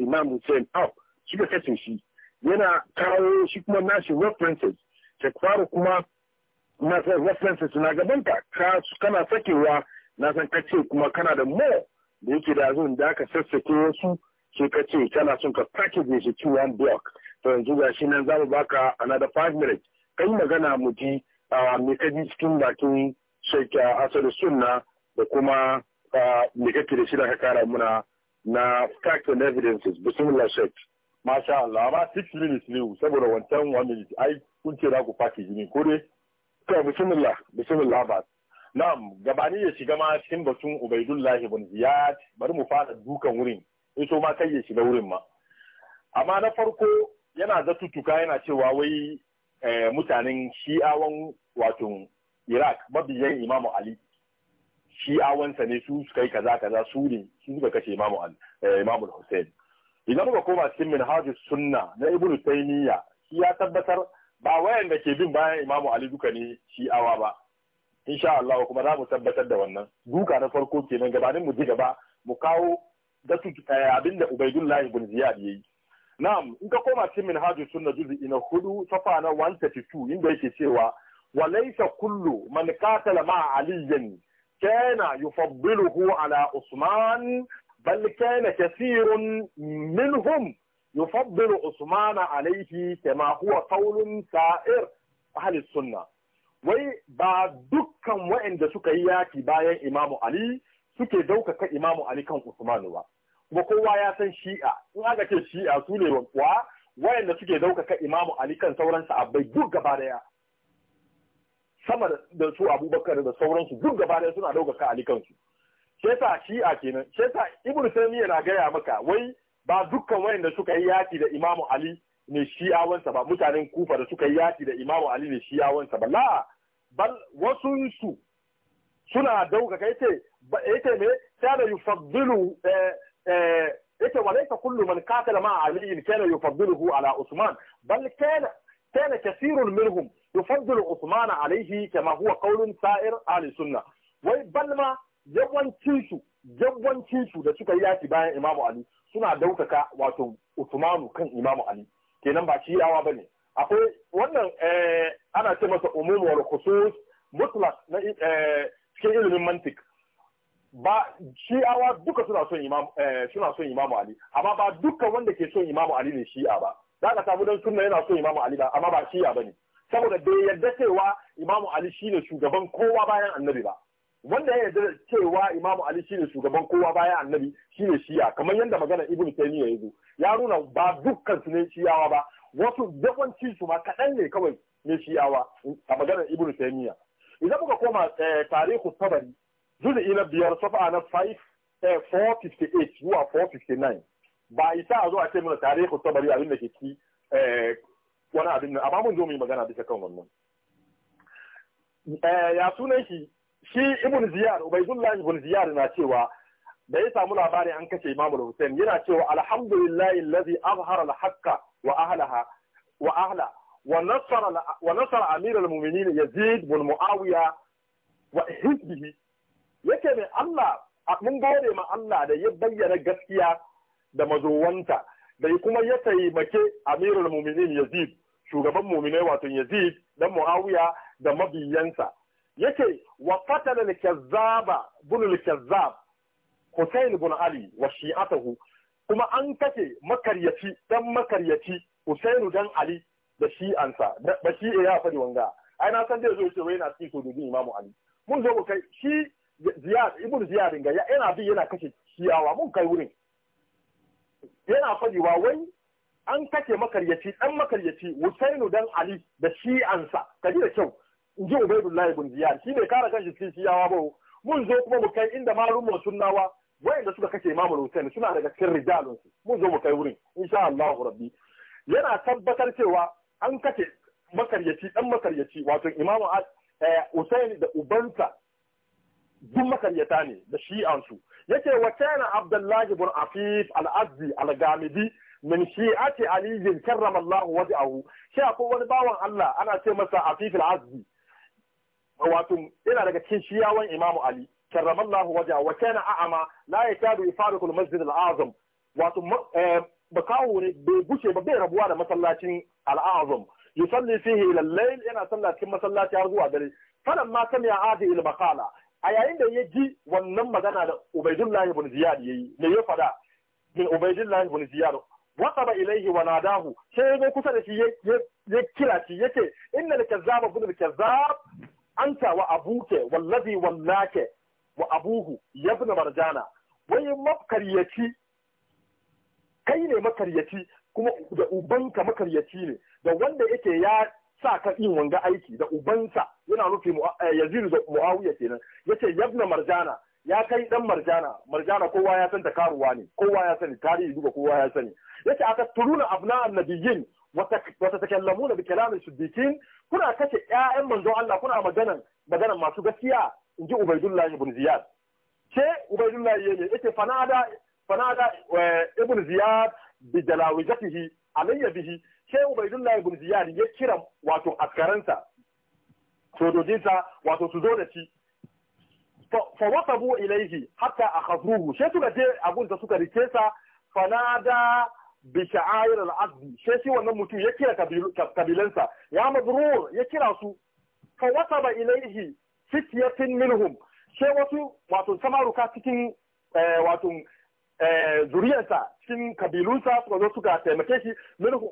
Imam Hussein Au ka kashe shi yana kawo shi kuma nashi references ta fara kuma nasa references na gabanta ka kana sakewa na san kace kuma kana da mo da yake da zuwa da aka sassake wasu sai ka ce kana son ka package shi to one block to yanzu ga shi nan za mu baka another five minutes kai magana mu ji me ka ji cikin bakin shekka asali sunna da kuma me kake da shi da ka kara muna na fact and evidences bismillah shek masha Allah amma six minutes ne saboda wancan one minute ai kun ce za ku package ne ko dai to bismillah bismillah ba na'am gabani ya shiga ma cikin batun ubaidullahi ibn ziyad bari mu fara dukan wurin in so ma kai ya shiga wurin ma amma na farko yana da tutuka yana cewa wai eh, mutanen shi'awan wato iraq mabiyan imamu ali shi ne su suka yi kaza kaza su ne su suka kashe imamu eh, imamu Hussein idan muka koma cikin minhajus sunna na ibnu taymiya shi ya tabbatar ba wayanda ke bin bayan imamu ali duka ne shi ba insha Allah kuma za mu tabbatar da wannan duka na farko kenan gabanin mu ji gaba mu kawo datu eh, abinda ubaidullahi ibn ziyad yayi na'am in ka koma cikin minhajus sunna juz'i na hudu safa na 132 inda yake cewa walaysa kullu man qatala ma'a aliyyan kana yufaddiluhu ala Usman bal kasirun kathirun minhum yufaddilu Usman alaihi kama huwa qawlun sa'ir ahli sunna wai ba dukkan waɗanda suka yi yaki bayan Imamu Ali suke daukaka Imamu Ali kan Usman ba kuma kowa ya san shi'a in aka ce shi'a su ne wa waɗanda suke ɗaukaka Imamu Ali kan sauran sahabbai duk gaba ɗaya? sama da su abubakar da sauransu duk gaba ɗaya suna ɗaukaka ali kansu shesa shi'a kenan shesa ibn taymiya na gaya maka wai ba dukkan wayanda suka yi yaki da imamu ali ne shi'awansa ba mutanen kufa da suka yi yaki da imamu ali ne shi'awansa ba la bal wasu su suna ɗaukaka yace yace me kana yufaddilu eh, eh yace walaysa kullu man qatala ma ali kana yufaddiluhu ala usman bal kana كان كثير منهم يفضل عثمان عليه كما هو قول سائر أهل السنة بل ما جوان تيسو جوان da suka yi yaki bayan Imam Ali suna daukaka wato Usmanu kan Imam Ali kenan ba shi yawa bane akwai wannan eh, ana ce masa umum wal khusus mutlaq na eh, cikin ilimin mantik ba shi'awa duka suna son imam eh, suna son imamu ali amma ba duka wanda ke son imam ali ne shi'a ba za ka samu dan sunna yana so imamu ali ba amma ba ya bane saboda ya yarda cewa imamu ali shine shugaban kowa bayan annabi ba wanda ya yarda cewa imamu ali shine shugaban kowa bayan annabi shine shiya kamar yadda magana ibn ya zo ya nuna ba dukkan su ne shiyawa ba wasu yawanci su ma kaɗan ne kawai ne shiyawa a maganar ibn taymiya idan muka koma eh, tarihu tabari juzu'i na biyar safa na 5 458 eh, zuwa 459 ba isa a zo a ce mana tarihi tabari abin da ke ci eh, wani abin nan amma mun zo mu yi magana bisa kan wannan eh, ya sunan shi shi ibn ziyar ubaydullah ibn ziyar na cewa da ya samu labarin an kashe imamu hussein yana cewa alhamdulillah allazi azhara al-haqqa wa ahlaha wa ahla wa nasara wa nasara al-mu'minin yazid ibn muawiya wa hizbihi yake mai Allah mun gode ma Allah da ya bayyana gaskiya da mazowanta. da kuma ya taimake amirul muminin yazid shugaban muminai wato yazid dan muawiya da mabiyansa yake wa fatala al-kazzaba bin bin Ali wa shi'atahu kuma an kace makaryaci dan makaryaci husayn dan Ali da shi'ansa ba shi ya faɗi wanga ai na san zai zo ce wai yana da sojojin Imam Ali mun zo kai shi Ziyad ibnu Ziyad ga yana bi yana kashe shiyawa mun kai wurin yana faɗiwa wai an kace makaryaci ɗan makaryaci Husainu dan Ali da shi ansa, kaji da kyau in ji Ubaidullahi bin Ziyad shi bai kare kanshi cikin shiyawa ba mun zo kuma mu kai inda mu sunnawa wayanda suka kace Imam Hussein suna daga cikin rijalun su mun zo mu kai wurin insha Allah rabbi yana tabbatar cewa an kace makaryaci dan makaryaci wato Imam eh, Hussein da Ubanta. duk makaryata ne da shi'ansu yake wa kana abdullahi ibn afif al-azzi al-gamidi min shi'ati ali karrama Allah wajhahu shi akwai wani bawan Allah ana ce masa afif al-azzi wato yana daga cikin shiawan imamu ali karrama Allah wajhahu wa kana a'ama la yakadu yafariqu al-masjid al-azam wato eh, bakawo ne bai bushe ba bai rabuwa da masallacin al-azam yusalli fihi ila al-layl yana sallah cikin masallaci har zuwa dare falamma sami'a hadhihi al-maqala a yayin da ya ji wannan magana da Ubaidullah ibn Ziyad yayi me ya fada min Ubaidullah ibn Ziyad wasaba ilaihi wa nadahu sai ya zo kusa da shi ya kira shi yake inna al-kazzaba ibn al-kazzab anta wa abuke wallazi wallake wa abuhu yabna marjana wai makaryaci kai ne makaryaci kuma da ubanka makaryaci ne da wanda yake ya sa ka yin wanga aiki da ubansa yana nufi eh, yazidu da muawiya kenan yace yabna marjana ya kai dan marjana marjana kowa ya san ta karuwa ne kowa ya sani tarihi duka kowa ya sani yace aka turuna abna annabiyyin wata takallamuna bi kalamin siddiqin kuna kace ƴaƴan manzon Allah kuna maganan maganan masu gaskiya inji ubaidullahi ibn ziyad ce ubaidullahi yace yace fanada fanada eh, ibn ziyad bi dalawijatihi alayya bihi sai Ubaidullah ibn Ziyad ya kira wato askaransa sojojinsa wato su zo da shi fa wasabu ilaihi hatta akhadruhu sai suka je abun da suka rike sa fanada bi sha'air al-azmi sai shi wannan mutum ya kira kabilansa ya mabrur ya kira su fa wasaba ilaihi fityatin minhum sai wasu wato samaruka cikin eh, wato Eh, zuriyarsa cikin kabilunsa suka zo suka taimake shi minhu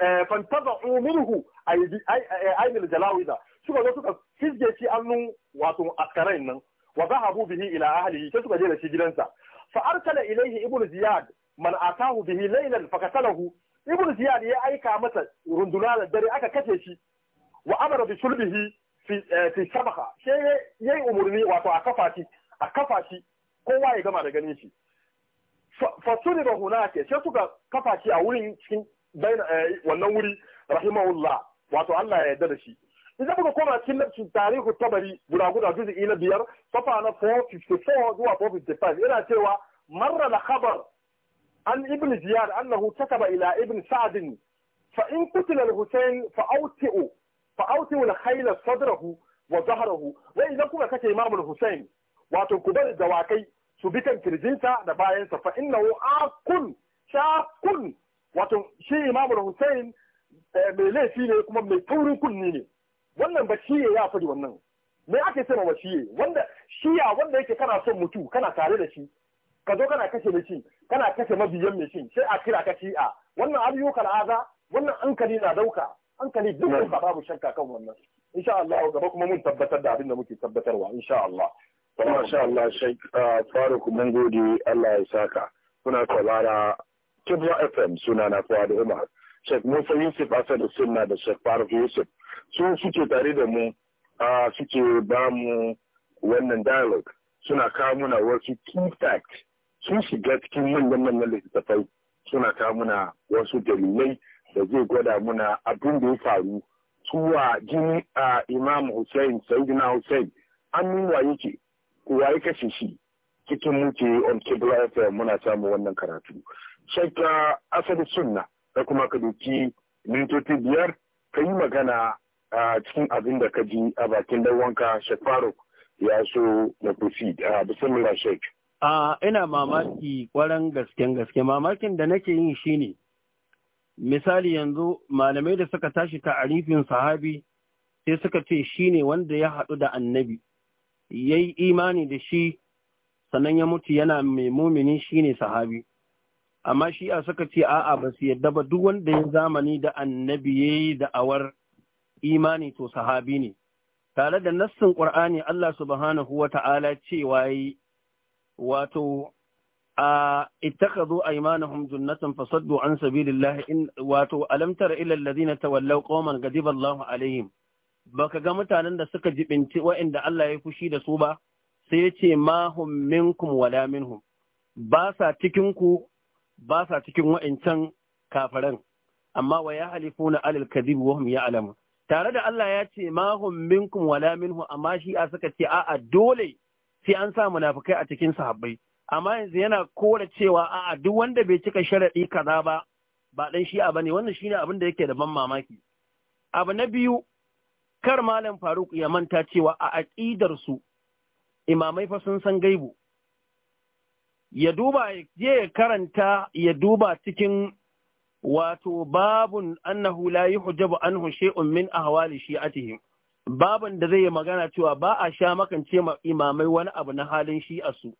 eh, fantazu minhu aidil eh, jalawiza suka zo suka fizge shi annun wato askarai nan wa za habu bihi ila ahalihi sai suka je da shi gidansa fa arsala ilaihi ibnu ziyad man atahu bihi laylan fakatalahu ibnu ziyad ya aika masa runduna da dare aka kace shi wa amara bi sulbihi fi fi sabaha sai yayi umurni wato a kafa shi a kafa shi kowa ya gama da ganin shi fasuri ba hunake sai suka kafa shi a wurin cikin eh, wannan wuri rahimahullah wato Allah ya yarda da shi idan muka koma cikin nafsin tarihu tabari guda guda juzu'i na biyar safa na 454 zuwa 455 yana cewa marra da khabar an ibn ziyad annahu kataba ila ibn sa'd fa in qutila al-husayn fa awti'u fa awti'u al-khayla sadrahu wa dhahrahu wa idan kuka kace imamul al-husayn wato ku bar dawakai su bi kan kirjinsa da bayansa fa innahu akun shakun wato shi imamu Hussein eh, mai laifi ne kuma mai taurin kunni ne wannan ba shi ya fadi wannan me ake cewa ba shi wanda ya wanda yake kana son mutu kana tare da shi ka zo kana kashe mai kana kashe mabiyan mai shin sai a kira ka shi'a wannan ayyukan aza wannan hankali na dauka hankali duk ba babu shakka kan wannan insha Allah gaba kuma mun tabbatar da abin da muke tabbatarwa insha Allah Masha Allah Sheikh uh, Faruk mun gode Allah ya saka. Kuna saurara Kibla FM suna na Fuad Umar. Sheikh Musa Yusuf Asadu Sunna da Sheikh Faruk Yusuf. Su suke tare da mu uh, suke ba mu wannan dialogue suna kawo muna wasu key facts sun shiga cikin manyan manyan littattafai suna kawo muna wasu dalilai da zai gwada muna abin da ya faru suwa jini a uh, Imam Hussein Sayyidina Hussein an nuna yake Waye ya kashe shi cikin muke on kibla fm muna samu wannan karatu shaita asali sunna da kuma ka doki mintoci biyar ka yi magana a cikin abin da ka ji a bakin dawanka wanka shek faruk ya so na proceed a bismillah shek a ina mamaki kwaran gasken gaske mamakin da nake yin shine misali yanzu malamai da suka tashi ta arifin sahabi sai suka ce shine wanda ya haɗu da annabi ya yi imani da shi sannan ya mutu yana mai mumini shine sahabi amma shi a suka ce a'a ba su yadda ba duk wanda ya zamani da annabi ya yi da'awar imani to sahabi ne tare da nassin ƙur'ani Allah subhanahu wa ta'ala cewa yi wato a ittakhadhu aymanahum junnatan fasaddu an sabilillahi in wato alam tara ila alladhina tawallaw qauman ghadiba Allahu alaihim baka ga mutanen da suka jibinci wa'inda Allah ya fushi da su ba sai ya ce ma minkum wala minhum ba sa cikin ku ba sa cikin wa'incan kafaran amma wa ya halifuna alal kadhib wa hum ya'lamun tare da Allah ya ce ma minkum wala minhum amma shi a suka ce a'a dole sai an sa munafukai a cikin sahabbai amma yanzu yana kore cewa a'a duk wanda bai cika sharadi kaza ba ba dan shi'a bane wannan shine abin da yake da ban mamaki abu na biyu kar malam faruk ya manta cewa a su imamai fa sun san gaibu ya duba je ya karanta ya duba cikin wato babun annahu la yuhjabu anhu shay'un min ahwali shi'atihim babun da zai yi magana cewa ba a sha makance ma imamai wani abu na halin shi'a su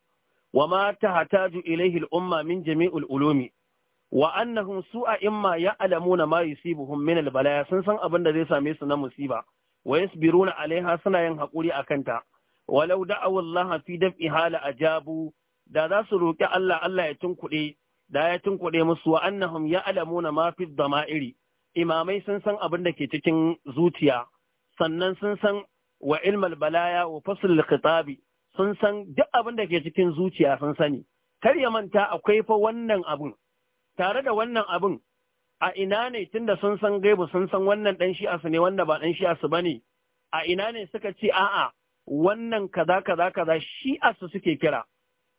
wa ma tahtaju ilaihi al-umma min jami'ul ulumi wa annahum su'a imma ya'lamuna ma yusibuhum min al-balaya sun san abin da zai same su na musiba wa yasbiruna alaiha suna yin haƙuri a kanta walau da'awu Allah fi daf'iha la ajabu da za su roƙi Allah Allah ya tunkuɗe da ya tunkuɗe musu wa annahum ya'lamuna ma fi dama'iri imamai sun san abin da ke cikin zuciya sannan sun san wa ilmal balaya wa faslul khitabi sun san duk abin da ke cikin zuciya sun sani kar ya manta akwai fa wannan abun tare da wannan abun a ina ne tun da sun san gaibu sun san wannan ɗan shi'a asu ne wanda ba ɗan asu ba ne? a ina ne suka ce a'a wannan kaza kaza kaza shi'asu asu suke kira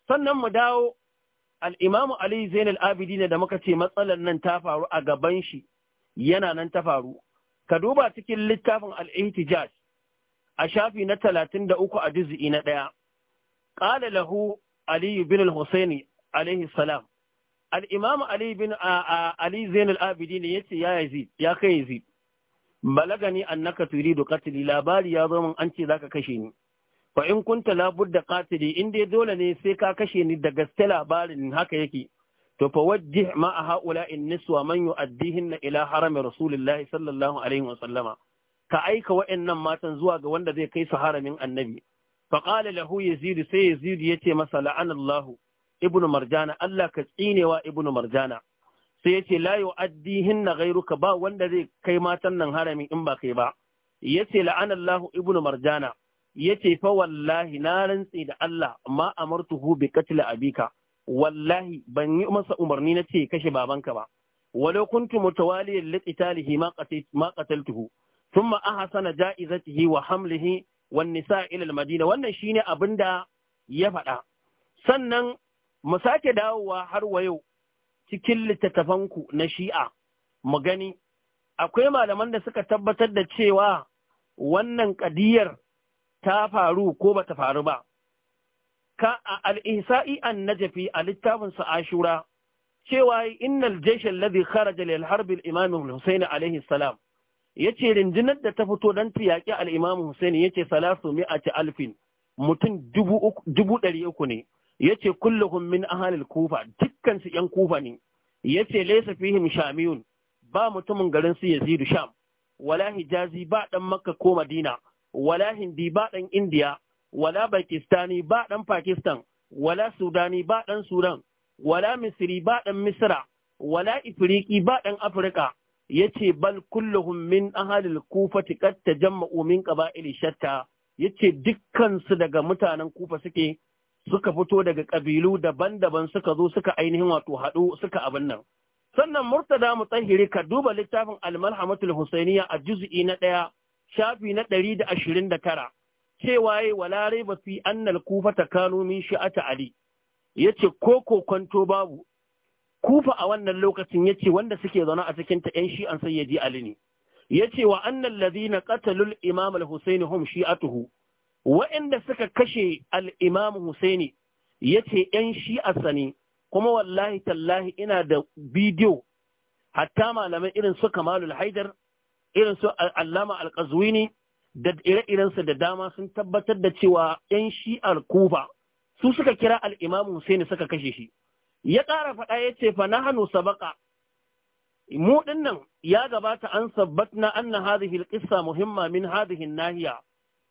sannan mu dawo al Ali Zainal ne da muka ce matsalar nan ta faru a gaban shi yana nan ta faru ka duba cikin littafin al-Ihtijaj a shafi na talatin da uku a juz'i na ɗaya qala lahu Aliyu bin al-Husaini salam al'imamu Ali bin Ali Zainul ne ya ce ya yazi, ya kai yazi, balagani Turi turidu katili labari ya zo an ce zaka kashe ni. Fa in kunta labudda katili in dai dole ne sai ka kashe ni da gaske labarin haka yake. To fa wajjih ma a haula in niswa man na ila harami Rasulullahi sallallahu alaihi wa sallama. Ka aika wa'annan matan zuwa ga wanda zai kai su haramin Annabi. Fa qala lahu sai sai ya ce masa la'anallahu ibnu marjana Allah ka tsinewa ibnu marjana sai yace la addihin na gairuka ba wanda zai kai matan nan haramin in ba kai ba yace la'ana Allah ibnu marjana yace fa wallahi na rantsi da Allah ma amartuhu bi qatl abika wallahi ban yi masa umarni na ce kashe babanka ba walau kuntu mutawaliyan liqitalihi ma ma qataltuhu thumma ahsana ja'izatihi wa hamlihi wan nisa ila al madina wannan shine abinda ya faɗa sannan mu sake dawowa har wa yau cikin littattafanku na shi'a mu gani akwai malaman da suka tabbatar da cewa wannan kadiyar ta faru ko bata faru ba ka a al'isa'i an najafi a littafinsa ashura cewa innal jaysh alladhi kharaja lil harbi al-imam al-husayn alaihi salam yace rinjinar da ta fito dan tiyaki al-imam husayn yace salasu mi'ati alfin mutum dubu ɗari uku ne yace kulluhum min ahalil kufa dukkan su yan kufa ne yace laysa fihim shamiyun ba mutumin garin su yazidu sham wala hijazi ba dan makka ko madina wala hindi ba dan indiya wala pakistani ba dan pakistan wala sudani ba dan sudan wala misri ba dan misra wala ifriqi ba dan afrika yace bal kulluhum min ahalil kufa tikatta jama'u min qaba'il shatta yace dukkan su daga mutanen kufa suke suka fito daga ƙabilu daban-daban suka zo suka ainihin wato haɗu suka abin nan sannan murtada mutahhiri ka duba littafin almalhamatul husainiya a juz'i na ɗaya shafi na ɗari da ashirin da tara cewa yi walare raiba fi annal kufa ta kano min shi'ata ali yace ko kokonto babu kufa a wannan lokacin yace wanda suke zaune a cikin ta yan shi'an sayyadi yaji ali ne yace wa annan ladina qatalul imam al-husaini hum shi'atuhu wa'inda suka kashe al'imam Husaini ya ce ‘yan a sani, kuma wallahi tallahi ina da bidiyo, hatta malamai irin su Kamalul Haidar, irin su Allama Alƙazwini, da ire-irensu da dama sun tabbatar da cewa ‘yan shi'ar Kufa su suka kira al'imam Husaini suka kashe shi. Ya ƙara faɗa ya ce, fa na hannu sabaka, mu ɗin nan ya gabata an sabbatna anna hadhihi al-qissa muhimma min hadhihi an-nahiya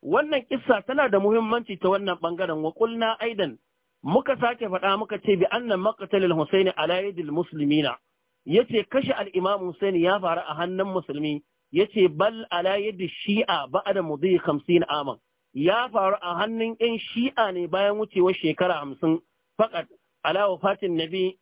wannan kissa tana da muhimmanci ta wannan bangaren wa kulna aidan muka sake faɗa muka ce bi annan maqtalil husaini ala yadil muslimina yace kashe al-imam husaini ya faru a hannun musulmi yace bal ala yadi shi'a ba'da mudhi 50 aman ya faru a hannun yan shi'a ne bayan wucewar shekara 50 faqat ala wafatin nabi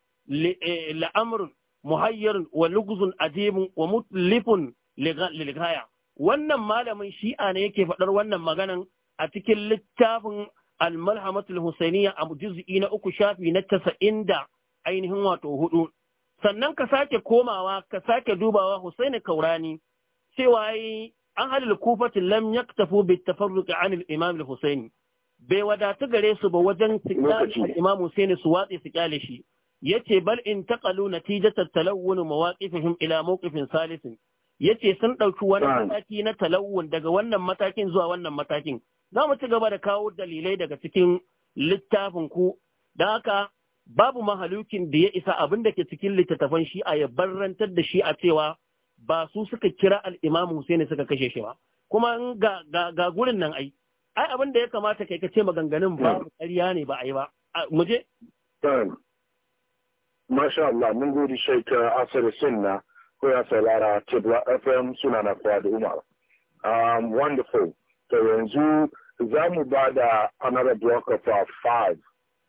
eh, la'amrun muhayyarun wa lugzun ajibun wa mutlifun lilghaya wannan malamin shi'a ne yake faɗar wannan maganan a cikin littafin almalhamatul husainiya a juz'i na uku shafi na tasa'in da ainihin wato hudu sannan ka sake komawa ka sake dubawa husaini kaurani cewa yi an halil kufatin lam yaktafu bi tafarruqi an imam husaini bai wadatu gare su ba wajen signal imam husaini su watsi su kyale shi yace bal intaqalu natijata talawun mawaqifihim ila mawqifin salisin ya ce sun ɗauki wani mataki na talawun daga wannan matakin zuwa wannan matakin za mu ci gaba da kawo dalilai daga cikin littafin ku da haka babu mahalukin da ya isa abin da ke cikin littattafan shi a ya barrantar da shi a cewa ba su suka kira al'imamu Hussein suka kashe shi ba kuma ga, gurin nan ai ai abin da ya kamata kai ka ce maganganun ba ƙarya ne ba ai ba mu je Masha Allah mun gudu shaita asar sunna kuna saurara cewa FM suna na kowa da Umar. Um, wonderful. To yanzu za mu ba da another block of our five,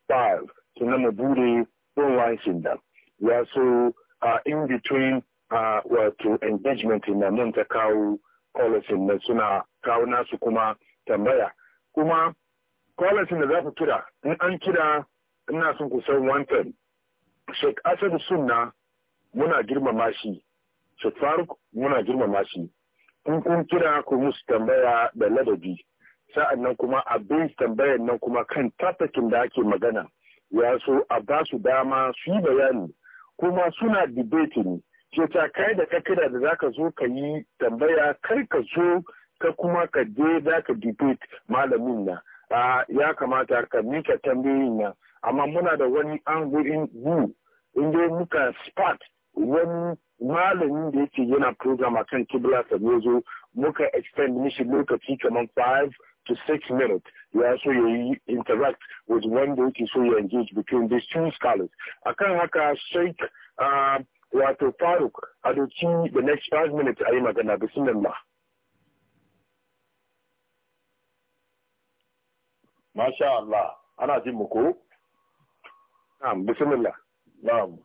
five, na mu bude online shin da. Ya so uh, in between uh, wato engagement na mun ta kawo policy na suna kawo nasu kuma tambaya. Kuma policy da za ku kira, in an kira ina sun ku san wantan. Sheikh Asadu Sunna muna girmama shi Sheikh Faruk muna girmama shi in kun kira ku musu tambaya da ladabi sa'an nan kuma abin tambayar nan kuma kan tafakin da ake magana ya so a ba su dama su yi bayani kuma suna debating ke ta kai da ka kira da zaka zo ka yi tambaya kar ka zo ka kuma ka je za ka debate malamin na ya kamata ka mika tambayin nan. amma muna da wani angle in dai muka spot wani malamin da yake yana program a kan kibla zo muka extend mishi lokaci kamar 5 to 6 minutes ya so ya yi interact with wanda yake so ya engage between these two scholars akan haka sheikh uh, wato faruk a doki the next 5 minutes a yi magana bismillah Masha Allah, ana jin muku? ko? Na'am, bismillah. Na'am.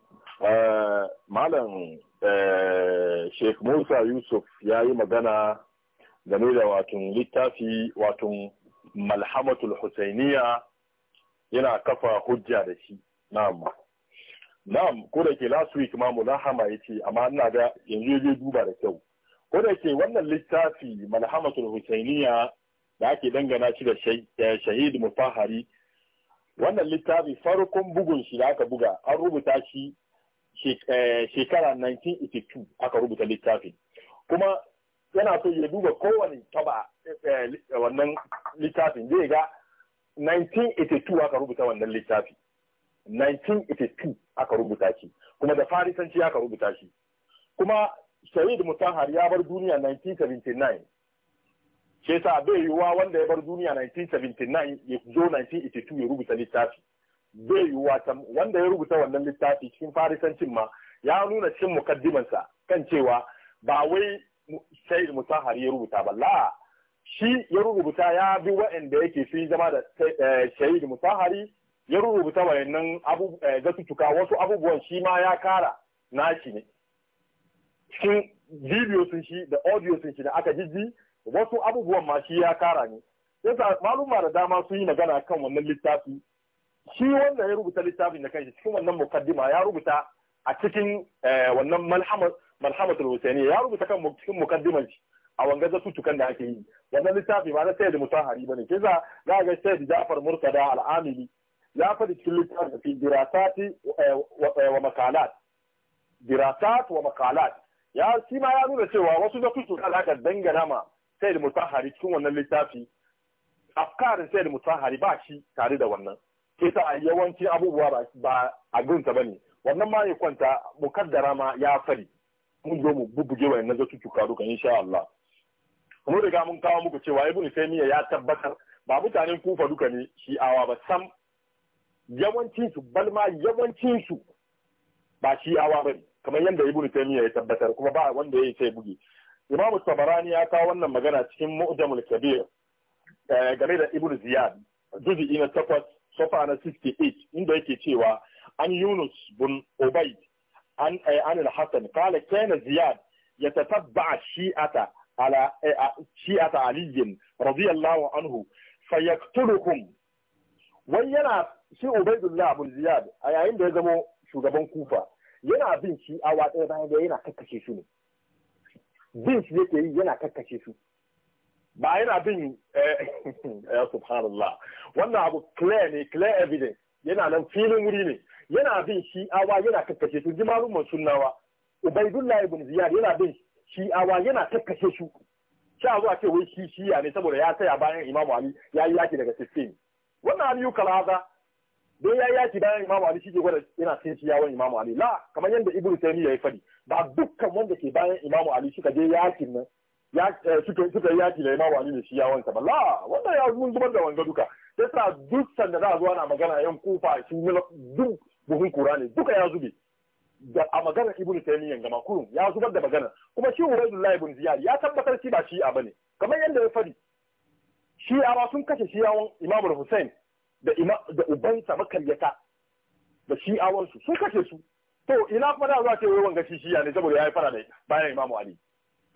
Eh, malam eh, sheikh musa yusuf ya yi magana game da watun littafi watun malhamatul husainiya yana kafa hujja da shi na'am na'am ko da ke last week ma mulahama ya ce amma ina ga yanzu ya duba da kyau ko da ke wannan littafi malhamatul husainiya da ake dangana shi da shahid mufahari wannan littafi farkon bugun shi da aka buga an rubuta shi Eh, shekara 1982 aka rubuta littafin kuma yana so ya duba kowane taba eh, wannan littafin zai ga 1982 aka rubuta wannan littafi 1982 aka rubuta shi kuma da farisanci aka rubuta shi kuma shahid mutahar ya bar duniya 1979 shi yasa bai yiwuwa wanda ya bar duniya 1979 ya zo 1982 ya rubuta littafi bai yiwuwa wanda ya rubuta wannan littafi cikin farisancin ma ya nuna cikin mukaddimansa kan cewa ba wai sai mutahari ya rubuta ba la shi ya rubuta ya bi wa'anda yake yi zama da eh, shahid mutahari ya rubuta wayannan eh, zatutuka wasu abubuwan shi ma ya kara nashi ne cikin bidiyo sun shi da audio sun shi da aka jijji wasu abubuwan ma shi ya kara ne yasa maluma da dama sun yi magana kan wannan littafi shi wanda ya rubuta littafin da kanshi cikin wannan mukaddima ya rubuta a cikin eh, wannan malhamatul husaini ya rubuta kan cikin mukaddiman shi a wanga tutukan da ake yi wannan littafi ba na sayyid mutahari bane kiza za ga sayyid Ja'far Murtada al-Amili ya faɗi cikin littafin fi dirasati eh, eh, wa makalat dirasat wa makalat ya shi ma ya nuna cewa wasu da aka dangana ma sayyid mutahari cikin wannan littafi afkarin sayyid mutahari ba shi tare da wannan ita yawanci abubuwa ba gunta ba ne wannan ma ya kwanta mukaddara ma ya fari mun zo mu bubbuge wa yanzu su cuka duka insha Allah mun riga mun kawo muku cewa ibnu taymiya ya tabbatar ba mutanen kufa duka ne awa ba sam yawancin su balma yawancin su ba shi awa ba kamar yadda ibnu taymiya ya tabbatar kuma ba wanda ya yi sai buge imamu tabarani ya kawo wannan magana cikin mu'jamul kabir eh, game da ibnu ziyad juzi'i na takwas safa na 68 inda yake cewa an Yunus bin Obaid, an eh, an al-Hasan kala kana Ziyad yatatabba shi'ata ala eh, ah, shi'ata Ali radiyallahu anhu fayaktulukum wai yana shi Ubaidullah bin Ziyad a yayin da ya zamo shugaban Kufa yana bin shi awa ɗaya bayan da yana kakkashe su ne bin shi yake yi yana kakkashe su ba yana bin eh, ya subhanallah wannan abu clear ne clear evidence yana nan filin wuri ne yana bin shi'awa yana kakkashe su ji malumman sunnawa ubaidullah ibn ziyad yana bin shi'awa yana kakkashe su sha zuwa ce wai shi shiya ne saboda ya tsaya bayan imamu ali ya yi yaki daga 16 wannan aliyu kalaza don ya yi yaki bayan imamu ali shi ke gwada yana shi yawon imamu ali la kamar yadda ibnu taymiya ya fadi ba dukkan wanda ke bayan imamu ali suka je yakin nan Eh, suka yi yaki da ya ali da shi yawansa ba wannan ya mun zubar da wanga duka sai sa duk sanda za a zuwa na magana yan kufa shi duk buhun kura ne duka ya zube da a magana ibn taymiyyah gama kurun ya zubar da magana kuma shi ubaydullah ibn ziyad ya tabbatar shi ba shi'a bane kamar yadda ya fadi shi'a ba sun kashe shi'awan imamu hussein da ima da ubansa makaryata da shi'awan su sun kashe su to ina kuma da zuwa ce wai wanga shi ya ne saboda ya yi fara da bayan imamu ali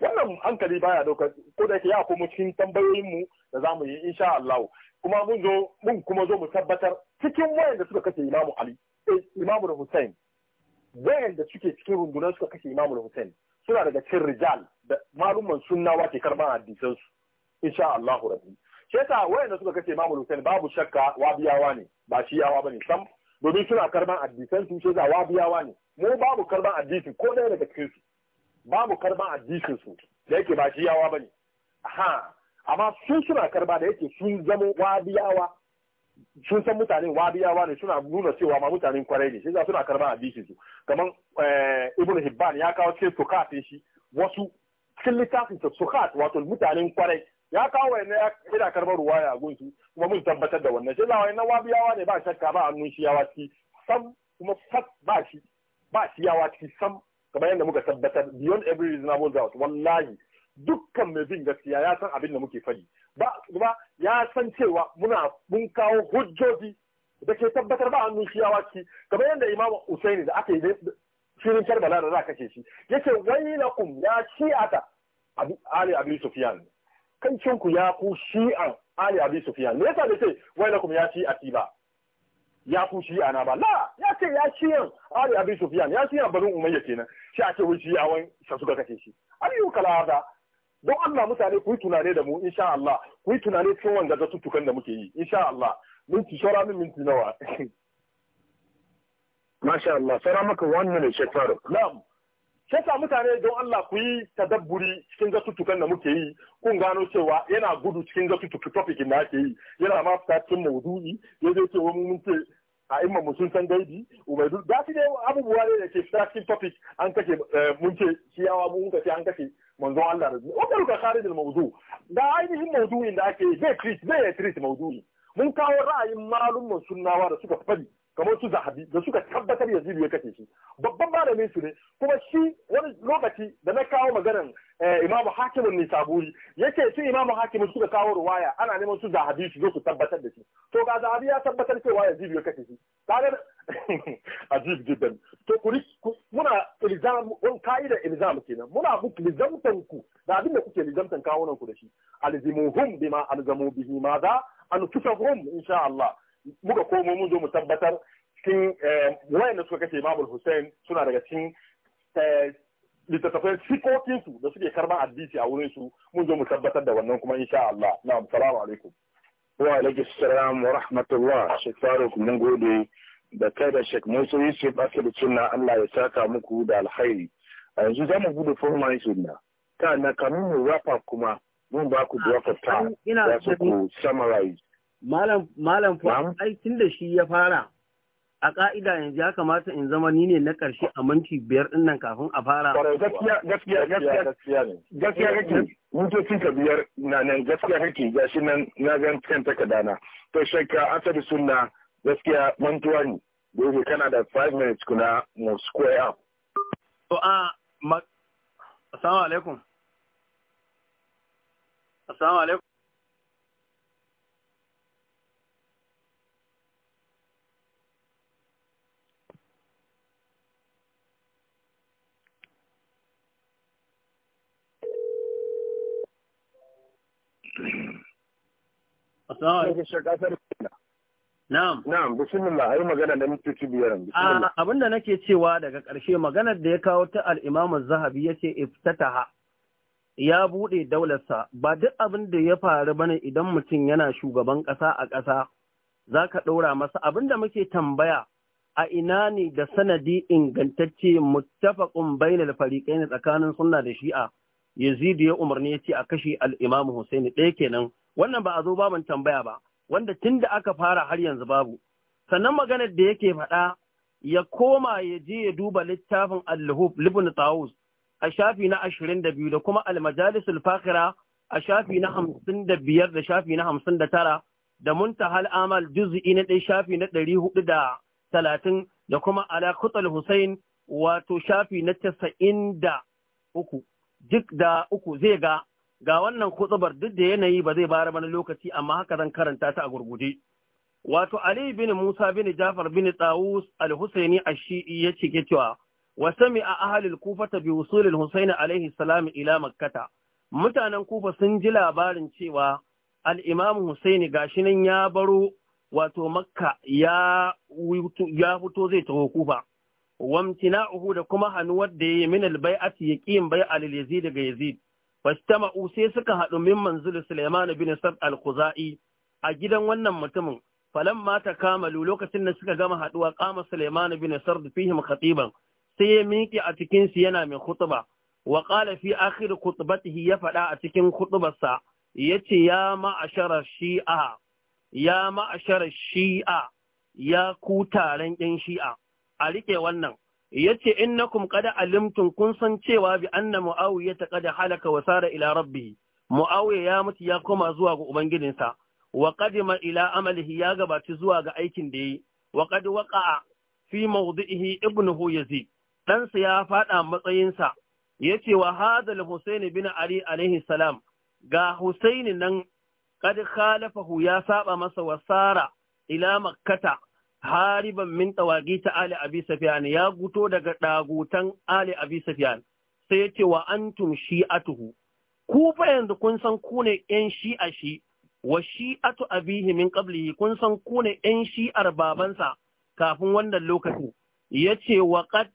wannan hankali baya daukar ko da yake ya komo cikin tambayoyin mu da zamu yi insha Allah kuma mun zo mun kuma zo mu tabbatar cikin wayanda suka kashe Imam Ali eh, Imam Hussein wayanda suke cikin rundunar suka kashe Imam Hussein suna daga cikin rijal da malumman sunnawa ke karban hadisan su insha Allah rabbi shi yasa wayanda suka kashe Imam Hussein babu shakka wabiyawa ne ba shi ba bane sam domin suna karban hadisan su shi yasa wabiyawa ne mu babu karban hadisi ko ɗaya daga cikin su ba mu karban addishin su da yake ba shi yawa bane ha amma sun suna karba da yake sun zama wabiyawa sun san mutane wabiyawa ne suna nuna cewa ma mutanen kwarai ne sai suna karban addishin su kamar eh, ibnu hibban ya kawo ce fi shi wasu cikin littafin su sukat wato mutanen kwarai ya kawo wani ina karbar ruwaya ya gunsu kuma mun tabbatar da wannan sai zawai na wabiyawa ne ba shakka ba annun shi yawa ci sam kuma fat ba shi ba shi yawa ci sam kamar yadda muka tabbatar beyond every reasonable doubt wallahi dukkan mai bin gaskiya ya san abin da muke faɗi ba kuma ya san cewa muna mun kawo hujjoji da ke tabbatar ba hannun shi yawa ki kamar yadda imam usaini da aka yi shirin karbala da za kashe shi yace wailakum ya shi'ata ali abi sufyan Kan ku ya ku shi'an ali abi sufyan me yasa da na wailakum ya shi'ati ba ya ku shi ana ba la ya ce ya yan ari abin sufiyan ya yan Banu Umayya kenan shi a ce wai shi yawan sa suka kace shi aliyu kala hada don Allah mutane ku yi tunane da mu insha Allah ku yi tunane cikin wanda da tutukan da muke yi insha Allah minti shara min minti nawa masha Allah sara maka wannan ne shekaru na'am sa mutane don Allah ku yi tadabburi cikin tutukan da muke yi kun gano cewa yana gudu cikin zatuttukan topic da ake yi yana ma fita cikin maudu'i ya zai ce wani mun ce a mu sun san gaidi ubaidu da su ne abubuwa ne da ke cikin topic an kake eh, mun ce ciyawa mun kace an kake manzon Allah da wannan ka kare da mawdu da ainihin mawdu'in da ake zai treat zai treat mawdu'i mun kawo ra'ayin malumman sunnawa da suka fadi kamar su zahabi da suka tabbatar yazidu ya kashe shi babban malamin su ne kuma shi wani lokaci da na kawo maganar eh, imamu hakimin nisaburi yake su imamu hakimin suka kawo ruwaya ana neman su zahabi su zo su tabbatar da shi to ga zahabi ya tabbatar cewa yazidu ya kashe shi kaga ajib jiddan to kuri muna ilzam on kaida ilzam kenan muna muku ilzamtan ku da abin da kuke ilzamtan kawunan ku da shi alzimuhum bima alzamu bihi ma da an tusahum insha Allah muka komo mun zo mu tabbatar cikin eh, wayanda suka kashe Imam Hussein suna daga cikin eh, littattafai sikokin su da suke karban addisi a wurin su mun zo mu tabbatar da wannan kuma insha Allah na'am salamu alaikum wa alaikum salam wa rahmatullah Sheikh Faruk mun gode da kai da Sheikh Musa Yusuf Asadu Sunna Allah ya saka muku da alkhairi a yanzu za mu bude yi sunna ta na kamun mu rafa kuma mun ba ku duwa ta za su ku summarize Malam Malam ai tun da shi ya fara a ka'ida yanzu ya kamata in zama ni ne na ƙarshe a minti biyar din nan kafin a fara. Gaskiya gaskiya gaskiya gaskiya ne. Gaskiya kake mintocin ka biyar na nan gaskiya kake gashi nan na gan kan takardana. To shakka asali sunna gaskiya mantuwa ne. Dole kana da 5 minutes kuna mu square up. To a Assalamu alaikum. Assalamu alaikum. Na'am. Na'am, ah, Abin da nake cewa daga ƙarshe maganar da ya kawo ta al-Imam Zahabi yace iftataha ya buɗe daularsa ba duk abin da ya faru bane idan mutum yana shugaban ƙasa a ƙasa za ka ɗora masa abin da muke tambaya a ina ne da sanadi ingantacce muttafaqun bainal fariqain tsakanin sunna da shi'a Yazid ya umarni ya ce a kashe al-Imam Hussein ɗaya kenan wannan ba a zo baban tambaya ba wanda tun da aka fara har yanzu babu sannan maganar da yake faɗa ya koma ya je ya duba littafin al-Luhuf Ibn Tawus a shafi na ashirin da kuma al-Majalisul Fakira, a shafi na hamsin da shafi na hamsin da Muntahal Amal juz'i na ɗaya shafi na 400 da talatin da kuma ala kutsal Hussein wato shafi na casa'in da uku. duk da uku zai ga ga wannan kutsubar duk da yanayi ba zai bara wani lokaci amma haka zan karanta ta a gurguje. Wato Ali bin Musa bin Jafar bin Tsawus al-Husaini a shii ya ce cewa wa a ahalil Kufa ta bi wusulil Husaini alaihi salam ila Makkata. Mutanen Kufa sun ji labarin cewa al-Imam Husaini gashi nan ya baro wato Makka ya fito zai taho Kufa. wamtina'uhu da kuma hannuwar da yayi min al-bai'ati yaqim yazid daga yazid fastama'u sai suka haɗu min manzil Sulaiman bin Sab al-Khuzai a gidan wannan mutumin falan mata kamalu lokacin da suka gama haɗuwa kama Sulaiman bin Sard fihim khatiban sai ya miƙe a cikin su yana mai khutba wa qala fi akhir khutbatihi ya faɗa a cikin khutbarsa yace ya ma'ashara shi'a ya ma'ashara shi'a ya ku taron ƴan shi'a a rike wannan yace innakum qad alimtum kun san cewa bi anna muawiya ta qad halaka wa sara ila rabbi muawiya ya mutu ya koma zuwa ga ubangijinsa wa qadima ila amalihi ya gabaci zuwa ga aikin da yi wa qad waqa'a fi mawdihi ibnuhu yazid ɗansa ya faɗa matsayinsa yace wa hadal husayn bin ali alaihi salam ga husaini nan qad khalafahu ya saba masa wasara ila makkata hariban min tawagi ta Ali Abi Safiyan ya guto daga dagutan Ali Abi Safiyan sai ce wa antum shi'atuhu ku fa yanzu kun san ku ne yan shi'a shi wa shi'atu abihi min qablihi kun san ku ne yan shi'ar babansa kafin wannan lokacin ce wa qad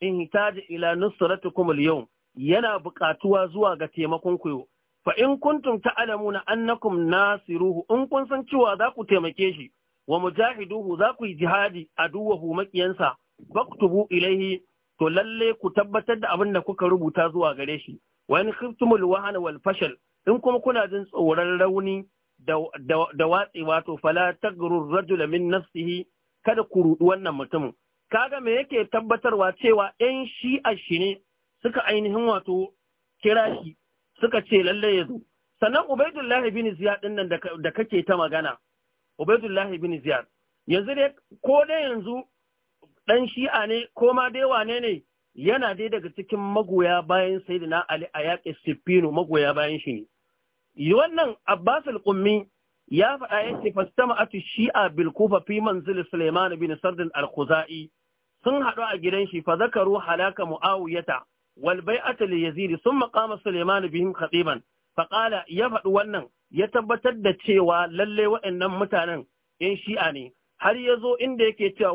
ihtaja ila nusratikum al-yawm yana buƙatuwa zuwa ga taimakon ku fa in kuntum ta'lamuna annakum nasiruhu in kun san cewa za ku taimake shi wa mujahiduhu za ku yi jihadi a aduwahu makiyansa faktubu ilaihi to lalle ku tabbatar da abin da kuka rubuta zuwa gare shi Wani in khiftumul wahana wal fashal in kuma kuna jin tsoron rauni da watsi wato fala tagrur rajul min nafsihi kada ku rudu wannan mutumin kaga me yake tabbatarwa cewa ɗan shi a shi ne suka ainihin wato kira shi suka ce lalle ya zo sannan ubaidullahi bin ziyad din nan da kake ta magana Ubaidullah bin Ziyad yanzu dai ko dai yanzu ɗan shi'a ne ko ma dai wane ne yana dai daga cikin magoya bayan Sayyidina Ali a yaƙi Sifino magoya bayan shi ne wannan Abbas al-Qummi ya faɗa yake ce fastama'atu shi'a bil kufa fi manzil Sulaiman bin Sardin al-Khuzai sun haɗu a gidan shi fa zakaru halaka mu'awiyata wal bai'ata li yazid thumma qama Sulaiman bihim khatiban fa qala ya faɗi wannan ya tabbatar da cewa lalle waɗannan mutanen ‘yan shi'a ne, har ya zo inda yake cewa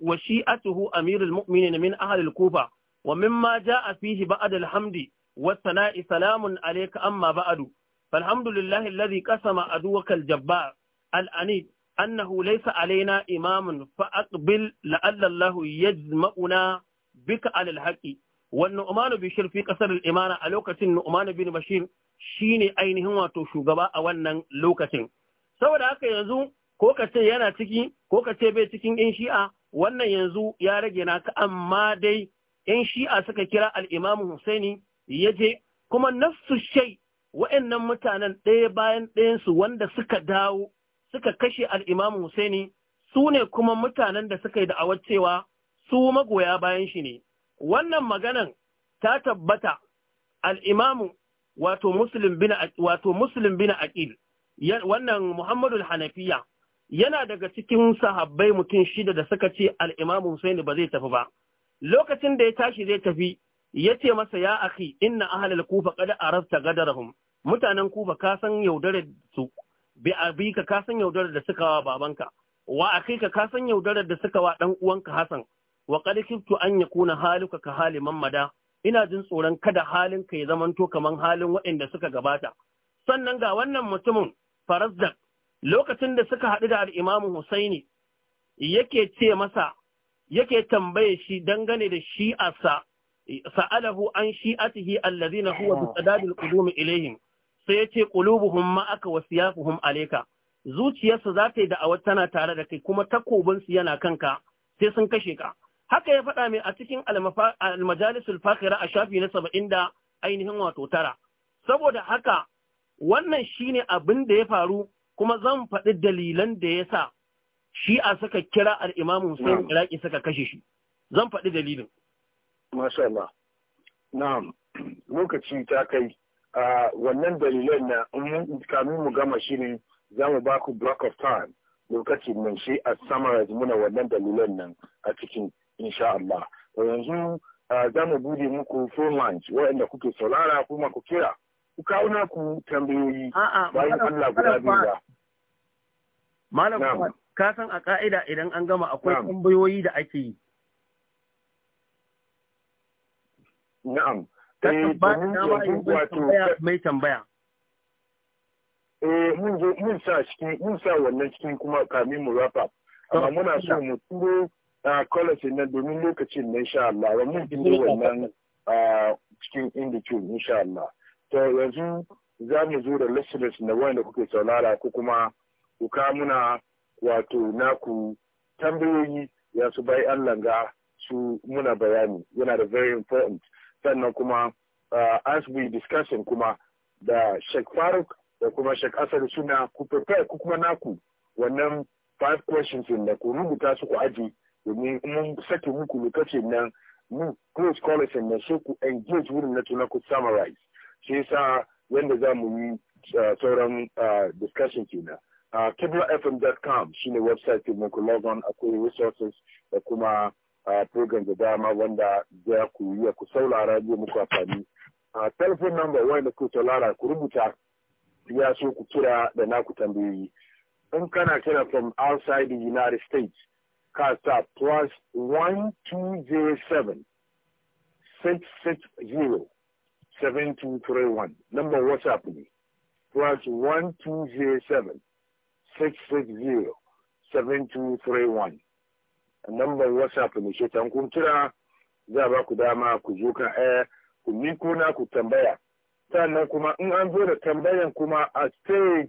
wa shi'atuhu amirul mu'minin min ahalil kufa, wa ma ja a fihi ba'ad alhamdi, wa sana'i salamun alaika amma ba'adu, falhamdulillahi alladhi qasama aduwaka aljabbar al'anid annahu laisa alaina imamun fa aqbil la'alla Allah bika alal haqi. Wannan Umaru Bishir fi ƙasar Imana a lokacin Nu'manu bin Bashir Shi ne ainihin wato shugaba a wannan lokacin saboda haka yanzu ko ka ce yana ciki ko ka ce bai cikin yan shi'a wannan yanzu ya rage naka amma dai yan shi'a suka kira al'imamu Husaini ya je kuma nafsu shai wa'annan mutanen ɗaya bayan ɗayansu wanda suka dawo suka kashe al'imamu Husaini su ne kuma mutanen da suka yi da'awar cewa su magoya bayan shi ne. Wannan maganan ta tabbata al'imamu wato muslim bin wato muslim bin aqil wannan muhammadu hanafiya yana daga cikin sahabbai mutum shida da suka ce al-imam husaini ba zai tafi ba lokacin da ya tashi zai tafi ya ce masa ya akhi inna ahlal kufa qad arafta gadarhum mutanen kufa ka san yaudarar su bi abika ka san yaudarar da suka wa babanka wa akika ka san yaudarar da suka wa dan uwanka hasan wa qad kiftu an yakuna haluka ka haliman mada ina jin tsoron kada halin ka ya zamanto kaman halin waɗanda suka gabata sannan ga wannan mutumin farazdaq lokacin da suka haɗu da al'imamu Husaini yake ce masa yake tambaye shi dangane da shi'arsa sa'alahu an shi'atihi allazina huwa bi tsadadin qudumi ilaihim sai ya yace qulubuhum ma aka wasiyafuhum aleka. zuciyarsa za ta yi da'awar tana tare da kai kuma takobinsu yana kanka sai sun kashe ka haka ya faɗa mai a cikin almajalisul fakira a shafi na saba'in da ainihin wato tara saboda haka wannan shine abin da ya faru kuma zan faɗi dalilan da ya sa shi a suka kira al'imamu Hussein Iraki suka kashe shi zan faɗi dalilin masha Allah na'am lokaci ta kai a wannan dalilan na kamin mu gama shi ne za mu ba ku block of time lokacin nan shi a summarize muna wannan dalilan nan a cikin insha Allah to yanzu za mu bude muku phone lines waɗanda kuke saurara kuma ku kira ku kawo na ku tambayoyi bayan Allah guda biyu ba malam ka san a ka'ida idan an gama akwai tambayoyi da ake yi na'am eh, mai tambaya eh mun sa cikin mun sa wannan cikin kuma kamin mu wrap up amma muna so mu turo a kwalasin na domin lokacin na insha Allah wannan inda wannan a cikin indicin insha Allah to yanzu za mu zo da listeners na wanda kuke saurara ko kuma ku muna wato naku tambayoyi ya su bai Allah ga su muna bayani yana da very important sannan kuma uh, as we discussing kuma da Sheikh Faruk da kuma Sheikh Asad suna ku prepare ku kuma naku wannan five questions da ku rubuta su ku aji domin mun sake muku lokacin nan mu close college na so ku engage wurin na tuna ku summarize shi yasa wanda za mu yi uh, sauran uh, discussion kenan a uh, kiblafm.com ne website din ku log on akwai resources da kuma uh, program da dama wanda za ku yi ku saulara zai muku amfani telephone number wanda ku saulara ku rubuta ya so ku kira da naku tambayoyi in kana kira from outside the United States Casa plus one two zero seven six six zero seven two three one. Number what's happening? Plus one two zero seven six six zero seven two three one. A number what's happening? Shetan Kuntura, Zaba Kudama, Kuzuka Air, eh, Kumikuna Kutambaya. Sannan kuma in an zo da tambayan kuma a stay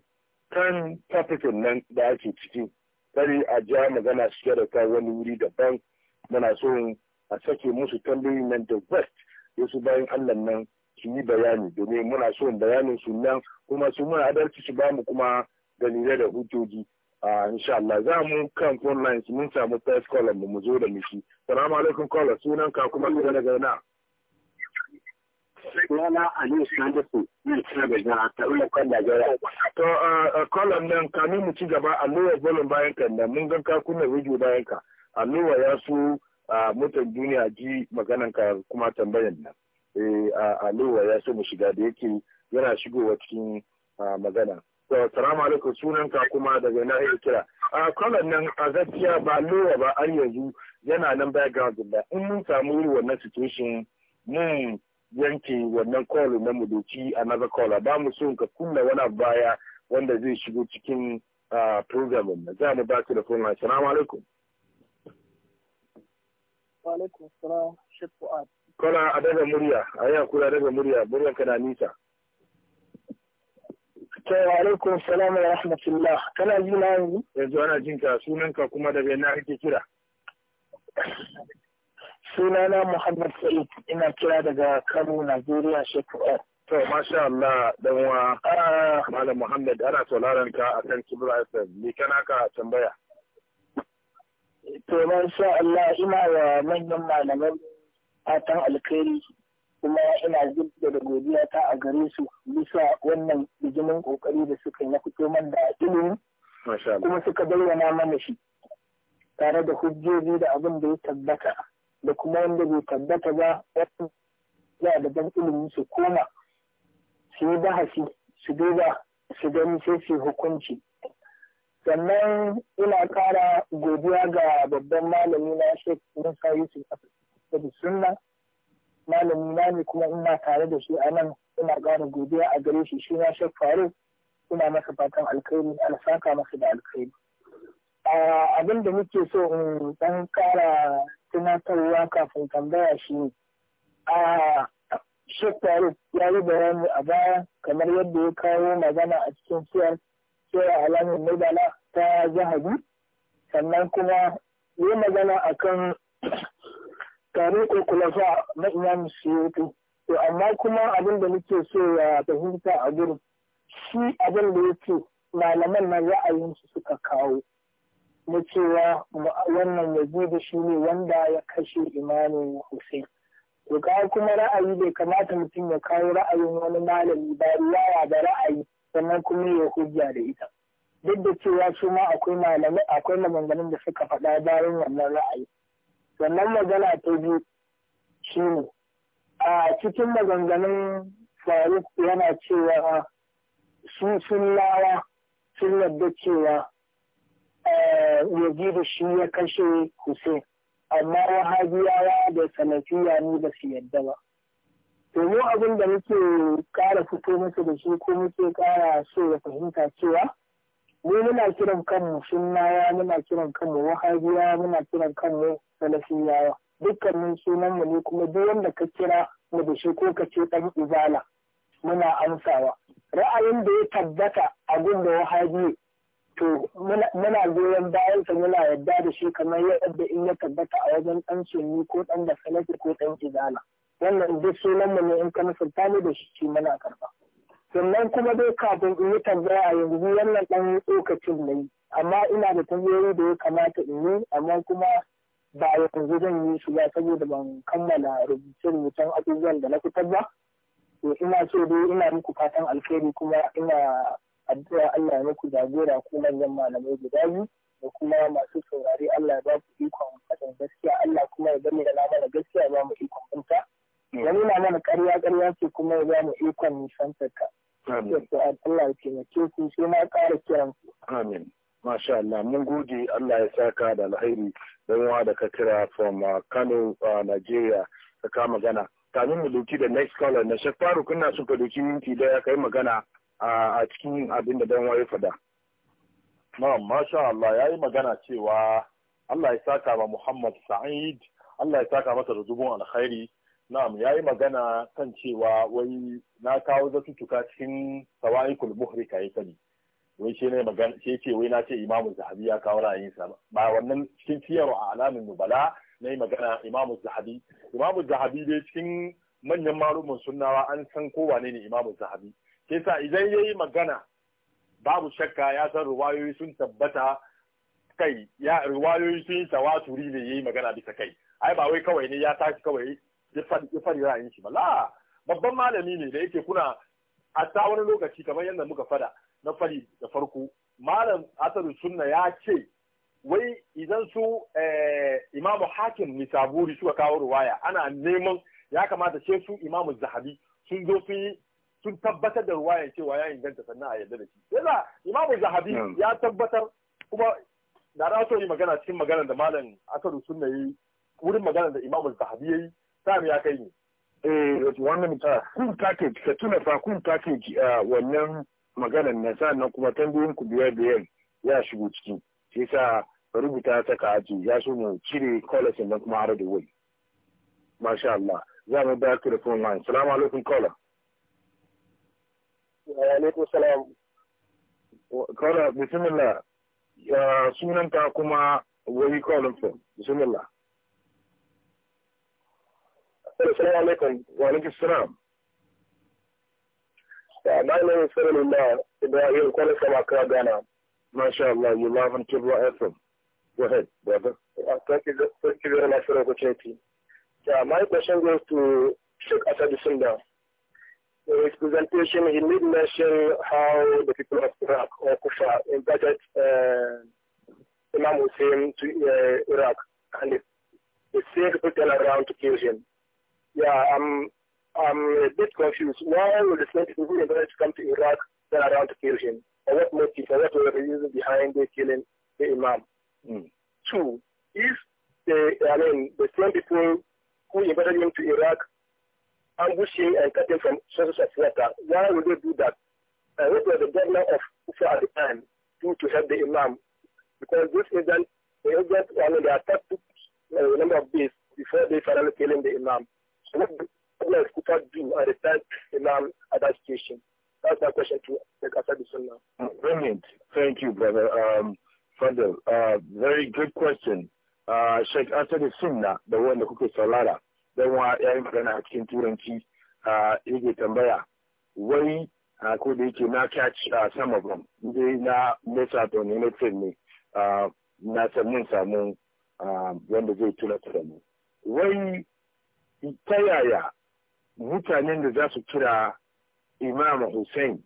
kan tafikin nan da ake ciki. bari a ja magana su da kai wani wuri daban muna so a sake musu tambayoyi nan da west su bayan allah nan su yi bayani domin muna so bayanin su nan kuma su muna adalci su bamu kuma dalilai da hujjoji a insha Allah za mu kan phone lines mun samu first caller mu zo da miki. Salamu alaikum caller sunan ka kuma daga na. Sunana Aliyu Sanderson, yin cire na ta ulakon Najeriya. To, a kolon nan kamin mu ci gaba alluwar bolon bayan kan nan mun gan kakunan rijo bayan ka. Alluwa ya su mutan duniya ji maganan ka kuma tambayan nan. Eh, alluwa ya so mu shiga da yake yana shigowa cikin magana. To, salamu alaikum sunanka kuma daga na iya kira. A kolon nan a gaskiya ba alluwa ba an yanzu yana nan background da in mun samu wannan situation mun yanke wannan call na mu doki another call ba mu so ka kunna wani baya wanda zai shigo cikin ah, program din za mu ba ku da phone assalamu alaikum wa alaikum assalam kana a daga murya a yi hakuri a daga murya muryan ka na nisa to wa alaikum salam wa rahmatullah kana ji na yanzu yanzu ana sunan sunanka kuma daga ina kake kira sunana Muhammad Sa'id ina kira daga Kano, Najeriya shekaru. To, masha Allah, dan wa Malam Muhammad ana sauraron ka a kan Kibra FM, Ni kana ka tambaya? To, masha Allah, ina wa manyan malaman fatan alkhairi kuma ina zubda da godiya ta a gare su bisa wannan bijimin kokari da suka yi na fito man da ilimi kuma suka bayyana mana shi tare da hujjoji da abin da ya tabbata. da kuma wanda bai tabbata ba ya da ban ilimi su koma su yi bahasi su duba su gani sai su hukunci sannan ina kara godiya ga babban malami na shek musa yusuf da sunna malami na ne kuma ina tare da shi a nan ina kara godiya a gare shi shi na shek faru ina masa fatan alkhairi alsaka masa da alkhairi ah, abin da muke so in dan kara tunatarwa kafin tambaya shi ne. A shekaru ya yi bayani a baya kamar yadda ya kawo magana a cikin siyar siyar alamun Nubala ta zahabi sannan kuma yi magana a kan tariƙo kulafa na imam suyuti. To amma kuma abin da muke so ya fahimta a gurin shi abin da ya ce malaman na ra'ayin su suka kawo. na cewa wannan da shi ne wanda ya kashe imamin hussein to kawo kuma ra'ayi bai kamata mutum ya kawo ra'ayin wani malami ba riwaya da ra'ayi sannan kuma ya hujja da ita duk da cewa su ma akwai malamai akwai maganganun da suka faɗa bayan wannan ra'ayi sannan magana ta biyu shine a cikin maganganun faruk yana cewa su sun lawa sun yarda cewa da shi ya kashe hussein amma wahabiyawa da salafiya ni ba su yadda ba to mu abin da muke kara fito masa da shi ko muke kara so ya fahimta cewa mu muna kiran kanmu sunnawa muna kiran kanmu wahabiyawa muna kiran kanmu salafiyawa dukkanin sunan mu ne kuma duk wanda ka kira mu da shi ko ka ce dan izala muna amsawa ra'ayin da ya tabbata a da to muna goyon bayan sa muna yadda da shi kamar yadda in ya tabbata a wajen ɗan sunni ko ɗan da salafi ko ɗan izala wannan duk sunan mu ne in ka musulta ne da shi muna karba sannan kuma dai kafin in yi tambaya yanzu wannan ɗan tsokacin na yi amma ina da tambayoyi da ya kamata in yi amma kuma ba yanzu zan yi su ba saboda ban kammala rubutun mutum abubuwan da na fitar ba to ina so dai ina muku fatan alheri kuma ina addu'a Allah ya muku jagora ko manyan malamai guda biyu da kuma masu saurari Allah ya ba ku ikon faɗin gaskiya Allah kuma ya gani da mana gaskiya ba mu ikon binta ya na mana ƙarya ƙarya ce kuma ya ba mu ikon nisantar ka Allah ya taimake ku sai ma ƙara kiran ku amin Masha Allah, mun gode Allah ya saka da alheri don wa da ka kira from uh, Kano, uh, Nigeria, ka kama magana. Kamin mu doki da next caller na shafaru kuna son ka doki minti daya kai magana a cikin abin da dan waye fada na'am masha Allah yayi magana cewa Allah ya saka ma Muhammad Sa'id Allah ya saka masa da zubun alkhairi na'am yayi magana kan cewa wai na kawo zatutuka cikin sawaikul buhri ya sani wai shi ne magana shi ce wai na ce imamu zahabi ya kawo ra'ayinsa ba wannan cikin siyarwa a alamin nubala na yi magana imamu zahabi imamu zahabi dai cikin manyan marumin sunnawa an san ko wane ne imamu zahabi yasa idan ya yi magana babu shakka ya san ruwayoyi sun tabbata kai ya ruwayoyi sun yi tawaturi ne yi magana bisa kai ai ba wai kawai ne ya tashi kawai ya fari ra'ayin shi ba la babban malami ne da yake kuna a ta wani lokaci kamar yadda muka fada na fari da farko malam asadu sunna ya ce wai idan su eh, imamu hakim nisaburi suka kawo ruwaya ana neman ya kamata ce su imamu zahabi sun zo sun yi sun tabbatar da ruwayan cewa ya inganta sannan a yadda da shi yasa imamu zahabi ya tabbatar kuma da na so yi magana cikin maganar da malam asaru sunna yi wurin magana da imamu zahabi ya yi sami ya kai ni eh wannan ah, kun take, ka tuna fa kun take ah, wannan maganar na sannan kuma tambayoyin ku biyar biyar ya shigo ciki sai sa rubuta ta ka aji ya so mu cire college nan kuma har da wai masha Allah za mu da telephone line Salamu alaikum Kola. Alaikum salam. bismillah. Sunanka kuma where you calling Bismillah. Assalamu alaikum. Wa alaikum salam. Yeah, my name is Fadlullah Ibrahim, calling from Accra, Ghana. MashaAllah, you live on Kibra FM. Go ahead, brother. Yeah, thank, you, thank you very much for the opportunity. Yeah, my question goes to Sheikh Asad Sundar. In his presentation, he did mention how the people of Iraq or Kufa invited uh, Imam Hussein to uh, Iraq, and the, same people turned around to kill him. Yeah, I'm I'm a bit confused. Why would the same people who invited to come to Iraq turn around to kill him? Or what motive or what were they using behind the killing the Imam? Mm. Two, if the I mean the same people who invited him to Iraq ambushing and cutting from sources of water. Why would they do that? And what was the governor of Ufa at the time do to help the imam? Because this is the agent, I mean, the attack took a number of days before they finally killing the imam. So what the Ufa do at the time imam at that station? That's my question to the Asad now. Uh, brilliant. Thank you, brother. Um, Fadel, uh, very good question. Uh, Sheikh the Sunnah, the one that cooked Salara. dan wa ya yi magana a cikin turanci a yake tambaya wai ko da yake na catch some of them inda na nesa don ne na ne na samun wanda zai tura da mu wai ta yaya mutanen da za su kira imam hussein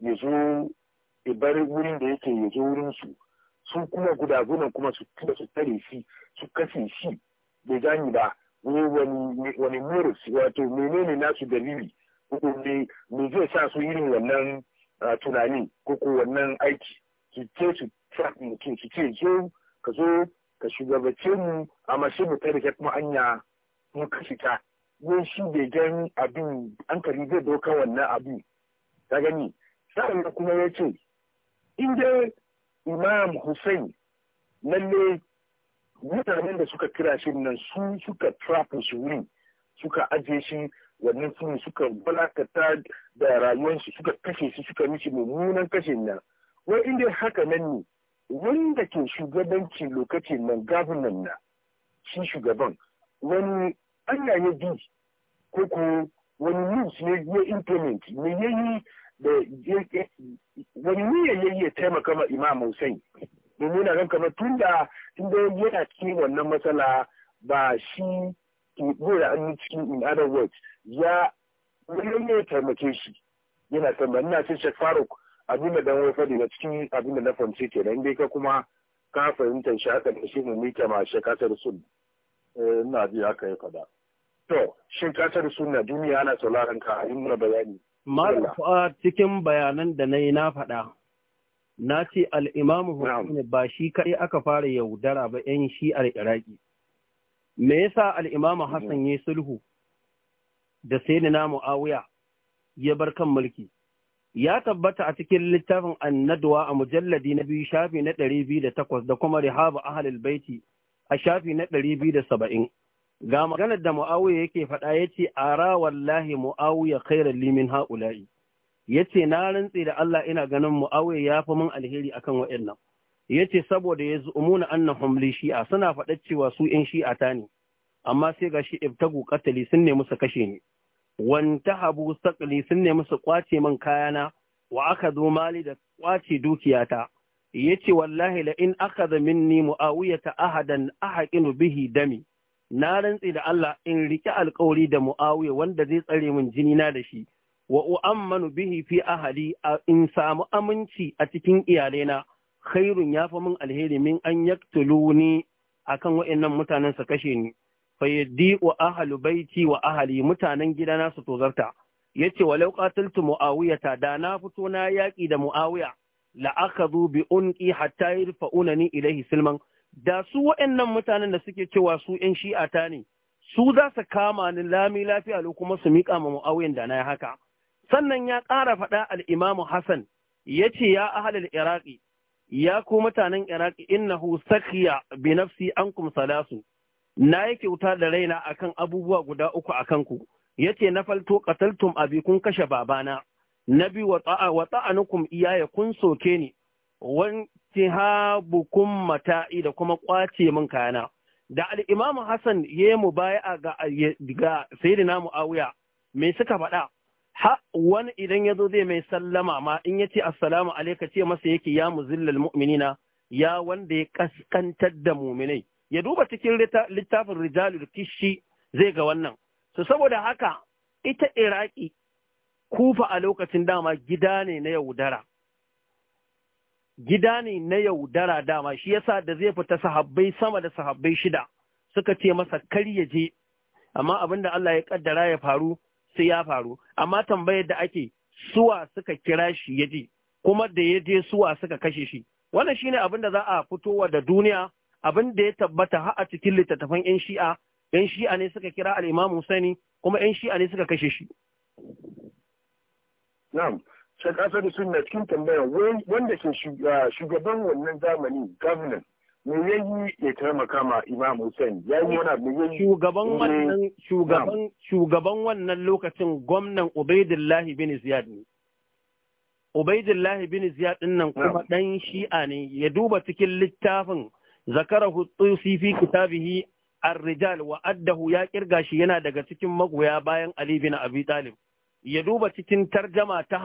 ya zo ibar wurin da yake ya zo wurinsu su kuma gudagunan kuma su tare shi su kashe shi bai gani ba wani murus wato menene nasu dalili ko me zai sa su irin wannan tunani ko ko wannan aiki su ce su track su ce zo ka zo ka shugabace mu a mashi mu tare kuma anya mu ka ta shi bai gan abin an kari zai doka wannan abin ta gani sa'an kuma ya ce in imam hussein lalle mutanen da suka kira shi nan su suka trapo shi wuri suka ajiye shi wannan filin suka balakata da rayuwarsu suka kashe shi suka mishi mummunan kashe nan wai inda haka nan ne wanda ke shugabanci lokacin nan gabanan na shi shugaban wani Allah ya bi ko ko wani news ne ya implement ne ya yi da wani ne ya taimaka ma imam Hussein mu muna gan kamar tun da yana cikin wannan matsala ba shi ke bude an cikin in other words ya wani ne taimake shi yana san ina cin Faruk abinda dan wani fadi na cikin abinda na fahimci nan dai ka kuma ka fahimta shi haka da shi mu mika ma Sheikh Asar eh, ina ji haka ya faɗa to Sheikh Asar Sunna duniya ana sauraron ka a yi mana bayani Malam cikin bayanan da na yi na faɗa na ce al'imamu Hussein ba shi kai aka fara yaudara ba ‘yan shi'ar Iraki. Me yasa al'imamu Hassan ya sulhu da sai na Mu'awiya ya bar kan mulki? Ya tabbata a cikin littafin annaduwa a mujalladi na biyu shafi na ɗari biyu da takwas da kuma rihabu ahalil baiti a shafi na ɗari biyu da saba'in. Ga maganar da Mu'awiya yake faɗa ya ce, Ara wallahi Mu'awiya khairar limin ha'ula'i. yace na rantse da Allah ina ganin Muawiya ya fi min alheri akan waɗannan yace saboda ya umuna annahum li shi'a suna faɗa cewa su in shi'a ta ne amma sai ga shi ibtagu katali sun nemi su kashe ni Habu saqli sun nemi su kwace min kayana wa aka zo mali da kwace dukiyata yace wallahi da in aka akhadha minni muawiyata ahadan ƙinu bihi dami na rantse da Allah in rike alƙawari da muawiya wanda zai tsare min jini na da shi wa u'ammanu bihi fi ahali in samu aminci a cikin iyalaina khairun ya fa min alheri min an yaktuluni akan wa'annan mutanen su kashe ni fa yaddi wa ahlu baiti wa ahli mutanen gidana su tozarta yace walau qataltu ta, da na fito na yaki da muawiya la akhadhu bi unqi hatta yarfa'unani ilayhi silman da su wa'annan mutanen da suke cewa su yan shi'ata ne su za su kama ni lami lafiya lo kuma su miƙa ma mu'awiyan da na haka sannan ya ƙara faɗa al'imamu Hassan ya ce ya ahalar Iraki, ya ku mutanen Iraki In sakiya bi nafsi an salasu, na yi kyauta da raina akan abubuwa guda uku a kanku, ya ce na falto ƙataltum abi kun kashe babana, na bi wa tsa'anukum iyaya kun soke ni, wanti mata'i da kuma ƙwace min kayana. Da al'imamu Hassan ya yi mu baya ga sayidina mu'awuya, me suka faɗa? ha wani idan ya zo zai mai sallama ma in ya ce assalamu alaika ce masa yake ya muzillal mu'minina ya wanda ya kaskantar da muminai ya duba cikin littafin rijalul kishi zai ga wannan su saboda haka ita iraki kufa a lokacin dama gida ne na yaudara gida ne na yaudara dama shi yasa da zai fita sahabbai sama da sahabbai shida suka ce masa kar ya je amma abin da Allah ya kaddara ya faru sai ya faru amma tambayar da ake suwa suka kira shi ya je kuma da ya je suwa suka kashe shi wannan shine abin da za a fitowa da duniya abin da ya tabbata har a cikin littattafan yan shi'a yan shi'a ne suka kira al sani kuma yan shi'a ne suka kashe shi na'am sai ka sani sunna cikin tambaya wanda ke ah, shugaban wannan zamani governor me ya yi ya taimaka ma Imam Hussein ya yi wani abu ya shugaban wannan shugaban wannan lokacin gwamnan Ubaidullahi bin Ziyad ne Ubaidullahi bin Ziyad kuma dan Shi'a ne ya duba cikin littafin zakarahu tusi fi kitabihi ar-rijal wa addahu ya kirga shi yana daga cikin magoya bayan Ali bin Abi Talib ya duba cikin tarjama ta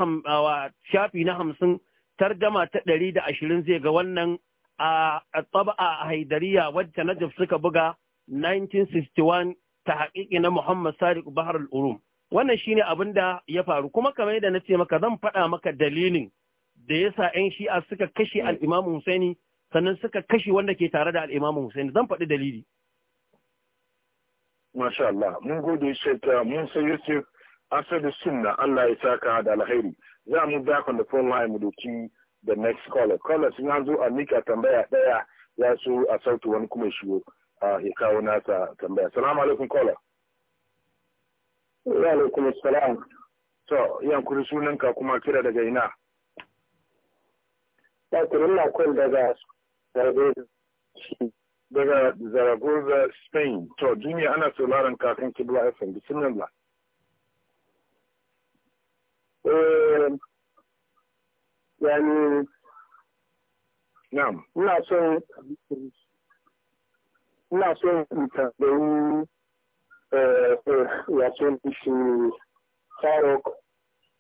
shafi na hamsin tarjama ta ɗari da ashirin zai ga wannan a taba'a a haidariya wadda najaf suka buga 1961 ta haƙiƙi na muhammad sadiq bahar al-urum wannan shine abin da ya faru kuma kamar yadda na ce maka zan faɗa maka dalilin da yasa 'yan shi'a suka kashe hmm. al'imam husaini sannan suka kashe wanda ke tare da al'imam husaini zan faɗi dalili Masha Allah, mun gode shaita mun san Yusuf Asadu Sunna Allah ya saka da alheri. Za mu dakon da phone line mu doki the next caller. Caller sun an zo a mika tambaya daya ya so a sautu wani kuma shigo ya kawo nasa tambaya. Salamu alaikum caller. Wa alaikum salam. To, yan kuri sunanka kuma kira daga ina. Ya kuri na kwan daga daga Zaragoza, Spain. To, jini ana sauraron kakan Kibla FM. Bismillah. Eh, yani nam ina son ina son in tambayi eh, eh, wato shi faruk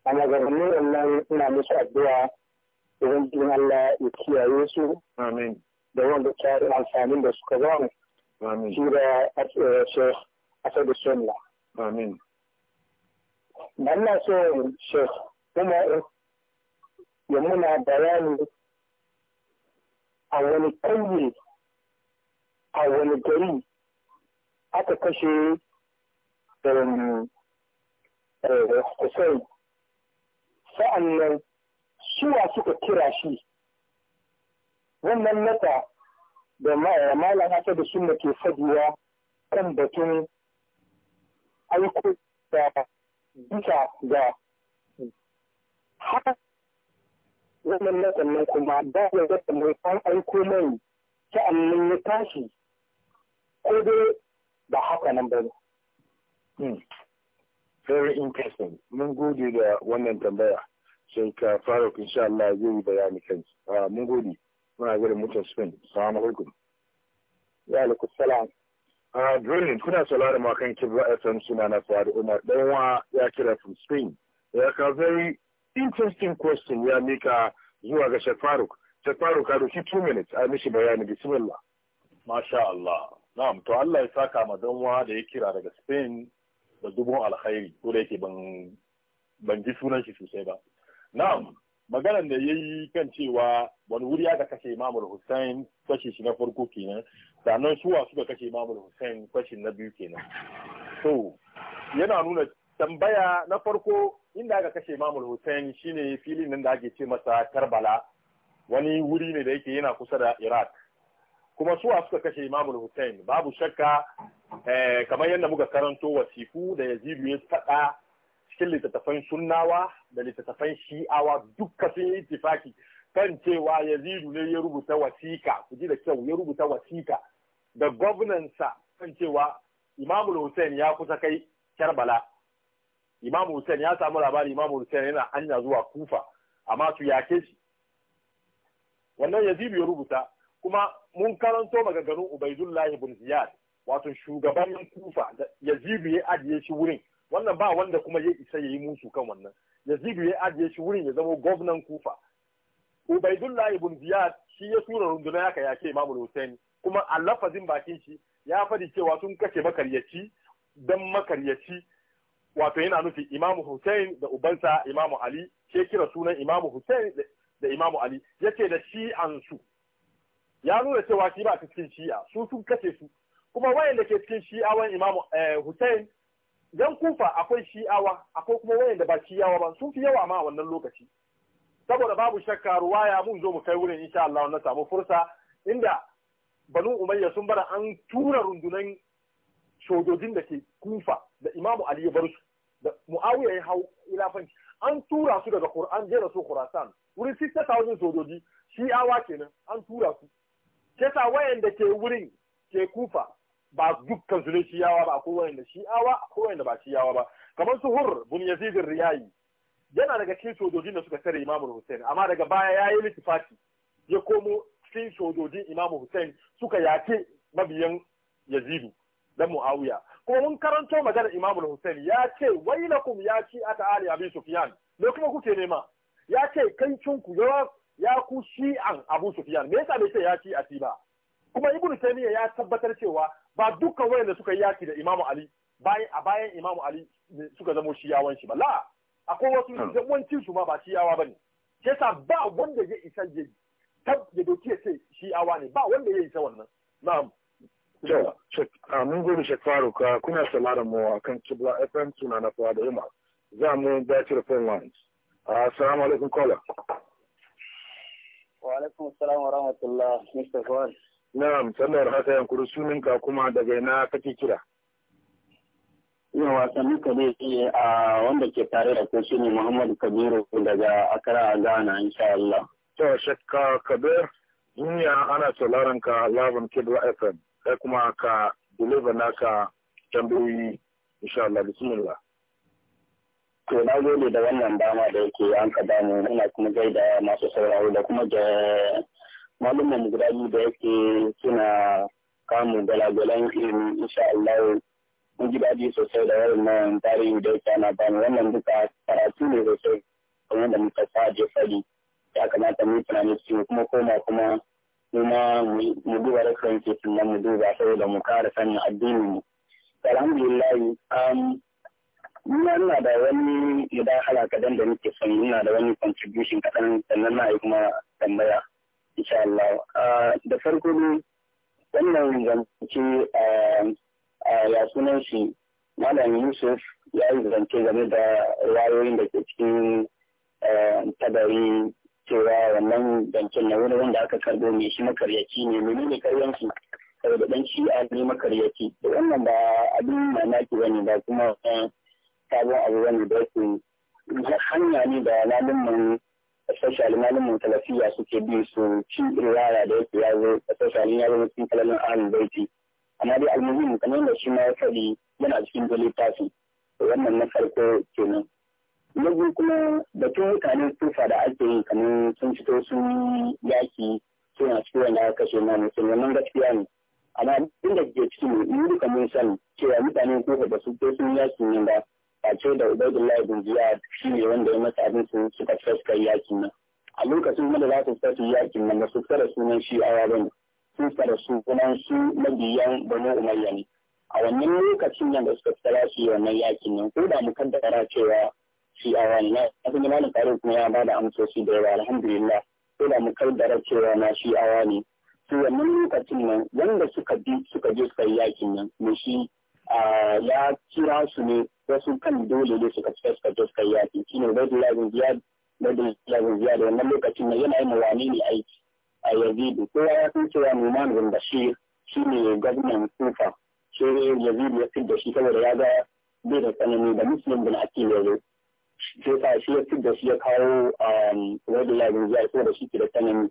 a maganganun wannan ina musu addu'a idan jin Allah ya kiyaye su amin da wanda tsari amfanin da suka zama amin shi da eh, da sunna amin Allah na so shi kuma ya muna bayani a wani ƙauye a wani gari aka kashe um, eh, Hussein sa'an nan suwa suka kira shi wannan nata da malam haka da suna ke faduwa kan batun aiko da bisa ga har wannan lokacin nan kuma da ya zata mai an aiko mai ta annin ya tashi ko dai ba haka nan ba ne. Hmm. Very interesting. Mun gode da wannan tambaya. Sai ka fara insha Allah zai yi bayani kai. Ah, mun gode. Muna gode mutum Spain. Salamu alaikum. Ya alaikum salam. Uh, kuna salari ma kan Kibra FM suna na Fuadu Umar. Ɗan ya kira from Spain. Ya ka very interesting question ya mika zuwa ga Sheikh Faruk. Sheikh Faruk ka duki 2 minutes a mishi bayani bismillah. Masha Allah. Na'am to Allah ya saka ma danwa da ya kira daga Spain da dubun alkhairi ko da yake ban ban ji sunan shi sosai ba. Na'am maganar da ya yi kan cewa wani wuri aka kashe Imamul Hussein kashi shi na farko kenan sannan suwa suka kashe Imamul Hussein kashi na biyu kenan. So yana nuna tambaya na farko inda aka kashe Imamul Hussein shine filin nan da ake ce masa Karbala wani wuri ne da yake yana kusa da Iraq kuma suwa suka kashe Imamul Hussein babu shakka eh, kamar yadda muka karanto wasiku da Yazidu ya faɗa cikin litattafan sunnawa da littattafan shi'awa dukka sun yi itifaki kan cewa Yazidu ne ya rubuta wasika ku ji da kyau ya rubuta wasika da gwamnansa kan cewa Imamul Hussein ya kusa kai Karbala imamu hussein ya samu labari imamu hussein yana anya zuwa kufa amma su yake shi wannan yazidu ya rubuta kuma mun karanto maganganun ubaidullahi ibn ziyad wato shugaban kufa yazidu ya ajiye shi wurin wannan ba wanda kuma ya isa ya yi musu kan wannan yazidu ya ajiye shi wurin ya zama gwamnan kufa ubaidullahi ibn ziyad shi ya tura runduna yaka yake imamu hussein kuma a lafazin bakin shi ya fadi cewa sun kashe makaryaci dan makaryaci wato yana nufi imamu Hussein da ubansa imamu Ali ke kira sunan imamu Hussein da imamu Ali yace da shi'ansu ya nuna cewa shi ba cikin shi'a su sun kace su kuma wayanda ke cikin shi'awan imamu eh, Hussein yan kufa akwai shi'awa akwai kuma wayanda ba shi'awa ba sun fi yawa ma a wannan lokaci saboda babu shakka ya mun zo mu kai wurin insha Allah na samu fursa inda banu umayya sun bar an tura rundunan sojojin da ke kufa da imamu ali ya bar su da muawiya ya hau ilafanci an tura su daga an jera su kurasan. wurin 6,000 sojoji shi'awa kenan an tura su kesa wayanda ke wurin ke kufa ba dukkan su ne shi'awa ba ko wayanda shi'awa ko wayanda ba shi'awa ba kamar su hur bin yazid riyayi yana daga cikin sojojin da suka tare imamu hussein amma daga baya ya yi litifati ya komo cikin sojojin imamu hussein suka yake mabiyan yazidu da muawiya ko mun karanto magana Imam husain ya ce wailakum ya ci ata ali abi sufyan me kuma kuke nema ya ce cin ku ya ku shi'an abu sufyan me yasa bai ce ya ci ati ba kuma ibnu taymiya ya tabbatar cewa ba dukkan wayanda suka yi yaki da Imam Ali bayan a bayan Imam Ali suka zamo shiyawan shi ba la akwai wasu hmm. yawancin su ma ba shiyawa bane sai sa ba wanda ya isa ya tab ya sai shiyawa ne ba wanda ya isa wannan na'am Jawa, mun gobe shekaru ka kuna sauraron mu a kan Kibla FM suna na fawa da yamma. Za mu yi da phone lines. Assalamu alaikum kola. Wa alaikum assalam wa rahmatullah Mr. Fawad. Na'am, sallar haka yankuru sunanka kuma daga ina kake kira. yin wasanni ka dai a wanda ke tare da ko ne Muhammadu Kabiru daga Accra Ghana insha Allah. To Shakka Kabir, duniya ana sauraron ka labar Kibla FM. kai kuma ka deliver naka tambayoyi insha Allah bismillah to na gode da wannan dama da yake an ka damu ina kuma gaida masu sauraro da kuma da malumin guda da yake suna kamu galagalan ilimi insha Allah mun ji daɗi sosai da wannan tarihi da yake ana bani wannan duka karatu ne sosai kamar da muka sa je fari ya kamata mu tunani su kuma koma kuma kuma mu duba references nan mu duba saboda mu kare sanin addinin mu alhamdulillah um ina da wani mudakala kadan da nake son ina da wani contribution kadan sannan na yi kuma tambaya insha Allah uh, da farko ne wannan zance um, uh, ya sunan shi malam Yusuf ya yi zance game da wayoyin da ke cikin uh, tabari cewa wannan bankin na wani wanda aka karbo mai shi makaryaci ne mu ne karyanci saboda dan shi a ne makaryaci da wannan ba abin mamaki bane ba kuma eh, sabon abu bane da yake hanya ne da malamin especially malamin talafiya suke bi su cin riwaya da yake ya zo especially ya zo cikin kalalin ahlul baiti amma dai almuhim kamar da shi ma ya faɗi yana cikin dalil tafi wannan na farko kenan na biyu kuma tun mutane tufa da ake yi kamar sun fito yi yaki suna cikin wanda aka kashe na mutum wannan gaskiya ne amma abin da ke ciki ne duka mun san cewa mutane tufa da su sun yaki ne ba a ce da ubaidullahi bin jiya shi ne wanda ya masa abin su suka fita suka yi yakin nan a lokacin da za su fita su yi yakin nan ba su fita sunan shi awa ba ne sun fita da kuma su mabiyan bano umar ne a wannan lokacin nan da suka fita za su yi wannan yakin nan ko da mu kan da cewa shi a wannan abin da malam faru kuma ya bada amsoshi da yawa alhamdulillah ko da mu kai da cewa na shi a wani. to wannan lokacin nan wanda suka bi suka je suka yi yakin nan mu shi ya kira su ne wasu kan dole ne suka fita suka je suka yi yakin lagun ziyar bin da lagun ziyar da wannan lokacin nan yana yin wani ne aiki a Yazidu kowa ya san cewa ma bin Bashir ne gwamnan Kufa sai Yazidu ya da shi saboda ya ga bai da tsanani da musulun bin Akil ya zo sai sa shi ya da shi ya kawo regular rizal ko da shi ke da tsanani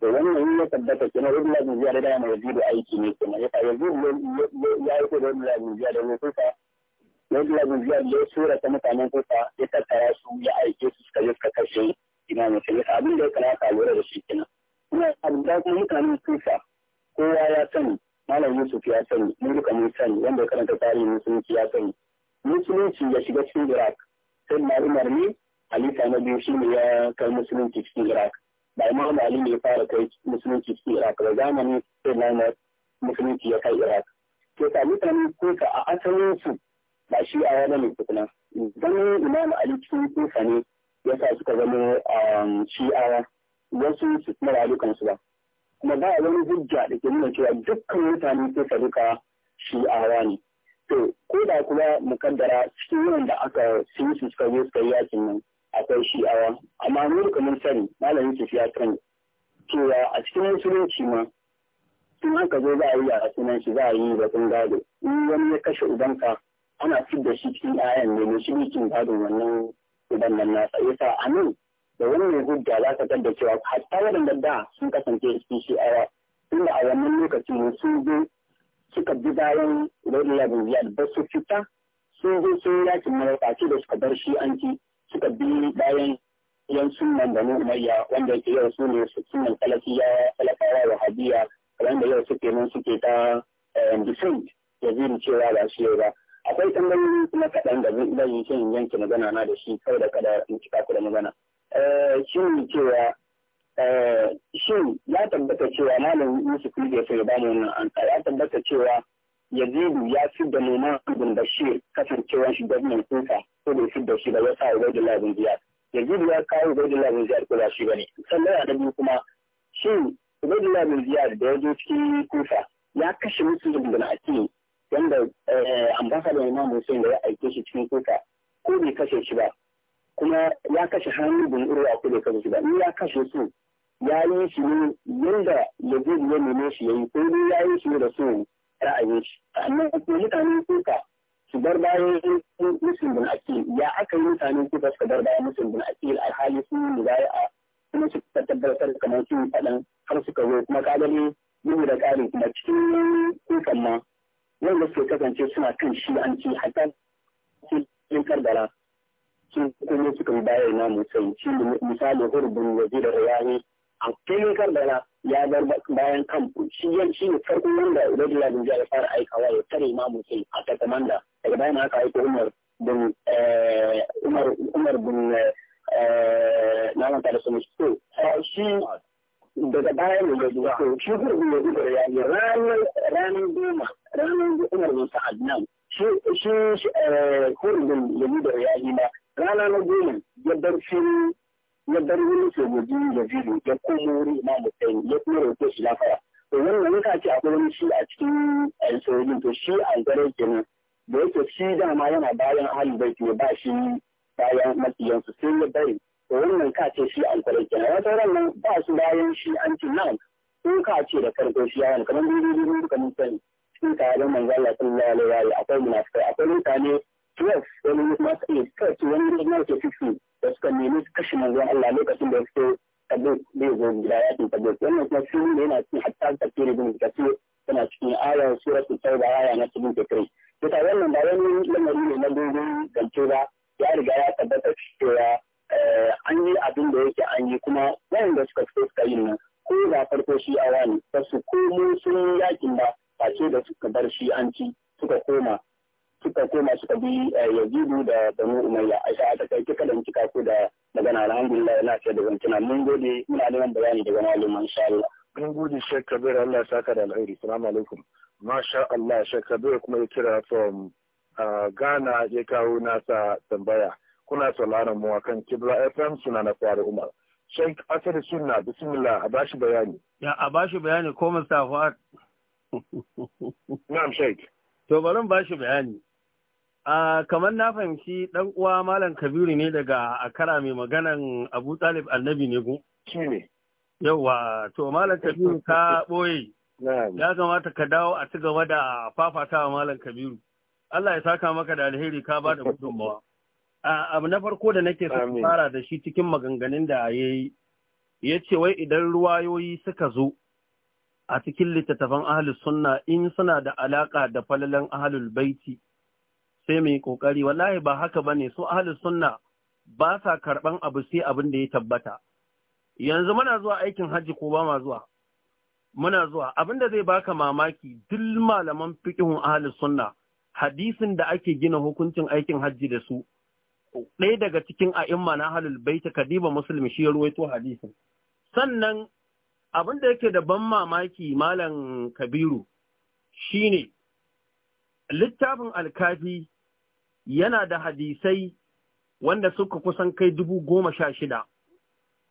da wannan ya tabbata kenan regular rizal da yana yazidu aiki ne kuma. ya yazidu ya yi ko regular rizal da ya kusa da rizal ya tsora ta mutanen kusa ya tattara su ya aike su suka yi suka kashe imamu sai abin da ya kamata a lura da shi kenan kuma abu da kuma mutanen kusa kowa ya sani malam yusuf ya sani mun duka mun sani wanda ya karanta tarihin musulunci ya sani musulunci ya shiga cikin iraq sai na umar ne halifa na biyu shi ne ya kai musulunci cikin iraq ba imam ali ne ya fara kai musulunci cikin iraq ba zamani sai na musulunci ya kai iraq ke sa mutane ko ka a asalin su ba shi a wani mai fitina zama imam ali cikin kufa ne ya sa suka zama um, a wasu su kuma rayukansu ba kuma ba wani hujja da ke nuna cewa dukkan mutane ka duka shi a ne to ko da kuma mukaddara cikin wurin da aka sun su suka zo suka yi yakin nan akwai shi'awa amma ni da mun sani malamin su ya kan cewa a cikin musulunci ma tun aka zo za a yi a sunan shi za a yi batun gado in wani ya kashe ubanka ana fit da shi cikin 'ya'yan ne ne shi ne cikin gado wannan uban nan nasa yasa a nan da wannan hujja za ka da cewa hatta waɗanda da sun kasance cikin shi'awa tunda a wannan lokacin sun zo suka bi bayan Ubaidullah bin Ziyad ba su fita sun zo sun yakin mawakaci da suka bar shi an ci suka bi bayan yan sunan banu umayya wanda yake yau su ne sunan talafiya talakawa wahabiya wanda yau suke nan suke ta eh, defend ya zuru cewa ba shi ba akwai tambayoyi kuma kaɗan da zan yi yanke magana na da shi kawai da kada in cika ku da magana eh, shi ne cewa Eh, shin ya tabbata cewa malam Yusuf Kuliga sai ya ba mu wannan an ya tabbata cewa Yazidu ya fi da noma bin Bashir kasancewa shi gwamnan kuka ko da fi da shi da ya sa da labin Ziyad. Yazidu ya kawo ga da labin ko ba shi bane. Sannan a dabi kuma shin da labin Ziyad da ya zo cikin kuka ya kashe musu bin Akin wanda eh, ambasadar Imam Hussein da ya aike shi cikin kuka ko bai kashe shi ba kuma ya kashe hannu bin urwa ko bai kashe shi ba ni ya kashe su ya yi shi ne yadda yazid ya neme shi ya yi ko dai ya yi shi ne da so ra'ayin shi amma ko mutane kuka su bar bayan musulmin bin akil ya aka yi mutane kuka su bar bayan musulmin bin akil alhali sun yi a kuma su tabbatar kamar sun faɗan har suka zo kuma kadari yau da ƙari kuma cikin kukan ma wanda suke kasance suna kan shi an ci hatta yi karbara sun kuma suka yi na namu sai shi misali hurbin da yayi a filin karbala ya bar bayan kampu. shi yan shi ne farko wanda Ubaidullah bin Jabir ya fara aikawa ya tare ma Hussein a Katamanda daga bayan haka aika Umar bin eh, Umar Umar bin eh, na manta da sunan shi shi daga bayan ne ya zuwa shi gurbin ya zuwa ya yi ranar ranar goma ranar Umar bin Sa'ad nan shi shi gurbin ya da ya yi na ranar goma ya bar shi ya bar wani wurin sojojin jaziru ya komo wurin imam hussein ya kuma roƙe shi lafiya to wannan ka ce akwai wani shi a cikin eh, sojojin to shi an gare kenan da yake shi dama yana bayan ahli baiti ya ba shi bayan su sai ya bari to wannan ka ce shi an gare kenan wata ranar ba su bayan shi an ci nan sun ka ce da karfe shi yawon kamar dubu duka mun sani sun kayan manzo Allah sallallahu sun wa sallam akwai munafikai akwai mutane 12 wani masu 8 wani ne ke da suka nemi kashe manzon Allah lokacin da suke tabbai zai zo gida yakin tabbai wannan kuma shi ne yana cikin hatta tafsiri bin kasir tana cikin ayar suratu tauba aya na 73 ta wannan da wani lamari ne na dogo zance ba ya riga ya tabbatar cewa eh, an yi abin da yake an yi kuma wanda suka fito suka yi nan ko da farko shi awa ne ba su komo sun yakin ba face da suka bar shi an ci suka koma suka koma suka bi eh, yazidu da banu umayya aisha a takaice kadan kika ko da magana alhamdulillah na ce da zantuna mun gode muna neman bayani daga malum insha Allah mun gode Sheikh Kabir Allah ya saka da alheri assalamu alaikum masha Allah shek Kabir kuma ya kira from ah, Ghana ya kawo nasa tambaya kuna sauraron mu akan Kibla FM suna na Faru Umar Sheikh Asad Sunna bismillah a bashi bayani ya a bashi bayani ko Fuad Na'am Sheikh To bari ba shi bayani. kamar na fahimci ɗan uwa Malam Kabiru ne daga Akara mai maganan Abu Talib Annabi ne ko? Shi Yawwa, to Malam Kabiru ka ɓoye. Ya kamata ka dawo a ci gaba da fafatawa Malam Kabiru. Allah ya saka maka da alheri ka ba da gudunmawa. Abu na farko da nake son fara da shi cikin maganganun da ya yi, ya ce wai idan ruwayoyi suka zo, a cikin littattafan ahalus sunna in suna da alaƙa da falalan ahalul baiti sai mai kokari wallahi ba haka ba ne su ahalus sunna ba sa karɓan abu sai abin da ya tabbata yanzu muna zuwa aikin hajji ko ba ma zuwa muna zuwa abin da zai baka mamaki duk malaman fiqhun ahalus sunna hadisin da ake gina hukuncin aikin hajji da su ɗaya daga cikin a'imma na ahalul baita kadiba muslim shi ya ruwaito hadisin sannan abin da yake da ban mamaki malam kabiru shine littafin alkafi yana da hadisai wanda suka kusan kai dubu goma sha shida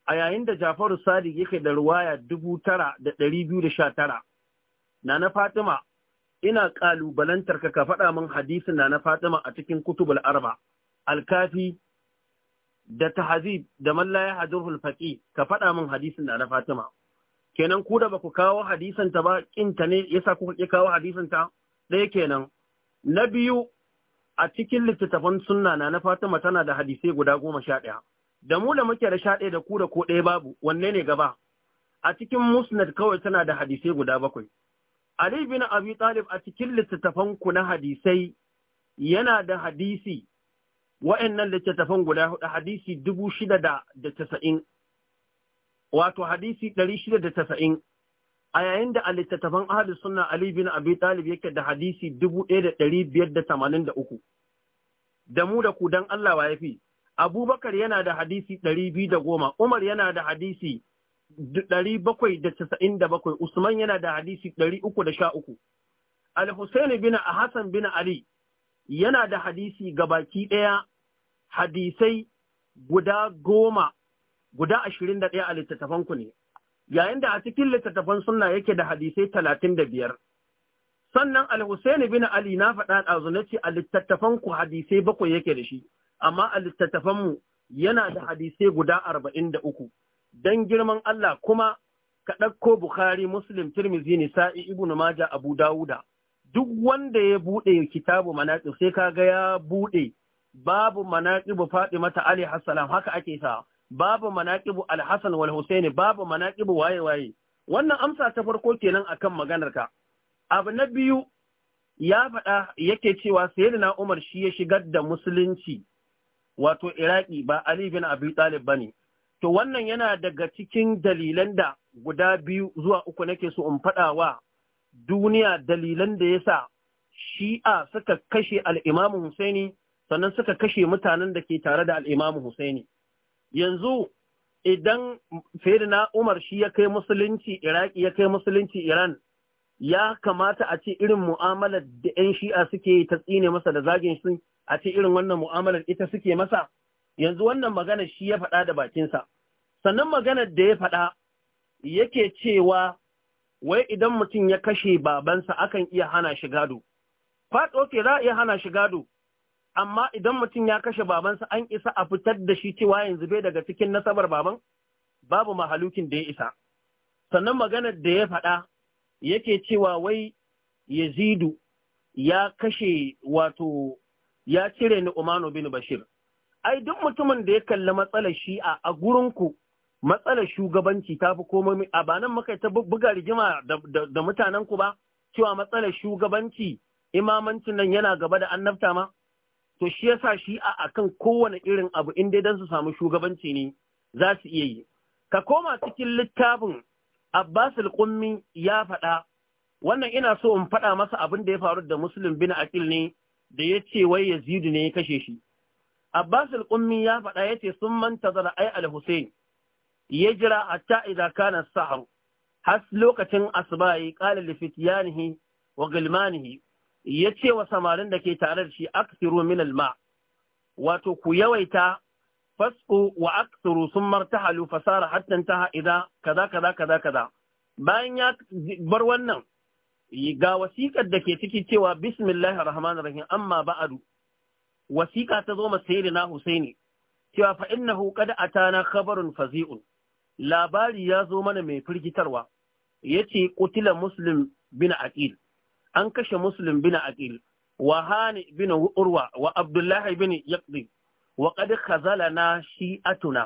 a yayin da jafaru sadiq yake da ruwaya dubu tara da ɗari biyu da sha tara na na fatima ina ƙalubalantar ka faɗa min hadisin na na fatima a cikin kutubul arba alkafi da tahazib da mallaya hadurul faƙi ka faɗa min hadisin na na fatima kenan ku da baku kawo hadisanta ba kinta ne yasa kuka ki kawo hadisanta ɗaya kenan na biyu a cikin littattafan sunna na na Fatima tana da hadisai guda goma sha da mu da muke da sha ɗaya da ku da ko ɗaya babu wanne ne gaba a cikin musnad kawai tana da hadisai guda bakwai Ali bin Abi Talib a cikin littattafan ku na hadisai yana da hadisi wa'annan littattafan guda hudu hadisi dubu shida da casa'in wato hadisi 690 a yayin da alittattafan ahli suna Ali bin Abi Talib yake da hadisi 1583 da mu da ku dan Allah wa yafi Abubakar yana da hadisi 210 Umar yana da hadisi 797 Usman yana da hadisi 313 Al-Husayn bin Hassan bin Ali yana da hadisi gabaki ɗaya hadisai guda goma guda ashirin da ɗaya a littattafanku ne, yayin da a cikin littattafan sunna yake da hadisai talatin da biyar. Sannan Al-Husaini bin Ali na faɗa ɗazu na ce a littattafanku hadisai bakwai yake da shi, amma a littattafanmu yana da hadisai guda arba'in da uku. Don girman Allah kuma ka ɗauko Bukhari, Muslim, Tirmidhi, Nisa'i, Ibn Majah, Abu Dawuda. Duk wanda ya buɗe kitabu manaƙi sai kaga ya buɗe babu manaƙi bu faɗi mata Ali Hassalam haka ake sa. babu manaqibu Alhassan hasan wal Husaini babu manaqibu waye waye wannan amsa ta farko kenan akan maganar ka abu na biyu ya faɗa yake cewa sayyidina Umar shi ya shigar da musulunci wato Iraki ba Ali bin Abi Talib ne. to wannan yana daga cikin dalilan da guda biyu zuwa uku nake so in faɗa wa duniya dalilan da ya sa shi'a suka kashe al'imamu Husaini sannan suka kashe mutanen da ke tare da al'imamu Husaini. yanzu idan Fedina Umar shi ya kai musulunci Iraki ya kai musulunci Iran ya kamata a ce irin mu'amalar da 'yan shi'a suke yi ta tsine masa da zagin su a ce irin wannan mu'amalar ita suke masa yanzu wannan magana shi ya faɗa da bakinsa sannan maganar da ya faɗa yake cewa wai idan mutum ya kashe babansa akan iya hana shi gado faɗo ke za a iya hana shi gado amma idan mutum ya kashe babansa an isa a fitar da shi cewa yanzu bai daga cikin nasabar baban babu mahalukin da ya isa sannan maganar da ya faɗa yake cewa wai yazidu ya kashe wato ya cire ni umano bin Bashir. Ai, duk mutumin da ya kalli matsalar shi a gurinku matsalar shugabanci ta fi komai a banan muka ta buga rigima da mutanenku ba, cewa matsalar shugabanci imamancin nan yana gaba da annabta ma? to shi yasa shi a akan kowane irin abu in dai dan su samu shugabanci ne za su iya yi ka koma cikin littafin Abbas al-Qummi ya faɗa wannan ina so in faɗa masa abin da ya faru da Muslim bin Aqil ne da ya ce wai Yazidu ne ya kashe shi Abbas al-Qummi ya faɗa yace sun manta zara ai al-Hussein ya jira hatta idza kana sahar has lokacin asbayi yi qala li fityanihi wa gilmanihi ya ce wa samarin da ke tare da shi aksiru min alma wato ku yawaita fas'u wa aksiru sun martahalu fasara hatta taha idza kaza kaza kaza kaza bayan ya bar wannan ga wasiƙar da ke ciki cewa bismillahir rahmanir rahim amma ba'adu wasiƙa ta zo ma sayyidina husaini cewa fa innahu qad atana khabarun fazi'un labari ya zo mana mai firgitarwa yace qutila muslim bin aqil an kashe muslim bin aqil wa hani bin urwa wa abdullahi bin yaqdi wa qad khazalana shi'atuna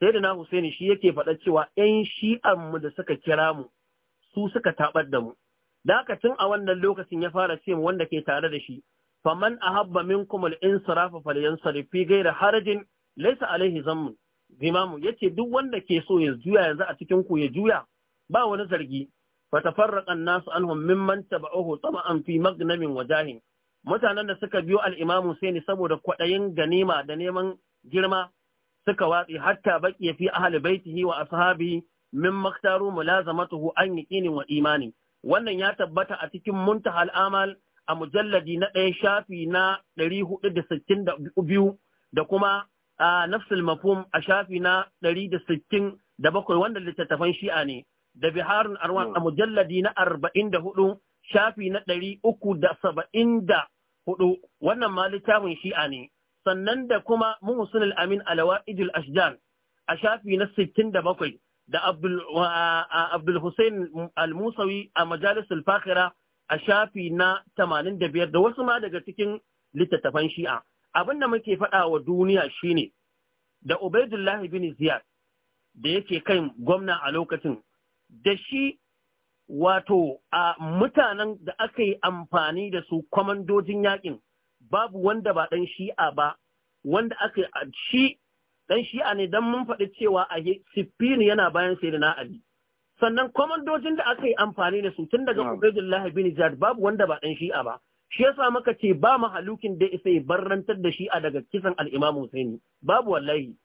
sayyidina husaini shi yake faɗa cewa ƴan shi'an mu da suka kira mu su suka tabar da mu da tun a wannan lokacin ya fara ce wanda ke tare da shi faman ahabba minkum al-insirafa falyansarif fi ghairi harajin laysa alaihi zammun zimamu yace duk wanda ke so ya juya yanzu a cikin ku ya juya ba wani zargi fatafarraqa an-nas anhum mimman taba'uhu tama'an fi magnamin wajahin mutanen da suka biyo al-imamu saboda kwaɗayin ganima da neman girma suka watsi hatta baki fi ahli baitihi wa ashabi min maktaru mulazamatuhu an ƙinin wa imani wannan ya tabbata a cikin muntahal amal a mujalladi na ɗaya shafi na 462 da kuma a nafsul mafhum a shafi na 167 wanda littattafan shi'a ne da biharun arwan hmm. a mujalladi na arba'in da hudu shafi na ɗari uku da saba'in da hudu wannan ma littafin shi'a ne sannan da kuma muhsin al-amin alawa ijil ashjan a shafi na sittin da bakwai da abdul hussein al-musawi a majalis al-fakira a shafi na tamanin da biyar da wasu ma daga cikin littattafan shi'a abin da muke faɗa wa duniya shine da ubaidullahi bin ziyad da yake kai gwamna a lokacin da shi wato a mutanen da aka yi amfani da su kwamandojin yakin babu wanda ba ɗan shi'a ba wanda aka shi ɗan shi'a ne don mun faɗi cewa a siffini yana bayan sai na ali sannan kwamandojin da aka yi amfani da su tun daga ubaidullahi bin jihar babu wanda ba ɗan shi'a ba shi yasa maka ce ba halukin da isa ya barrantar da shi'a daga kisan al'imamu husaini babu wallahi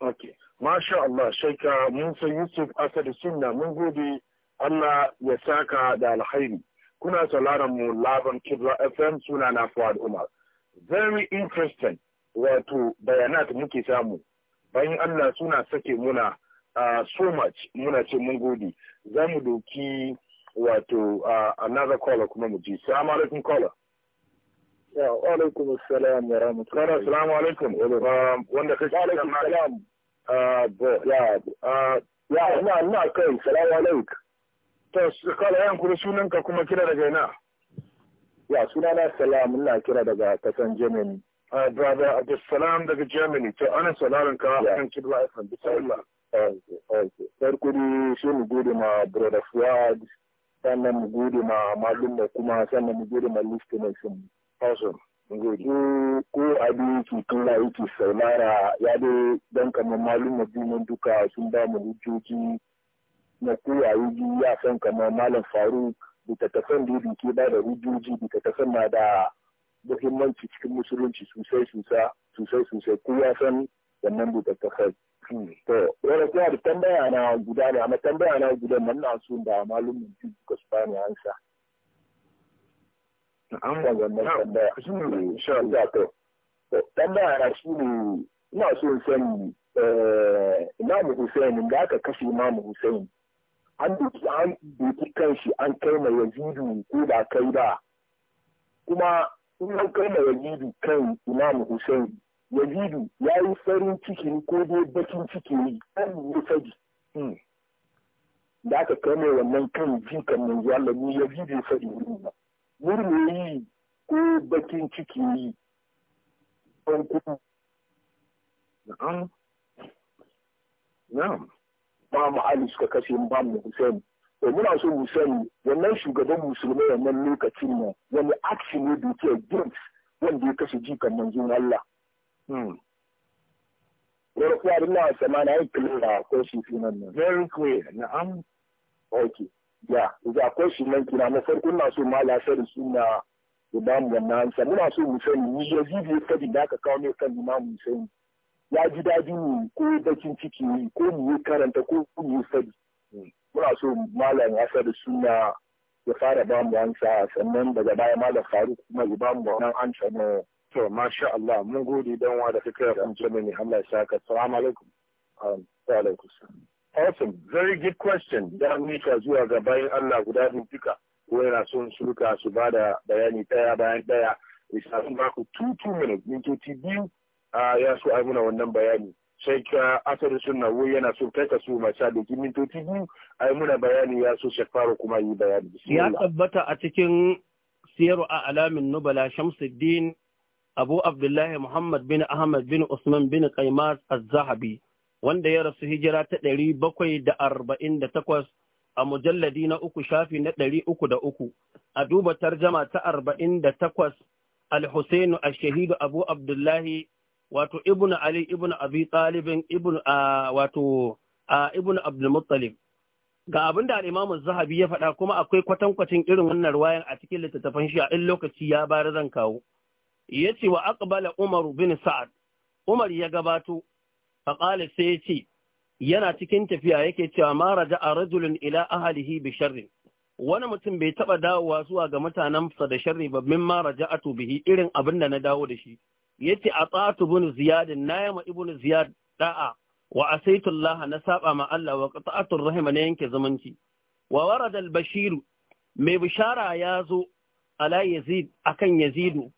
okay Masha Allah, Shaika san Yusuf Asad Sunna mun gode Allah ya saka da alhairi. Kuna sauraron mu Laban Kibra FM suna na Fuad Umar. Very interesting wato bayanat muke samu. Bayan Allah suna sake muna uh, so much muna ce mun gode. Za mu doki wato uh, another caller kuma mu ji. Salamu alaikum caller. Ya, alaikum assalam wa rahmatullahi. Salamu alaikum. Um, wanda kake salam. Ah, ah, ya ina ina kai salamu alaikum to kala yan sunan ka kuma kira daga ina ya suna na salam ina kira daga kasan germany uh, brother salam daga germany to ana sauraron ka kan kibla fm bismillah farko ne shi mu gode ma brother fuad sannan mu gode ma malum kuma sannan mu gode ma listeners awesome ko abin ke na yake saurara ya da don kamar malum junan duka sun ba mu hujjoji na kowaye biyu ya san kamar malam faruk tafan da ya ke ba da hujjoji tafan na da muhimmanci cikin musulunci sosai sosai sosai ko ya san wannan da ta to wani kuma da tambaya na guda ne amma tambaya na guda nan na sun da malumin duka su bani ansa. Eh, tambaya na shi ne ina so in sani eh, imam Hussein da aka kashe imamu Hussein an duki an duki kanshi an kai mai yazidu ko ba kai ba kuma in an kai mai yazidu kan imamu Hussein yazidu ya yi farin ciki ko dai bakin ciki ne an yi faji hmm. da aka kai mai wannan kan jikan manzo Allah ni yazidu ya faɗi wurin ba murmuri ko bakin ciki yi na'am na'am ba mu ali suka kashe ba mu hussein to muna so mu sani wannan shugaban musulmai wannan lokacin ne wani action ne da ke james wanda ya kashe jikan manzon Allah hmm. Yar kuwa da na sama na yi kilina ko shi sunan nan. Very clear, na'am. Okay. ya ga akwai su nan kina na farko na so ma lafiyar suna da ba mu wannan hansa muna so mu sani ni ya zibi ya kadi da aka kawo ne kan imamu sani ya ji daɗi ne ko bakin ciki ne ko mu yi karanta ko mu yi sadi muna so malam ya da suna ya fara ba mu hansa sannan daga baya malam faruk kuma ya ba mu wannan hansa na to masha Allah mun gode dan wa da kika amince mini Allah ya saka assalamu alaikum wa alaikum Awesome. Very good question. Da mika zuwa ga bayan Allah guda biyu duka. Ko yana son suka su ba da bayani ɗaya bayan ɗaya. sun ba ku two two minutes mintoci biyu ya so ai muna wannan bayani. Sai ka asarin sunna wo yana so kai ka so sha da ki mintoci biyu ai muna bayani ya so shafaru kuma yi bayani. Ya tabbata a cikin siyarwa a alamin nubala Shamsuddin Abu Abdullahi Muhammad bin Ahmad bin Usman bin kaimar az wanda ya rasu hijira ta ɗari bakwai da arba'in da takwas a mujalladi na uku shafi na ɗari uku da uku a duba tarjama ta arba'in da takwas al a shahidu Abu Abdullahi wato Ibn Ali Ibn Abi Talibin Ibn wato Ibn Abdul ga abin da al'imamun zahabi ya faɗa kuma akwai kwatankwacin irin wannan ruwayan a cikin littattafan shi a in lokaci ya bayar zan kawo ya ce wa aqbala umaru bin sa'ad umar ya gabato faƙalis sai ya ce yana cikin tafiya yake cewa ma raja a rajulun ila ahalihi bi wani mutum bai taɓa dawowa zuwa ga mutanensa da sharri ba min ma a tubihi irin abin da na dawo da shi yace a tsatu bin ziyadin na yama ibn ziyad da'a wa asaitullah na saɓa ma Allah wa qata'atul rahima na yanke zumunci wa warada Bashiru mai bishara ya zo ala yazid akan yazidu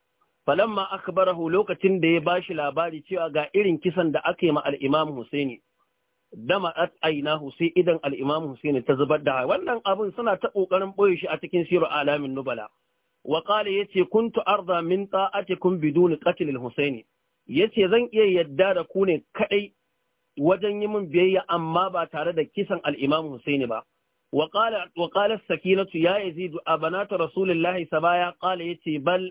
falamma akbarahu lokacin da ya bashi labari cewa ga irin kisan da aka yi ma al-Imam Husaini dama at aina sai idan al'imam imam Husaini ta zubar da wannan abin suna ta ƙoƙarin ɓoye shi a cikin siru alamin nubala wa ya yace kuntu arda min ta'atikum bidun qatl al-Husaini yace zan iya yadda da ku ne kadai wajen yi min biyayya amma ba tare da kisan al'imam imam Husaini ba wa qala wa qala as-sakinatu ya yazidu rasulullahi rasulillahi sabaya ya yace bal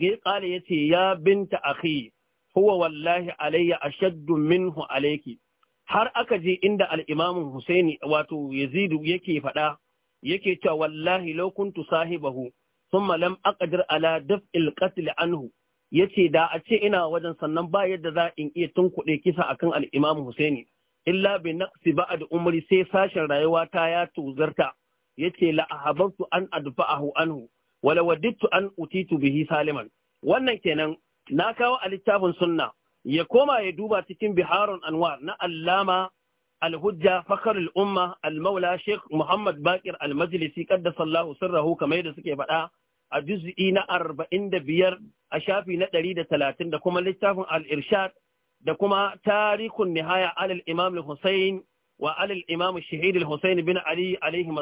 ya يتي يا بنت أخي هو والله علي أشد minhu عليك har aka je inda al'imamin Husaini wato Yazidu yake faɗa, yake cewa wallahi laukuntu sahibahu, sun malam aqdir ala daf'il qatl anhu, yace da a ce ina wajen sannan ba yadda za in iya tunkuɗe kisa akan al'imamin Husaini, illa bi naqsi ba'd umri sai sashen rayuwa ta ya tuzarta, yace la ahabbtu an adfa'ahu anhu, wala waddittu an utitu bihi saliman wannan kenan na kawo a littafin sunna ya koma ya duba cikin biharun anwar na allama alhujja fakar al'umma almaula sheikh muhammad bakir almajlisi kaddasa allahu sirrahu kamar yadda suke faɗa a juz'i na arba'in da biyar a shafi na ɗari da talatin da kuma littafin al-irshad da kuma tarikun nihaya alal imam hussein wa alal imam shahid hussein bin ali alaihi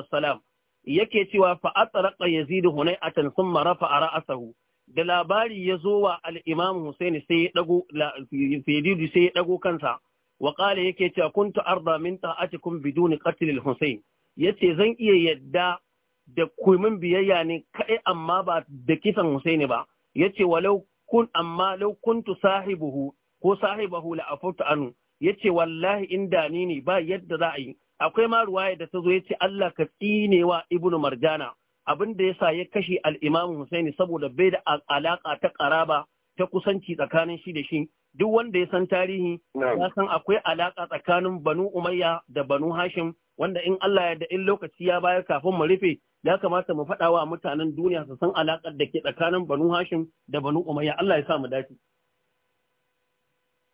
yake cewa fa hunai yazid hunayatan marafa a ra'asahu da labari ya zo wa al-imam Hussein sai ya dago Yazid sai ya dago kansa wa yake cewa kuntu arda min ta'atikum biduni qatl al-Husayn yace zan iya yadda da kumin biyayya ne kai amma ba da kisan Husaini ba yace walau kun amma law kuntu sahibuhu ko sahibahu la afutu anu yace wallahi inda ni ne ba yadda za a yi akwai ma ruwaya da ta zo ya ce Allah ka tsine wa ibnu marjana abin da yasa ya kashe al imam husaini saboda bai da alaka ta karaba ta kusanci tsakanin shi da shi duk wanda ya san tarihi ya san akwai alaka tsakanin banu umayya da banu hashim wanda in Allah ya da in lokaci ya bayar kafin mu rufe ya kamata mu faɗa wa mutanen duniya su san alakar da ke tsakanin banu hashim da banu umayya Allah ya sa mu dace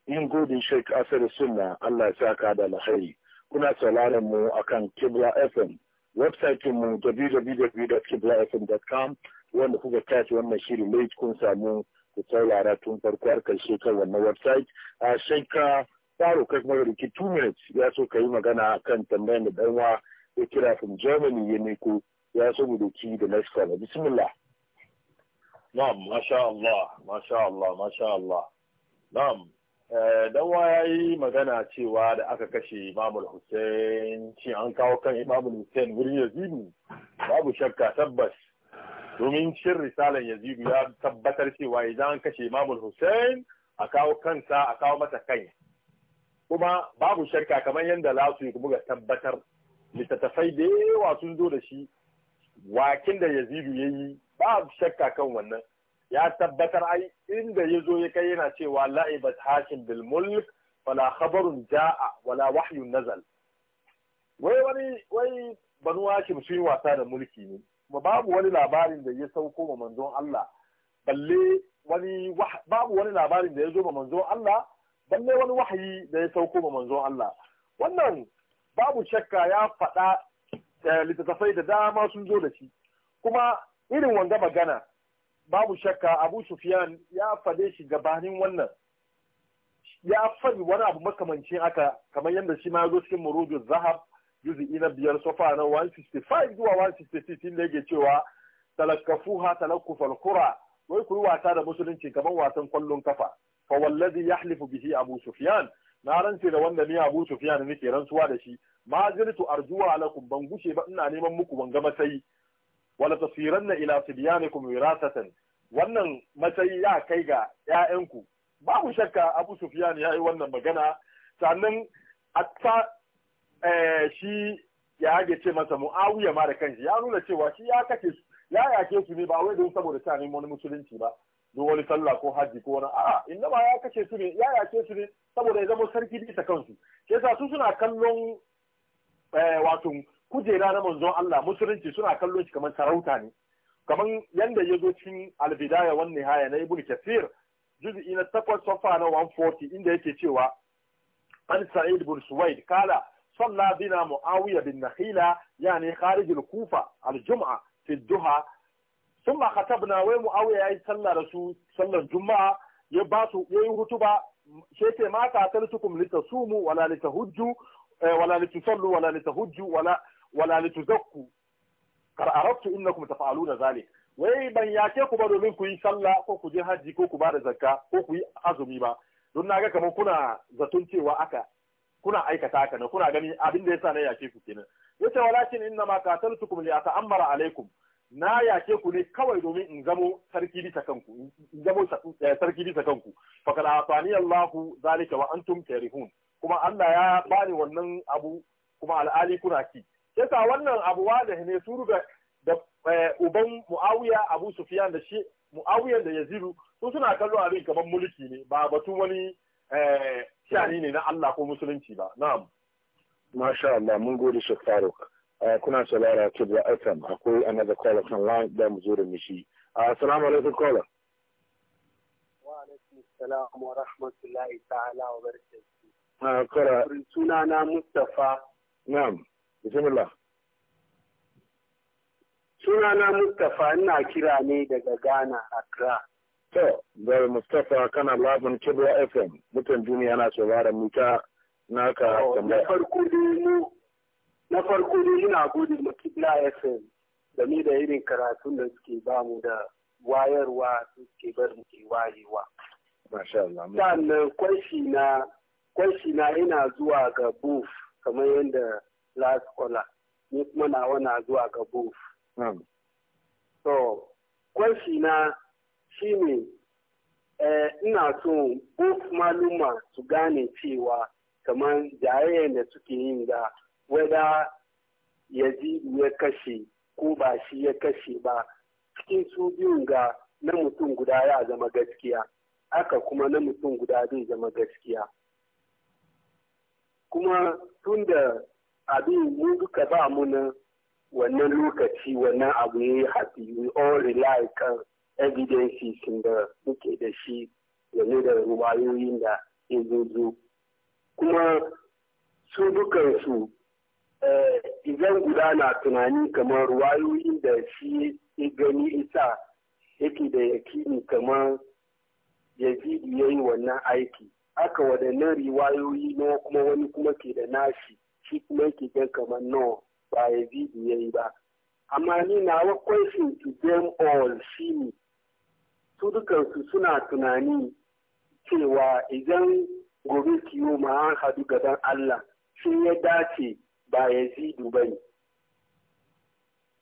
yin godin Sheikh Asad Sunna Allah ya sa ka da alkhairi kuna sauraron mu akan Kibla FM. Website mu www.kiblafm.com wanda kuka tashi wannan shiri mai kun samu ku saurara tun farko har karshe kan wannan website. A ka faro kai kuma riki two minutes ya so ka yi magana kan tambayar da danwa ya kira from Germany ya neko ya so mu doki da next caller. Bismillah. Na'am, masha Allah, masha Allah, masha Allah. Na'am, Eh, danwa ya yi magana cewa da aka kashe imamul hussein shi an kawo kan imamul hussein wurin yazidu babu shakka tabbas domin cin risalan yazidu ya tabbatar cewa idan an kashe imamul hussein a kawo kansa a kawo mata kai kuma babu shakka kamar yadda lasu kuma ga tabbatar littattafai da yawa sun zo da shi wakin da yazidu ya yi babu shakka kan wannan ya tabbatar ai inda ya zo ya kai yana cewa la'ibat hakim bil mulk wala khabarun ja'a wala wahyun nazal wai wani wai banu hakim sun yi wasa da mulki ne kuma babu wani labarin da ya sauko ma manzon Allah balle wani babu wani labarin da ya zo ma manzon Allah balle wani wahayi da ya sauko ma manzon Allah wannan babu shakka ya faɗa eh, littattafai da dama sun zo da shi kuma irin wanga magana babu shakka abu sufyan ya fade shi gabanin wannan ya fadi wani abu makamancin aka kamar yadda shi ma ya zo cikin murudu zahab juzi'i na biyar sofa na 165 zuwa 166 inda yake cewa ha talakkufal kura wai ku yi wasa da musulunci kamar wasan kwallon kafa fa wallazi yahlifu bihi abu sufyan na rantse da wanda ni abu sufyan nake rantsuwa da shi ma jiritu arjuwa alakum ban gushe ba ina neman muku ban ga matsayi wala na ila sibyanikum wirasatan wannan matsayi ya kai ga ƴaƴanku babu shakka Abu Sufyan ya yi wannan magana sannan atta eh, shi ya yage ce masa Muawiya ma da kanshi ya nuna cewa shi ya kace ya yake su ne ba wai don saboda ta neman wani musulunci ba don wani sallah ko haji ko wani a'a inda ba ya kace su ne ya yake su ne saboda ya zama sarki bisa kansu sai sa su suna kallon eh, wato kujera na manzon Allah musulunci suna kallon shi kamar sarauta ne kamar yanda ya zo cikin albidaya wan nihaya na ibnu kathir juz'i na takwas safa na 140 inda yake cewa an sa'id ibn suwaid kala salla bina muawiya bin nakhila yani kharij al-kufa al-jum'a fi duha thumma khatabna wa muawiya yayi sallah da su sallar juma'a ya ba su yayi hutuba sai ce mata tarsukum litasumu wala litahujju eh, wala litusallu wala litahujju wala wala lituzakku kar arabtu innakum taf'aluna zalik wai ban yake ku ba domin ku yi sallah ko ku je haji ko ku bada zakka ko ku yi azumi ba don ga kamar kuna zaton cewa aka kuna aikata haka na kuna gani abin da yasa na yake ku kenan yace walakin inna ma qataltukum li ata'ammara alaikum na yake ku ne kawai domin in zamo sarki bisa kanku in zamo eh, sarki bisa kanku kala Allahu zalika wa antum karihun kuma Allah ya bani wannan abu kuma al'ali kuna ki yasa wannan abu da ne su da da eh, uban muawiya abu sufyan da shi muawiya da yazidu su suna kallo abin kamar mulki ne ba batu wani eh, shani ne na Allah ko musulunci ba na'am masha Allah mun gode Sheikh Faruk eh, kuna saurara da FM akwai another call from line da mu zo da mishi ah, assalamu alaikum caller wa alaikum assalam wa rahmatullahi ta'ala wa barakatuh kara ah, sunana Mustafa na'am bismillah na Mustapha ina kira ne daga Ghana a kira. To, da Mustapha kana labin Kibra FM mutan duniya na sauraron mu oh, na naka tambaya. Na farko dai mu na farko dai ina gode ma Kibra FM da ni da irin karatun da suke bamu da wayarwa suke bar mu ke wayewa. Masha Allah. Sannan kwashi na kwashi na ina zuwa ga booth kamar yadda last caller ni kuma na wana zuwa ga booth so kwanshi na shine eh, ina so booth maluma su gane cewa kamar jayayen da suke yin da wada yazidu ya kashe ko ba shi ya kashe ba cikin su biyun ga na mutum guda ya zama gaskiya haka kuma na mutum guda zai zama gaskiya kuma tun da abin mu duka ba mu na wannan lokaci wannan abu ya yi happy we all rely kan evidences da muke da shi game da ruwayoyin da ya zo kuma su dukansu eh, idan guda na tunani kamar ruwayoyin da shi ya gani isa yake da yakini kamar ya ji yayi wannan aiki aka waɗannan riwayoyi na kuma wani kuma ke da nashi shi kuma yake gan kamar no ba ya bibi ya ba amma ni wa question to them all shi ne su dukansu suna tunani cewa idan gobe kiyo ma an haɗu gaban Allah shi ya dace ba ya zidu ba ne.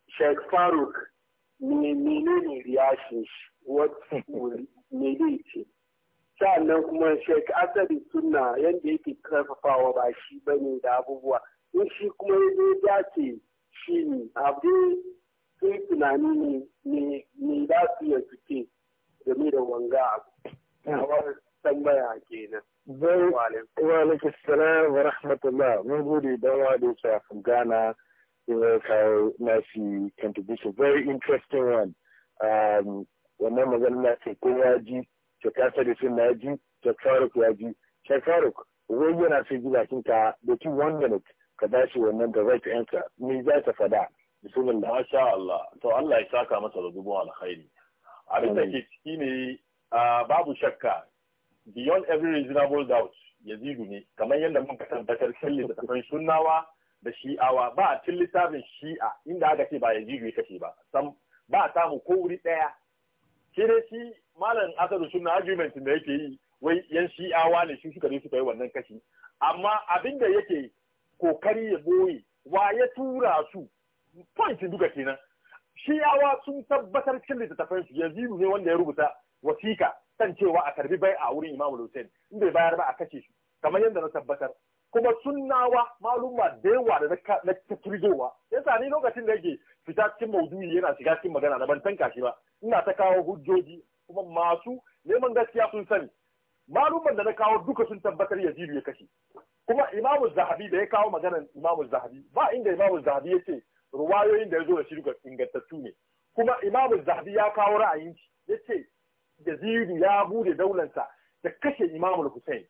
Sheikh Faruk ne ne riyashin shi, what ne ce? nan kuma shek asali suna yadda yake karfafawa ba shi ne da abubuwa in shi kuma ya zo dace shi ne abu sai tunani ne ne za su yi suke game da wanga abu kamar tambaya kenan zai wa alaikum salam wa rahmatullah mun gode don wa da yake from Ghana ya kawo nashi contribution very interesting one um, wannan magana na ce kowa ji Shekar da na ji, Shekharuk ya ji. Shekharuk, wai yana sun ji bakin ka da ki one minute ka dace wannan da right answer. Ni za ta fada. Bismillah. Masha Allah. To Allah ya saka masa da dubon alkhairi. Abin da ke ciki ne babu shakka beyond every reasonable doubt zigu ne kamar yadda mun ka tabbatar da littattafan sunnawa da shi'awa ba a cin littafin shi'a inda aka ce ba zigu ya kashe ba sam ba a samu ko wuri ɗaya shi dai shi malam asadu suna argument da yake yi wai yan shi'awa ne shi suka ne suka yi wannan kashi amma abin da yake kokari ya boye wa ya tura su point duka kenan shi'awa sun tabbatar cikin littattafan su yanzu ne wanda ya rubuta wasika kan cewa a karbi bai a wurin imamu hussein in bai bayar ba a kashe shi kamar yadda na tabbatar kuma sunnawa maluma da yawa da na kirgowa sa ni lokacin da yake fita cikin maudu'i yana shiga cikin magana na ban tanka shi ba ina ta kawo hujjoji kuma masu neman gaskiya sun sani malumman da na kawo duka sun tabbatar yazidu ya kashe kuma imamu zahabi da ya kawo maganar imamu zahabi ba inda imamu zahabi ya ce ruwayoyin da ya zo da shi duka ingantattu ne kuma imamu zahabi ya kawo ra'ayin shi ya ce yazidu ya bude daulansa da kashe imamu hussein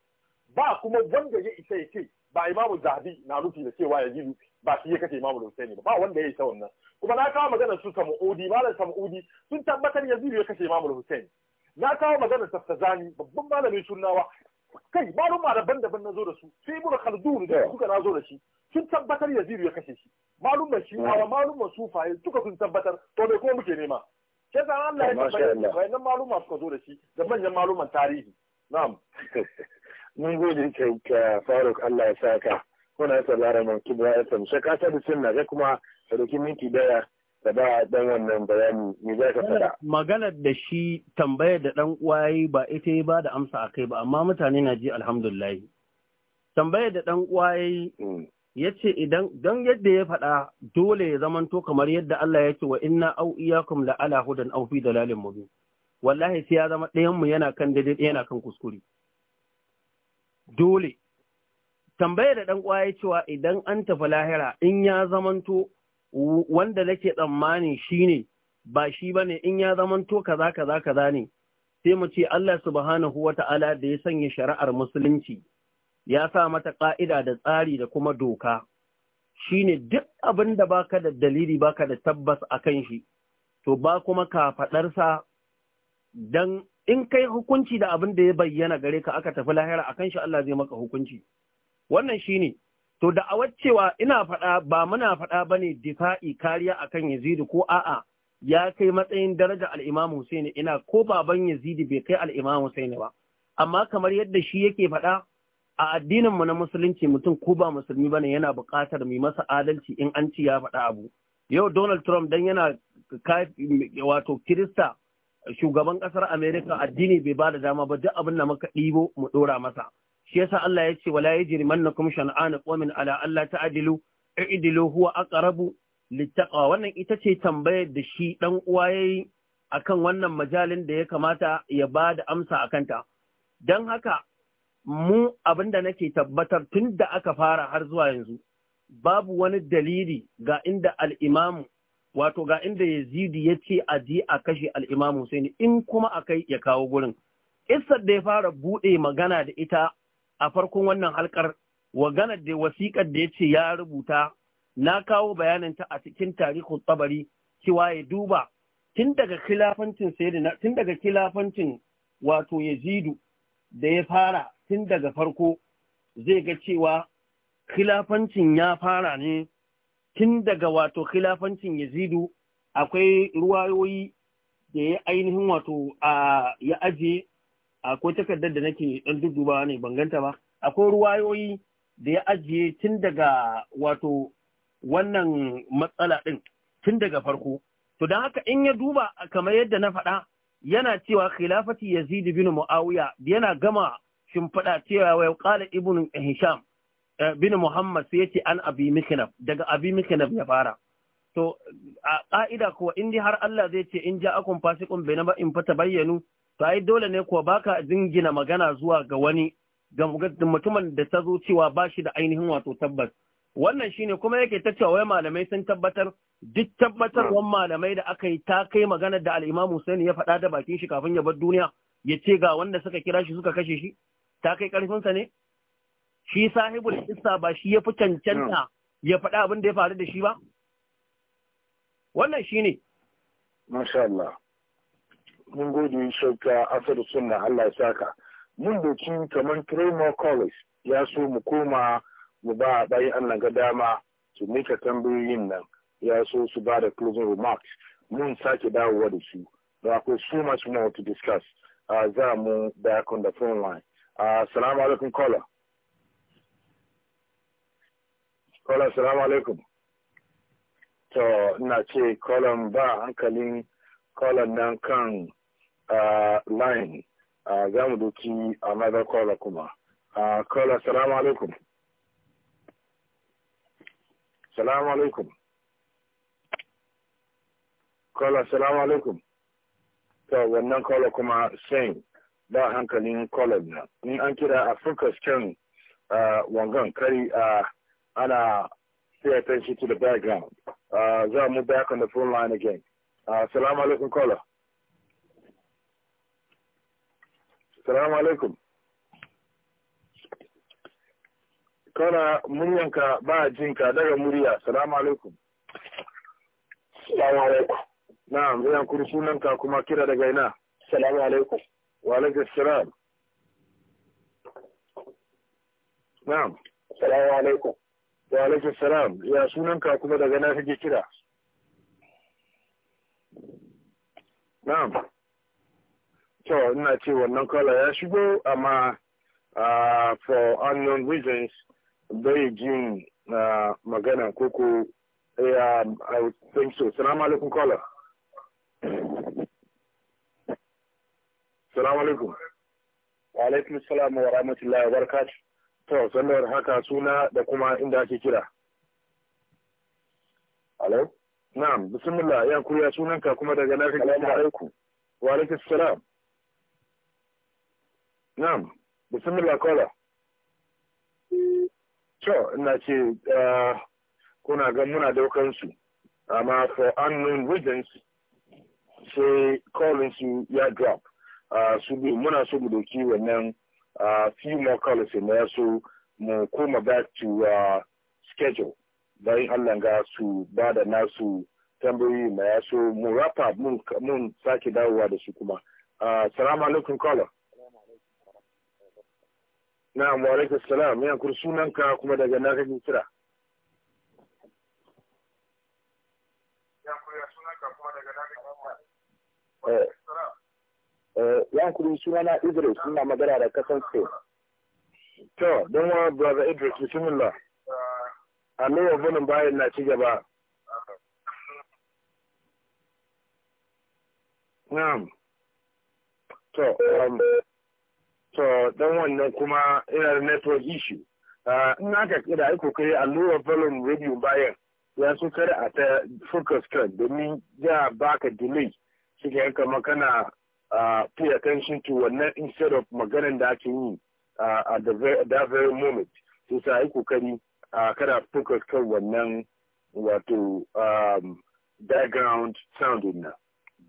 ba kuma wanda ya isa ya ce ba imamu zahabi na nufi da cewa yazidu ba shi ya kashe imamu hussein ba ba wanda ya isa wannan kuma na kawo maganar su sama'udi malam sama'udi sun tabbatar yazidu ya kashe imamu hussein na kawo maganar taftazani babban malamin sunnawa kai maluma daban-daban na zo da su sai ibnu khaldun da suka na zo da shi sun tabbatar yazidu ya kashe shi malumar shi hawa malumar sufaye duka sun tabbatar to me kuma muke nema ke san Allah ya tabbatar malum maluma suka zo da shi da manyan maluman tarihi na'am mun gode kai ka Faruk Allah ya saka kuna sauraron mun kibra FM sai ka sunna na kuma da minti daya da ba dan wannan bayani me za ka faɗa maganar da shi tambayar da dan uwaye ba ita ya ba da amsa a kai ba amma mutane na ji alhamdulillah tambayar da dan uwaye hmm. ya ce idan don yadda ya faɗa dole ya zamanto kamar yadda Allah ya ce wa inna au iyakum la ala hudan au fi dalalin mubin wallahi sai ya zama ɗayan mu yana kan daidai yana kan kuskure dole tambayar da dan uwa ya cewa idan an tafi lahira in ya zamanto wanda nake tsammani shine ba shi bane in ya zamanto kaza kaza kaza ne sai mu ce Allah subhanahu wa Ta'ala da ya sanya shari'ar musulunci ya sa mata ƙa'ida da tsari da kuma doka shine duk abin da baka da dalili baka da tabbas akan shi to ba kuma ka faɗarsa dan in kai hukunci da abin da ya bayyana gare ka aka tafi lahira akan shi Allah zai maka hukunci wannan shine To da a cewa ina faɗa ba muna faɗa ba ne difa'i kariya akan Yazidu ko a'a ya kai matsayin daraja al'imam Hussein ina ko baban yazidu bai kai al'imam Hussein ba. Amma kamar yadda shi yake faɗa a addinin mu na musulunci mutum ko ba musulmi bane yana buƙatar mu masa adalci in an ci ya faɗa abu. Yau Donald Trump dan yana wato Kirista shugaban ƙasar Amerika addini bai ba da dama ba duk abin da muka ɗibo mu ɗora masa. shi yasa Allah ya ce wala yajrimannakum shan'an qawmin ala alla ta'dilu i'dilu huwa aqrabu littaqwa wannan ita ce tambayar da shi dan uwa yayi akan wannan majalin da ya kamata ya ba da amsa akan ta dan haka mu abinda nake tabbatar tun da aka fara har zuwa yanzu babu wani dalili ga inda al al-imam wato ga inda yazidi ya ce a ji a kashe al'imamu sai in kuma akai ya kawo gurin. Isar da ya fara buɗe magana da ita a farkon wannan halkar ganar da wasiƙar da ya ce ya rubuta na kawo bayaninta a cikin tarihin tsabari cewa ya duba tun daga kilafancin sayyidina tun daga kilafancin wato yazidu da ya fara tun daga farko zai ga cewa kilafancin ya fara ne tun daga wato kilafancin yazidu akwai ruwayoyi da ya ainihin wato a ya ajiye? akwai takardar da nake dan dudubawa ne ban ganta ba akwai ruwayoyi da ya ajiye tun daga wato wannan matsala din tun daga farko to dan haka in ya duba kamar yadda na faɗa yana cewa khilafati yazid bin muawiya yana gama shimfiɗa cewa wa qala ibn hisham eh, bin muhammad sai yace an abi mikhnaf daga abi mikhnaf ya fara to a ƙa'ida ko in har Allah zai ce in ja akon fasikun bai na ba in fata bayyanu to ai dole ne kuwa baka jingina magana zuwa ga wani ga mutumin da ta zo cewa ba shi da ainihin wato tabbas wannan shine kuma yake ta cewa wai malamai sun tabbatar duk tabbatar wan malamai da aka yi ta kai magana da al'imam Hussein ya faɗa da bakin shi kafin ya bar duniya ya ce ga wanda suka kira shi suka kashe shi ta kai ƙarfinsa ne shi sahibul isa ba shi ya fi cancanta ya faɗa abin da ya faru da shi ba wannan shine masha Allah mun gode shauka asar sunna Allah ya saka mun doki kamar Tremor College ya so mu koma mu ba bayi Allah ga dama su mika tambayoyin nan ya so su ba da closing remarks mun sake dawowa da su da akwai so much more to discuss uh, za mu back on the phone line uh, assalamu alaikum caller caller assalamu alaikum to ina ce colin ba hankalin colin nan kan line za mu doki another caller kuma caller salamu alaikum salamu alaikum caller salamu alaikum to wannan caller kuma sai ba hankalin caller na Ni an kira a focus kan wangan kari ana pay attention to the background za mu back on the phone line again salamu alaikum caller salamu alaikum kana muryanka ba jinka daga murya salamu alaikum salamu alaikum na'am zan kuri sunanka kuma kira daga ina salamu alaikum wa alaikum salam na'am salamu alaikum wa alaikum salam ya sunanka kuma daga na kake kira na'am to ina ce wannan kala ya shigo amma ah, for unknown reasons bai jin ah, magana koko ya I think so. Salaam alaikum caller. Salaam alaikum. Wa alaikum salamu wa rahmatullahi wa barakatuh. To, sanar haka suna da kuma inda ake kira. Hello? Na'am, bismillah, ya kuriya sunanka kuma daga na kake. Salaam alaikum. Wa alaikum salam. Na'am, bismillah kola. So, ina ce eh, kuna ga muna daukan su, amma for unknown reasons sai calling su ya drop. Ah, su bi muna so mu doki wannan ah, few more calls in there so mu koma back to ah, schedule. Bayan Allah ga su ba da nasu tambayoyi ma ya so mu wrap mun sake dawowa da su kuma. Salamu alaikum caller. Na'am wa alaikum salam ya kur sunanka kuma daga na kake kira. Ya kuri sunanka kuma daga na ya eh. eh, sunana Idris ina magana da kasan Spain. To don wa brother Idris bismillah. Ah. Allah bunin bayan na ci gaba. Ah. Na'am. To um to dan wannan kuma ina da network issue ah, in aka kira kai a allurar volume radio bayan ya so kada a ta focus kan domin ya baka delay suke yanka makana ah, pay attention to wannan instead of maganan da ake yi ah, at that very moment to sa ai kokari kada focus kan wannan wato um, background sound na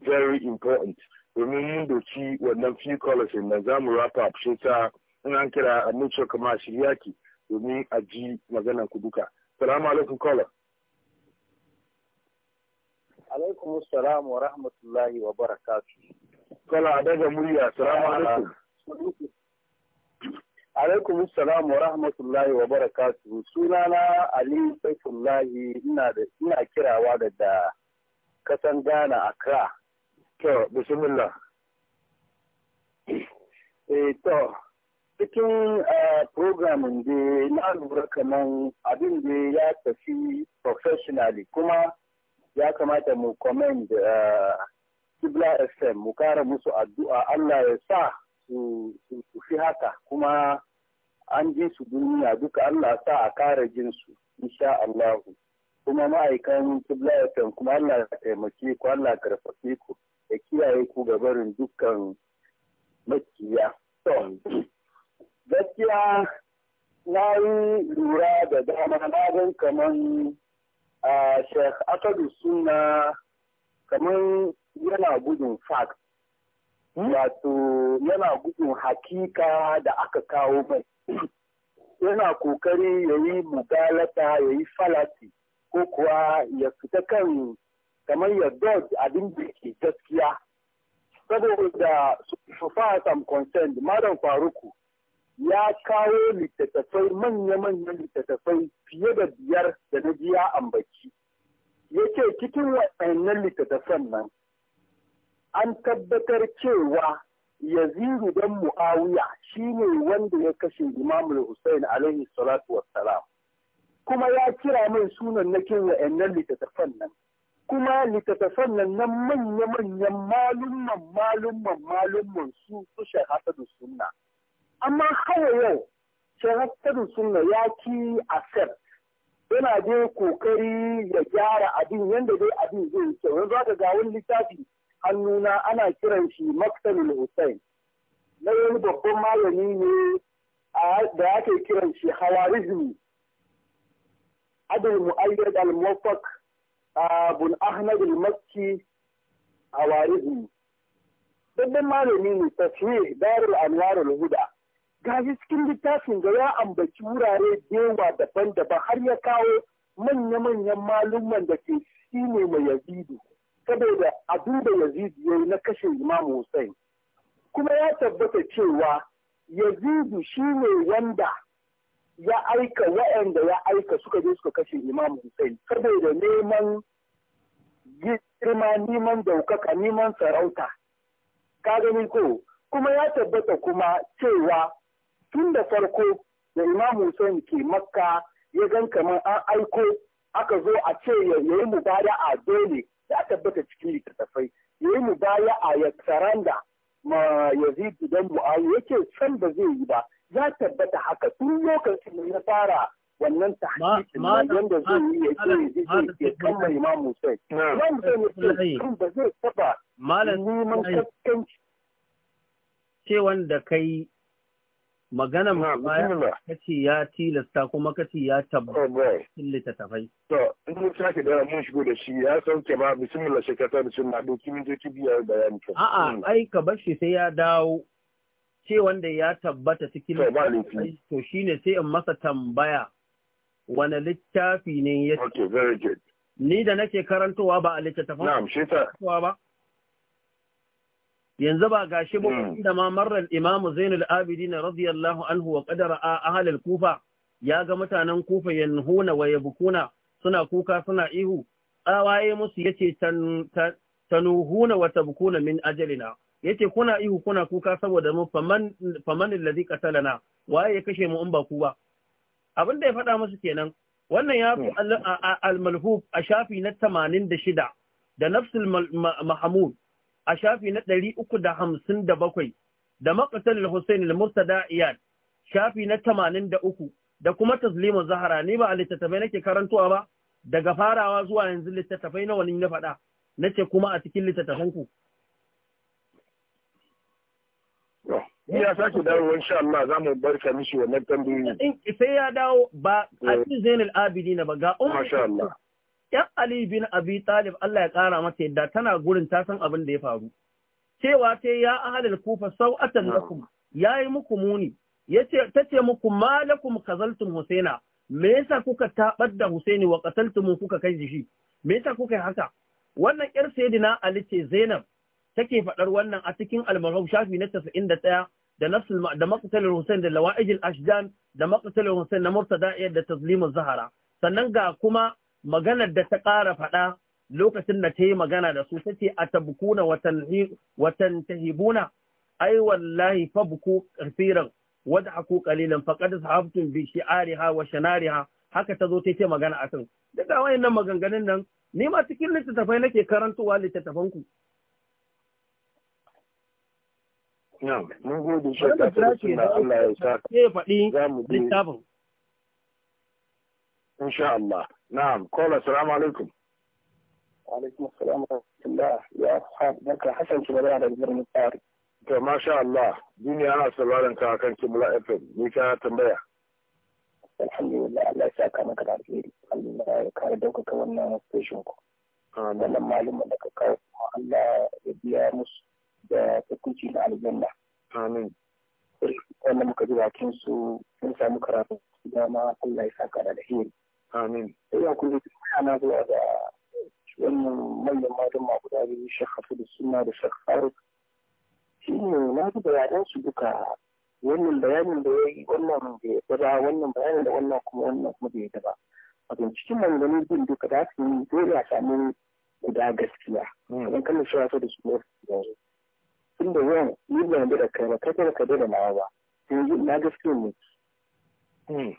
very important domin mun doki wannan few colors nan za mu wrap up shi ta in an kira a mutuwa kama a shirya ki domin a ji maganan ku duka. Salamu alaikum kola. Alaikum salamu wa rahmatullahi wa barakatu. Kala a daga murya, salamu alaikum. Alaikum salamu wa rahmatullahi wa barakatu. Sunana Ali Saifullahi ina kirawa daga kasan Ghana Accra. To, bismillah. Eh, to, cikin eh, programin da na lura kaman abin da ya tafi professionally kuma ya kamata mu comment eh, Kibla FM mu kara musu addu'a Allah ya sa su fi haka kuma an ji su duniya duka Allah sa a kara jin su insha Allahu kuma ma'aikan Kibla FM kuma Allah ya taimake ku Allah ya karfafe ku da kiyaye ku ga barin dukkan makiya. gaskiya na yi lura da dama na gan kaman a Sheikh Asadu suna kaman yana gudun fact. Hmm? Wato yana gudun hakika da aka kawo mai. yana kokari ya yi mugalata ya yi falati ko kuwa ya fita kan kamar ya dodge abin da ke gaskiya saboda su some concerned madam faruku ya kawo littattafai manya-manyan littattafai fiye da biyar da na biya ambaci ya ce cikin waɗannan littattafan nan an tabbatar cewa yaziru dan mu'awiya shine wanda ya kashe imamul hussein alaihi salatu wassalam kuma ya kira mai sunan na kin waɗannan littattafan nan kuma littattafan nan na manya-manyan malumman malumman malumman su su da sunna amma hawa yau da sunna ya ki accept yana dai kokari ya gyara abin yadda dai abin zai kyau yanzu za ga wani littafi hannuna ana kiran shi maktalul hussein na wani babban malami ne da ake kiran shi hawarizmi adal mu'ayyad al-muwaffaq abul ahmad al-makki a warihi babban malami ne tafiye darul anwar al-huda shi cikin littafin da ya ambaci wurare dewa daban-daban har ya kawo manya-manyan malumman da ke shi ne ma yazidu saboda abin da yazidu ya yi na kashe imam hussein kuma ya tabbata cewa yazidu shi ne wanda ya aika waɗanda ya aika suka je suka kashe imamu Hussein saboda neman girma neman daukaka neman sarauta ka gani ko kuma ya tabbata kuma cewa tun da farko da Imam Hussein ke makka ya gan kamar an aiko aka zo a ce ya yi mubaya a dole ya tabbata cikin littattafai ya yi baya a ya saranda ma yazid idan mu'ayi yake san ba zai yi ba ya tabbata haka tun lokacin da ya fara wannan tahqiqin wanda zai yi ya ce ya kama Imam Hussein Imam Hussein ya ba zai taba malam neman kaskanci ce wanda kai magana ma kace ya tilasta kuma kace ya tabbata ta oh, littattafai to in mun sake da mun shigo da shi ya sauke ba bismillah shekata bismillah doki min je ki biya bayani a'a hmm. ai ka bar shi sai ya dawo ce wanda ya tabbata cikin to ne sai in masa tambaya wani littafi ne ya Ni da nake karantowa ba a littattafan karantowa ba. Yanzu ba gashi ba hmm. inda ma marar Imam Zainul na radiyallahu anhu wa a ahalil Kufa ya ga mutanen Kufa Huna wa bukuna suna kuka suna ihu tsawaye musu yace tanuhuna wata bukuna min ajalina yake kuna ihu kuna kuka saboda mu faman faman katalana waye ya kashe mu in ba ku ba abin da ya faɗa musu kenan wannan ya fi hmm. al-malhuf a shafi na 86 da nafsul mahmud a shafi na 357 da maqtal al-husayn al-murtada iyad shafi na 83 da kuma tazlimu zahara ni ba a littattafai nake karantuwa ba daga farawa zuwa yanzu littattafai nawa wani na faɗa nace kuma a cikin littattafanku Ni ya sake dawo sha Allah za mu barka mishi wannan tambayoyi. Sai ya dawo ba eh. Ali Zainul Abidin ba ga umma. Masha Allah. ‘Yan Ali bin Abi Talib Allah ya ƙara mata yadda tana gurin ta san abin da ya faru. Cewa ta ya ahalar kufa sau'atan lakum ya yi muku muni, ta ce muku malakum kazaltum Husaina, me yasa kuka taɓar da Husaini wa kataltumu kuka kai shi, me yasa kuka yi haka? Wannan ‘yar Sayyidina Ali ce Zainab take faɗar wannan a cikin almarhum shafi na 91 da nafsul da maqtal Hussein da lawaij al da maqtal Hussein na murtada da tazlim zahara sannan ga kuma maganar da ta ƙara faɗa lokacin da ta yi magana da su tace atabkuna Watan-Tahibuna ai wallahi fabku kafiran wad'aku qalilan faqad sahabtum bi shi'ariha wa shanariha haka zo ta ce magana a kan daga wayannan maganganun nan ni ma cikin littattafai nake karantowa littattafan ku إن شاء الله نعم قول السلام عليكم وعليكم السلام ورحمة الله يا أصحاب بركة حسن كبري على الزر المطاري ما شاء الله ديني أنا سؤالا كان كملا إفن ميكا تنبيع الحمد لله الله يساك أنا الحمد لله كاردوك كوانا مستيشنكو آمين لما علم الله يبيا da tukunci da aljanna amin Wannan muka ji bakin su sun samu karatu dama Allah ya sa saka da alheri amin sai kun ji ana zuwa da wannan manyan matan ma guda biyu shekhafu da suna da shekhafu shi ne na ji bayanan su duka wannan bayanin da ya yi wannan da ya gaba wannan bayanin da wannan kuma wannan kuma da ya gaba a binciken maganganun bin duka da su yi dole a samu guda gaskiya Wannan kallon shi shi da su ne tunda yau ni yadda da kai ba kai ka da nawa ba yi na gaskiya ne hmm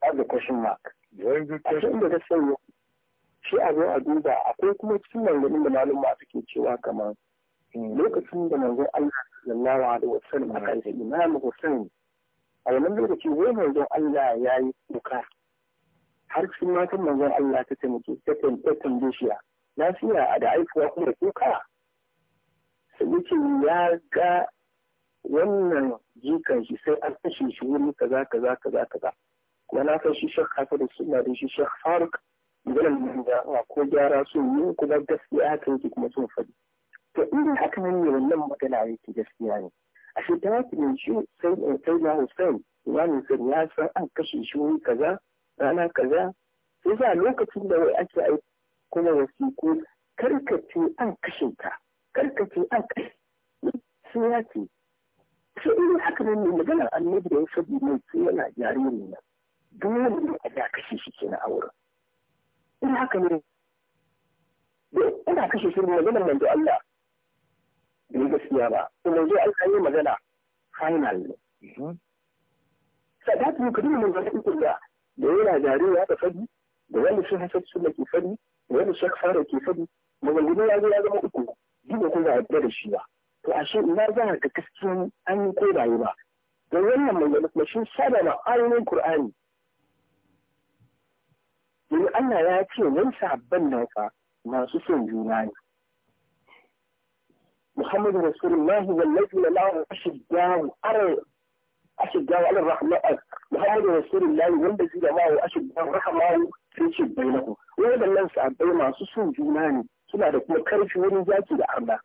as a question mark yanzu question da gaskiya ne shi a zo a duba akwai kuma cikin maganganun da malum ma suke cewa kamar hmm. lokacin da manzon Allah sallallahu alaihi wasallam aka yi Imam Hussein a wannan lokaci wai manzon Allah ya yi kuka har cikin matan manzon Allah ta taimake ta tambaye shi na siya da aikuwa kuma kuka yake ya ga wannan jikan shi sai an kashe shi wuri kaza kaza kaza kaza kuma na san shi shek da suna da shi shek faruk maganar da ko gyara su yi kuma gaskiya haka yake kuma sun faɗi to inda haka nan ne wannan magana yake gaskiya ne a shekara ne shi sai sai na Hussein imamin sun ya san an kashe shi wuri kaza rana kaza sai za lokacin da wai ake aiki kuma wasiku karkace an kashe ta karkace a ah, kai ya ce shi in aka nan ne maganar annabi da ya sabu mai su yana jariri na dole ne a dakashe kashe shi ke na auren in haka ne ina kashe shi maganar nan da Allah da ya gaskiya ba mai zai Allah yi magana final ne sadatu ne kudin zai Allah da da yana jariri ya ta fadi da wani shi su da ke fadi da wani shek fara ke fadi maganganu ya ya zama uku duba ko ba yarda da shi ba to ashe ina za ka gaskiyan an yi ko ba yi ba da wannan maganganun sada ma ayoyin Qur'ani domin Allah ya ce wani sabbin na fa masu son juna ne Muhammadu Rasulullahi wallahi la lawa ashiddahu ar ashiddahu ala rahmat Muhammadu Rasulullahi wanda zai da mawa ashiddahu rahmahu sai ce bainahu wannan nan sabbai masu son juna ne suna da kuma karfi wurin zaki da Allah.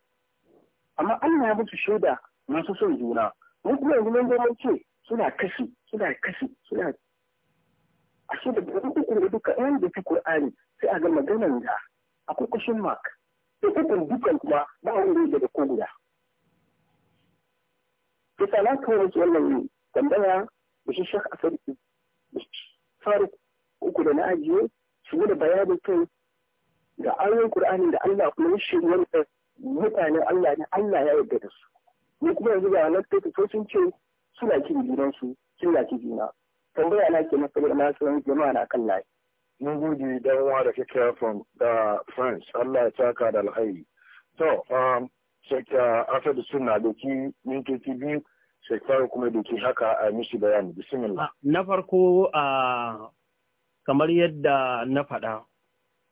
amma Allah ya mutu shaida masu son juna mun kuma yanzu mun zama ce suna kashi suna kashi suna a shi da dukkan da duka ɗayan da fi ƙur'ani, sai a ga maganar da akwai kushin mark da dukkan dukkan kuma ba wanda daga ko guda ta tsala kawai wasu wannan tambaya da shi shak a sarki, faruk uku da na ajiye su da bayanin kai Da ayoyin Kur'ani da Allah kuma shi wanda mutanen Allah ne Allah ya yarda da su ni kuma yanzu ga take to sun ce suna kin gidan su suna kin juna tambaya na ke masa da masu jama'a na kan layi mun gode dan uwa da kake from da Allah ya saka da alkhairi to um uh, sai ka sunna da sunna ke mintoci biyu sai fara kuma ki haka a mishi bayani bismillah ah, na farko a uh, kamar yadda na faɗa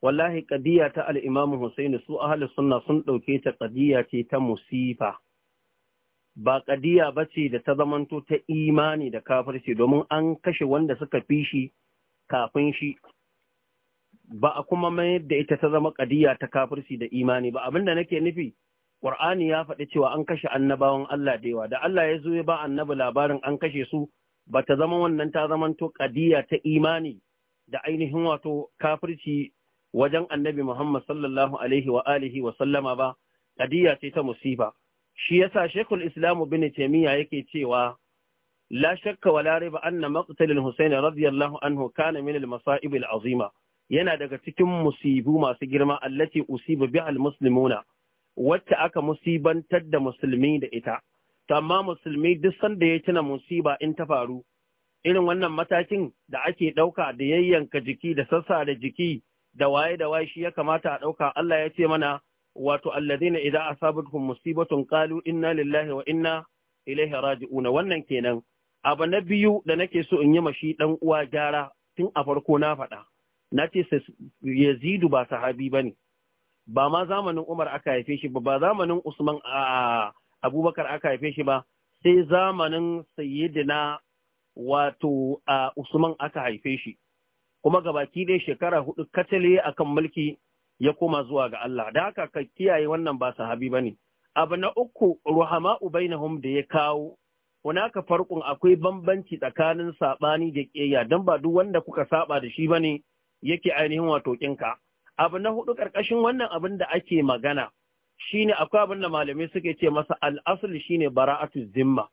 wallahi kadiya ta al'imamu Hussaini su ahli suna sun ɗauke ta kadiya ce ta musifa, ba ƙadiya ba ce da ta zamanto ta imani da kafirci domin an kashe wanda suka fi shi kafin shi, ba a kuma mayar da ita ta zama kadiya ta kafirci da imani ba abin da nake nufi. Ƙur'ani ya faɗi cewa an kashe annabawan Allah da yawa, da Allah ya zo ya ba annabi labarin an kashe su, ba ta zama wannan ta zamanto kadiya ta imani da ainihin wato kafirci wajen annabi Muhammad sallallahu alaihi wa alihi wa sallama ba kadiya ce ta musiba shi yasa Sheikhul Islam Ibn Taymiyyah yake cewa la shakka wa Lariba riba anna maqtal al radiyallahu anhu kana min al-masa'ib al-azima yana daga cikin musibu masu girma allati usiba bi al-muslimuna wacce aka musibantar da musulmi da ita amma musulmi duk sanda ya tuna musiba in ta faru irin wannan matakin da ake ɗauka da yayyanka jiki da sassa da jiki da waye da waye shi ya kamata a ɗauka Allah ya ce mana wato alladhina idza asabatkum musibatun qalu inna lillahi wa inna ilaihi raji'un wannan kenan abu na biyu da nake so in yi mashi dan uwa gyara tun a farko na faɗa nace ce Yazidu ba sahabi bane ba ma zamanin Umar aka haife shi ba ba zamanin Usman Abubakar aka haife shi ba sai zamanin Sayyidina wato Usman aka haife shi kuma gabaki dai shekara hudu katale akan mulki ya koma zuwa ga Allah da haka ka kiyaye wannan ba sahabi bane abu na uku ruhama ubainahum da ya kawo hunaka farkon akwai bambanci tsakanin sabani da kiyaya dan ba duk wanda kuka saba da shi bane yake ainihin wato kinka abu na hudu karkashin wannan abin da ake magana shine akwai abin da malamai suke ce masa al'asali shine bara'atu zimma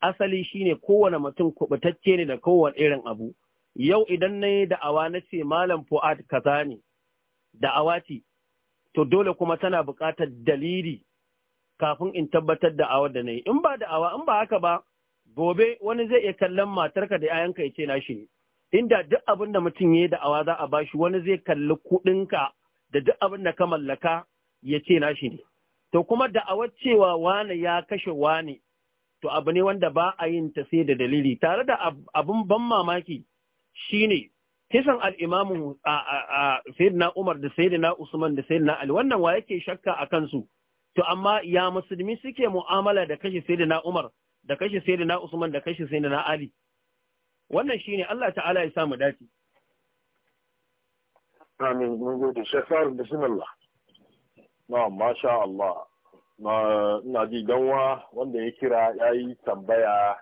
asali shine kowane mutum kubutacce ne da kowane irin abu yau idan na yi da'awa na ce malam fu'ad kaza ne da'awa ce to dole kuma tana buƙatar dalili kafin in tabbatar da da na yi in ba da'awa in ba haka ba gobe wani zai iya kallon matarka da yayanka ya ce na shi ne inda duk abin da mutum ya yi da'awa za a bashi wani zai kalli kuɗinka da duk abin da ka mallaka ya ce na shi ne to kuma da'awar cewa Wani ya kashe Wani, to abu ne wanda ba a yin ta sai da dalili tare da abin ban mamaki shine kisan al'imamu a Sayyidina Umar da Sayyidina Usman da Sayyidina Ali wannan wa yake shakka a kansu to amma ya musulmi suke mu'amala da kashe Sayyidina Umar da kashe Sayyidina Usman da kashe Sayyidina Ali wannan shine Allah ta'ala ya samu dace amin mun gode shafar bismillah na masha Allah na ji ganwa wanda ya kira ya yi tambaya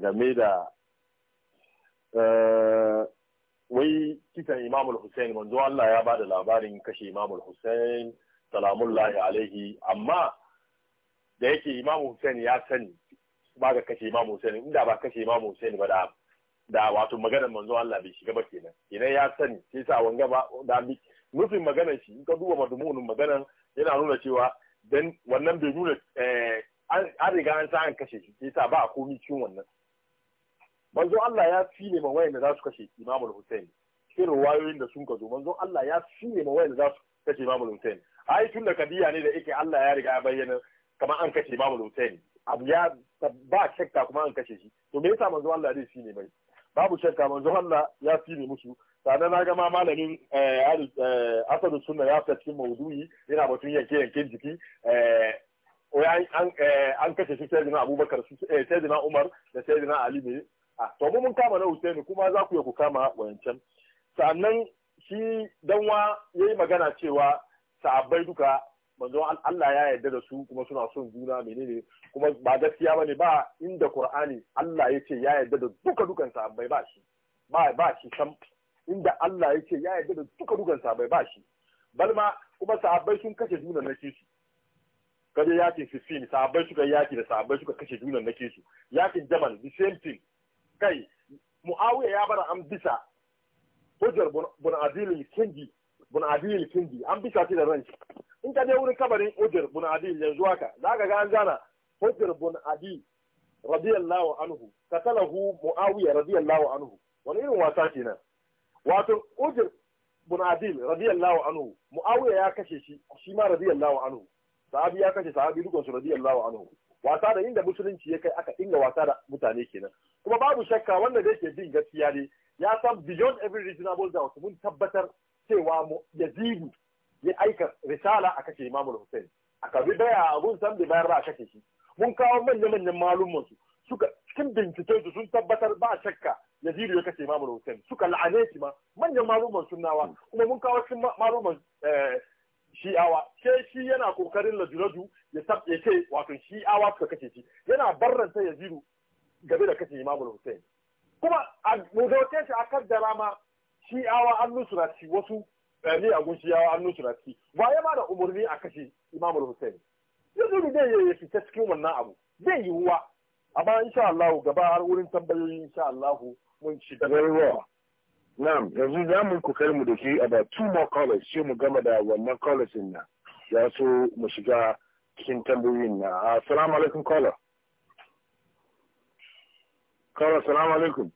game da Eh, wai kisan imamul hussein manzo Allah ya bada labarin kashe imamul hussein salamullahi alaihi amma da yake imamul hussein ya sani ba ga kashe imamul hussein inda ba kashe imamul hussein ba da da wato maganar manzo Allah bai shiga ba kenan idan ya sani sai sa wanga ba da nufin maganar shi in ka duba madumunin maganar yana nuna cewa dan wannan bai nuna eh, an riga an sa an kashe shi sai sa ba a komi cikin wannan manzo Allah ya ne ma wayanda za su kashe Imam Hussein cikin ruwayoyin da sun kazo manzo Allah ya ne ma wayanda za su kashe Imam Hussein ai tun da kadiya ne da yake Allah ya riga ya bayyana kamar an kashe Imam Hussein abu ya ba shakka kuma an kashe shi to me yasa manzo Allah zai ne mai babu shakka manzo Allah ya ne musu sannan na ga ma malamin eh, eh, asadu sunna ya fita cikin maudu'i yana batun yanke yanke jiki eh, an kashe shi sai Abubakar sai Umar da sai Ali ne a ah, to mu mun kama na Husaini kuma za ku ya ku kama wancan sannan shi danwa yayi magana cewa sahabbai duka manzo Allah ya yarda da su kuma suna son juna menene kuma ba gaskiya bane ba inda Qur'ani Allah ya ce ya yarda da duka dukan sahabbai ba shi ba ba shi san inda Allah ya ce ya yarda da duka dukan sahabbai ba shi balma kuma sahabbai sun kashe juna na su kaje yakin 15 sahabbai suka yaki da sahabbai suka kashe juna na su yakin Jamal the same thing kai muawiya ya bar an bisa hujjar bun adil kingi bun adil an bisa shi da ranci in ka je wurin kabarin hujjar bun adil yanzu haka ka ga an gana hujjar bun adil radiyallahu anhu katalahu muawiya radiyallahu anhu wani irin wasa kenan wato hujjar bun adil radiyallahu anhu muawiya ya kashe shi shi ma radiyallahu anhu sahabi ya kashe sahabi dukansu radiyallahu anhu wasa da inda musulunci ya kai aka inga wasa da mutane kenan kuma babu shakka wanda zai ke bin gaskiya ne ya san beyond every reasonable doubt mun tabbatar cewa mu zibu ya aika risala a kashe imamul hussein a kabi baya gun san bayar ba a kashe shi mun kawo manya-manyan malumman su suka cikin bincike su sun tabbatar ba shakka zibu ya kashe imamul hussein suka la'ane shi ma manyan malumman sunnawa kuma mun kawo cikin malumman eh, shi'awa sai shi yana kokarin lajulaju ya sabke ce wato shi'awa suka kashe shi yana barranta jiru game da kashe imamul hussein kuma a mudauke shi a kan ma shi'awa an nusura shi wasu ne eh, a gun shi'awa an nusura shi ya ma da umarni a kashe imamul hussein yazidu zai yi fita cikin wannan abu zai yi wuwa amma insha Allah gaba har wurin tambayoyi insha Allah mun shiga rawa Na'am, yanzu za mu kokari mu ke about two more callers sai mu gama da wannan callers din na. Ya so mu shiga cikin tambayoyin na. Ah, assalamu alaikum caller. Caller, assalamu alaikum.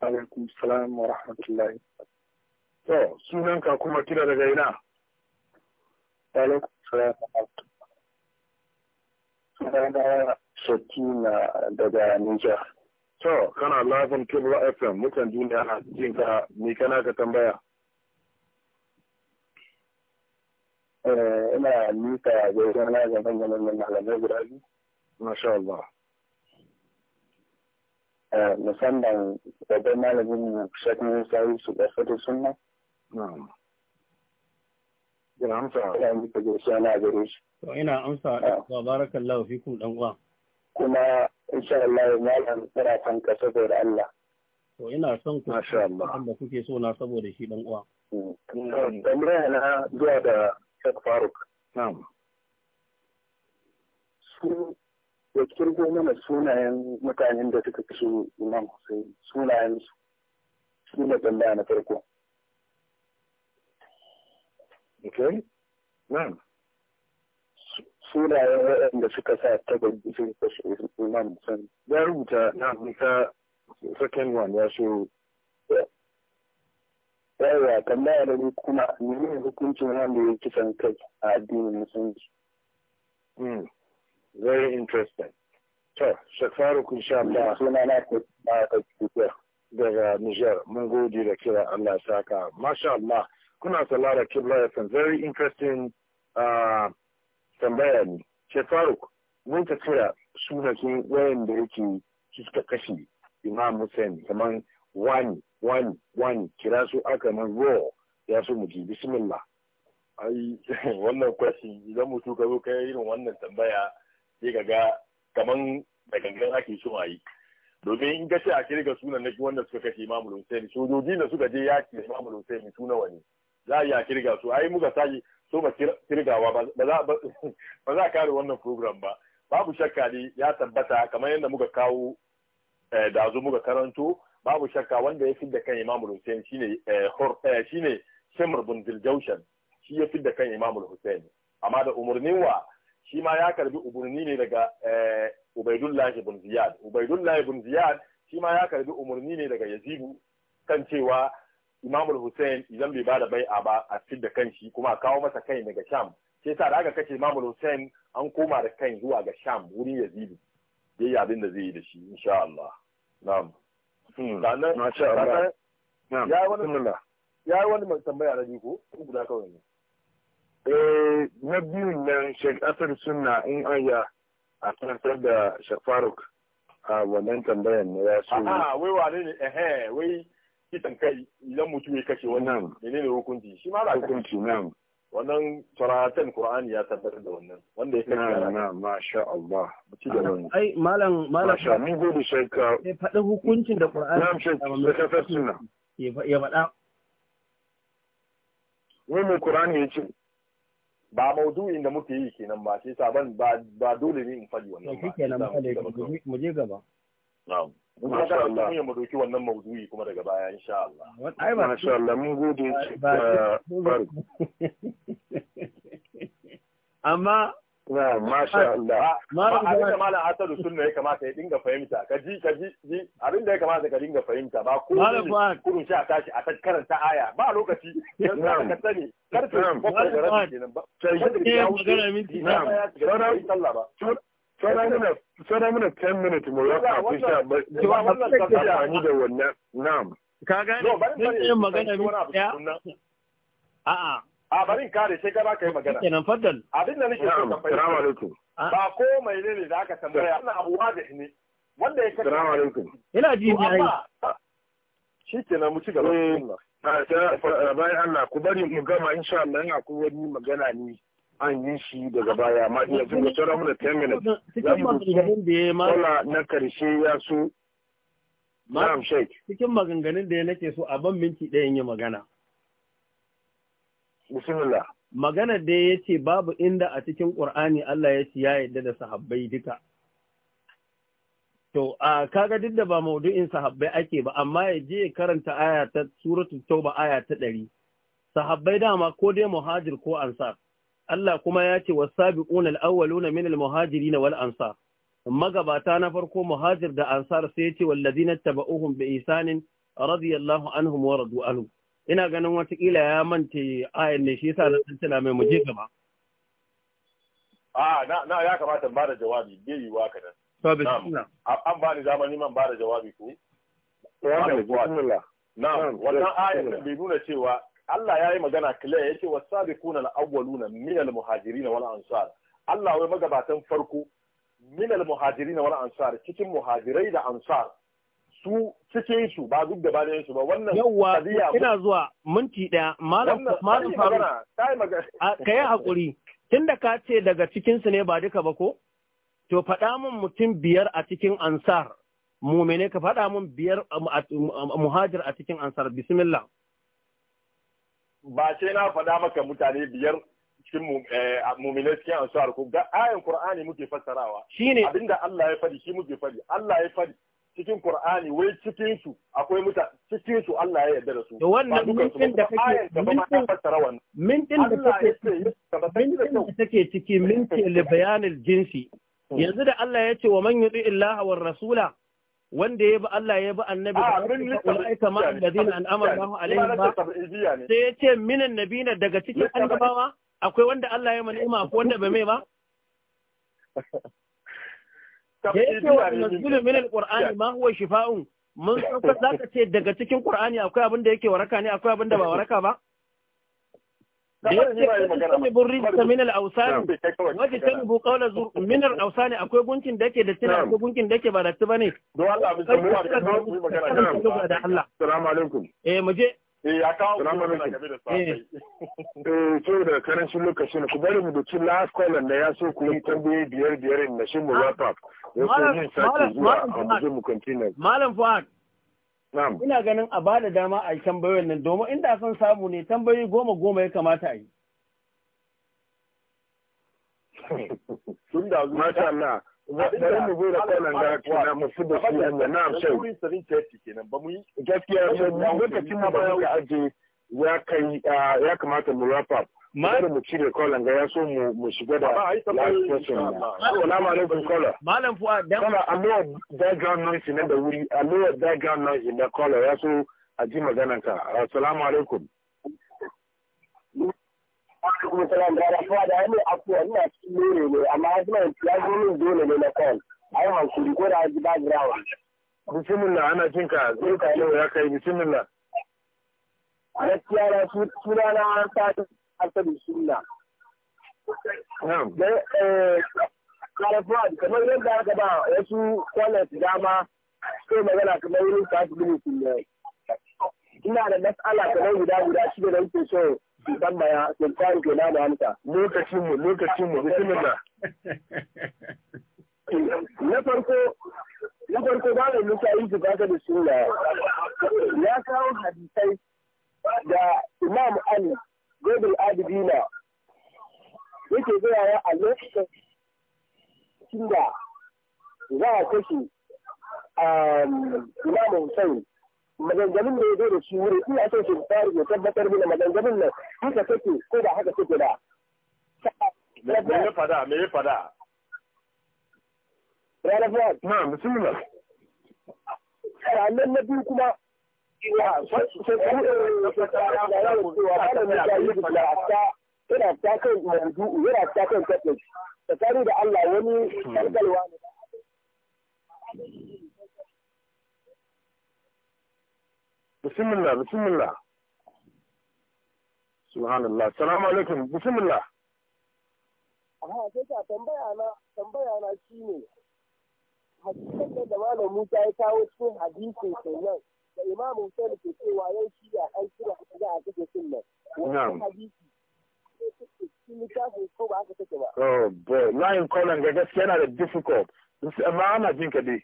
Alaikum salam wa rahmatullahi. To, sunanka kuma kira daga ina? Alaikum salam wa rahmatullahi. Sunana Shakina daga Nijar. To, kana lafin Kibra FM, mutan duniya na jin ka, ni kana ka tambaya. eh Ina nisa gaison na gaban gaban malamai guda biyu. Masha Allah. Musamman babban malamin mu Sheikh Musa Yusuf da Fato Sunna. Ina amsa. Ina nisa gaison na gare shi. Ina amsa, barakallahu fikum dan uwa. Kuma insha Allah malam tsara kan ka saboda Allah to ina son ku masha Allah da kuke so na saboda shi dan uwa tambaya mm. na zuwa da Sheikh Faruk na'am su ya kirgo mana sunayen mutanen da suka kashe Imam Hussein sunayen su su ne tambaya na farko Okay. Na'am. sunayen waɗanda suka sa sun kashe Imam Ya rubuta na rubuta second one ya so yawa tambaya da kuma hukuncin wanda ya kisan kai a addinin musulunci. Hmm, very interesting. To, Shafaru kun sha ba. Suna na ta daga Niger. Mun gode da kira Allah saka. Masha Allah. Kuna Kibla FM. Very interesting uh, tambaya ne ce faruk mun ka tura sunakin wayanda yake suka kashe imam hussein kamar wani wani wani kira su aka man ruwa ya so mu ji bismillah ai wannan kwashi idan mutu ka zo ka yi irin wannan tambaya sai ka ga kaman da gangan ake so a yi domin in ka ce a kirga sunan na wanda suka kashe Imam Hussein sojoji da suka je yaki da Imam Hussein su nawa ne za a yi a kirga su ai muka sake so ba kirgawa ba za a kare wannan program ba babu shakka ne ya tabbata kamar yadda muka kawo eh, da zo muka karanto babu shakka wanda ya fidda kan Imam Hussein shine eh, eh, shine Shimr bin Diljaushan shi ya fidda kan imamu Hussein amma da umurnin wa shi ma ya karbi umarni ne daga Ubaidullah bin Ziyad Ubaidullah bin Ziyad shi ma ya karbi umarni ne daga yazidu kan cewa imamul hussein idan bai bada bai'a ba a cikin da kanshi kuma a kawo masa kai daga sham sai sa da aka kace imamul hussein an koma da kan zuwa ga sham wurin yazidu yayi abin da zai yi da shi insha Allah na'am hmm. sannan masha Allah na'am ya wani ya wani mai tambaya na ko guda kawai ne eh na biyun nan Sheikh asar Sunna in aya a tantar da shafaruk Faruk a wannan tambayan ne ya so a wai wane ne eh wai kitan kai idan mutum ya kashe wannan menene hukunci shi ma ba hukunci nan wannan turatan Qur'ani ya tabbatar da wannan wanda ya kashe na na masha Allah ci gaba ai malam malam masha mun gode ka ya faɗi hukuncin da Qur'ani ya shekka sai sunna ya faɗa wai mu Qur'ani ya ce ba maudu'in da muke yi kenan ba sai saban ba dole ne in faɗi wannan ba kenan mu je gaba na'am mun wannan maudu'i kuma daga baya ba insha Allah mun amma Masha Allah. Abin da Malam Hassan Sunna ya kamata ya dinga fahimta, ka ji, ka ji, ji, abin da ya kamata ka dinga fahimta ba ko kurun sha tashi a ta aya ba lokaci, yanzu ka sani, karfe bakwai da kenan ba. Sai ya magana Na'am. ba. Sada mana 10 minutes mu rasa fi sha ba amfani da wannan na'am. Ka gane zan yi magana ne ya? A'a. A barin kare sai ka baka yi magana. Ke nan faddal. Abin da nake so ka fahimta. Ba ko mai ne da aka tambaya wannan abu wazi ne. Wanda ya kace. Assalamu alaikum. Ina ji ni ai. Shi kenan mu ci gaba. Ba eh, Bayan Allah ku bari mu gama insha Allah in akwai wani magana ne. an yi shi daga baya ma iya jin da sauran da 10 minutes cikin maganganun da ya ma na karshe ya su na'am cikin maganganun da ya nake so a ban minti ɗayan yi magana bismillah magana da ya ce babu inda a cikin ƙur'ani Allah ya ce ya yadda da sahabbai duka To, a kaga duk da ba maudu'in sahabbai ake ba, amma ya je karanta aya ta suratu tauba aya ta ɗari. Sahabbai dama ko dai muhajir ko ansar. Allah kuma ya ce wasabiqun al-awwaluna min al na wal ansar magabata na farko muhajir da ansar sai ya ce wallazina tabauhum bi isanin radiyallahu anhum wa radu anhu ina ganin watakila ya mance ayan ne shi yasa na tantana mai muje gaba a na na ya kamata in bada jawabi bai yi wa kadan to bismillah an ba ni zamani man bada jawabi ko wannan bismillah na wannan ayan bai nuna cewa Allah ya yi magana clear ya ce wa sabiquna al-awwaluna min al-muhajirin wal ansar Allah wai magabatan farko min al-muhajirin wal ansar cikin muhajirai da ansar su cikin su ba duk da bayan su ba wannan yawa ina zuwa minti daya malam malam faru kai hakuri tunda ka ce daga cikin su ne ba duka ba ko to faɗa min mutum biyar a cikin ansar mu ka faɗa min biyar um, um, um, muhajir a cikin ansar bismillah ba sai na faɗa maka mutane biyar cikin eh, mumine cikin ansar ko ga ayan qur'ani muke fassarawa shine abinda Allah ya faɗi shi muke faɗi. Allah ya faɗi cikin qur'ani wai cikin su akwai muta cikin su Allah ya yarda da su wannan mintin da kake mintin wannan mintin da kake mintin da take cikin mintin li bayanil jinsi hmm. yanzu da Allah ya ce wa man yuti illaha war rasula wanda ya bi Allah ya bi annabi ah, ulaika ma an an'ama Allahu alaihim ba sai ya ce minan nabina daga cikin annabawa akwai wanda Allah ya manima akwai wanda bai mai ba da ya ce wa nasiru min alqur'ani ma huwa shifa'un mun sauka ka ce daga cikin qur'ani akwai abin da yake waraka ne akwai abin da ba waraka ba Wajitanibu rijista min al-awsan wajitanibu qawla zur min al-awsan akwai gunkin da yake da tina akwai gunkin da yake ba da tiba ne. Don Allah mu samu wa da mu yi magana da Allah. Assalamu alaikum. Eh mu je. Eh ya kawo Assalamu alaikum. Eh to eh, da karancin lokacin ku bari mu doki last call da ya so ku yi tambaye biyar biyar in na shi mu ah. wrap up. Malam Fuad. Malam Fuad. ina ganin a ba da dama a yi tambayoyin nan domin inda san samu ne tambayoyi goma goma ya kamata a yi tun da zuwa ta na mu kwanan ga na amshe gaskiya ba aje ya kamata mu wrap up mu cire kolon ga ya so mu shiga da last question. alaikum kola. Malam fuwa dan background noise na da wuri background noise na kola ya so a ji ka. alaikum. Alaikum da rafuwa da afuwa ina cikin lore ne amma ya zo min dole ne na Ai hankuri ko da ji Bismillah ana jinka zai ka yau ya kai bismillah. gaskiya na suna na an sadu asadu suna eh, Kalafad kamar yadda aka ba wasu kwanaki dama sai magana kamar yin tafi bilisin ne. Ina da matsala kamar guda guda shi da nake so dan baya sun tsari ke na amsa. Lokacin mu lokacin mu bismillah. Na farko na farko ba da nusa yin tafi da suna. Ya kawo hadisai da Imam Ali Gobel Adibina yake zuwa a lokacin cikin da za a kashe um, Imam Hussein maganganun da ya zo da shi wuri ina son shi tsari ya tabbatar mana maganganun nan haka take ko da haka take da Me ya fada? Me ya fada? Ranar fada Na, bismillah. Ranar na biyu kuma yana ta kan maudu'u yana ta kan da Allah wani ne bismillah bismillah sai ka Musa ya kawo cikin hadisi kenan Imam Hussein ke cewa yan shiya an kira aka za a kashe sun nan. Wannan hadisi Oh boy, layin kolon ga gaskiya yana da difficult. Amma ana jin ka dai.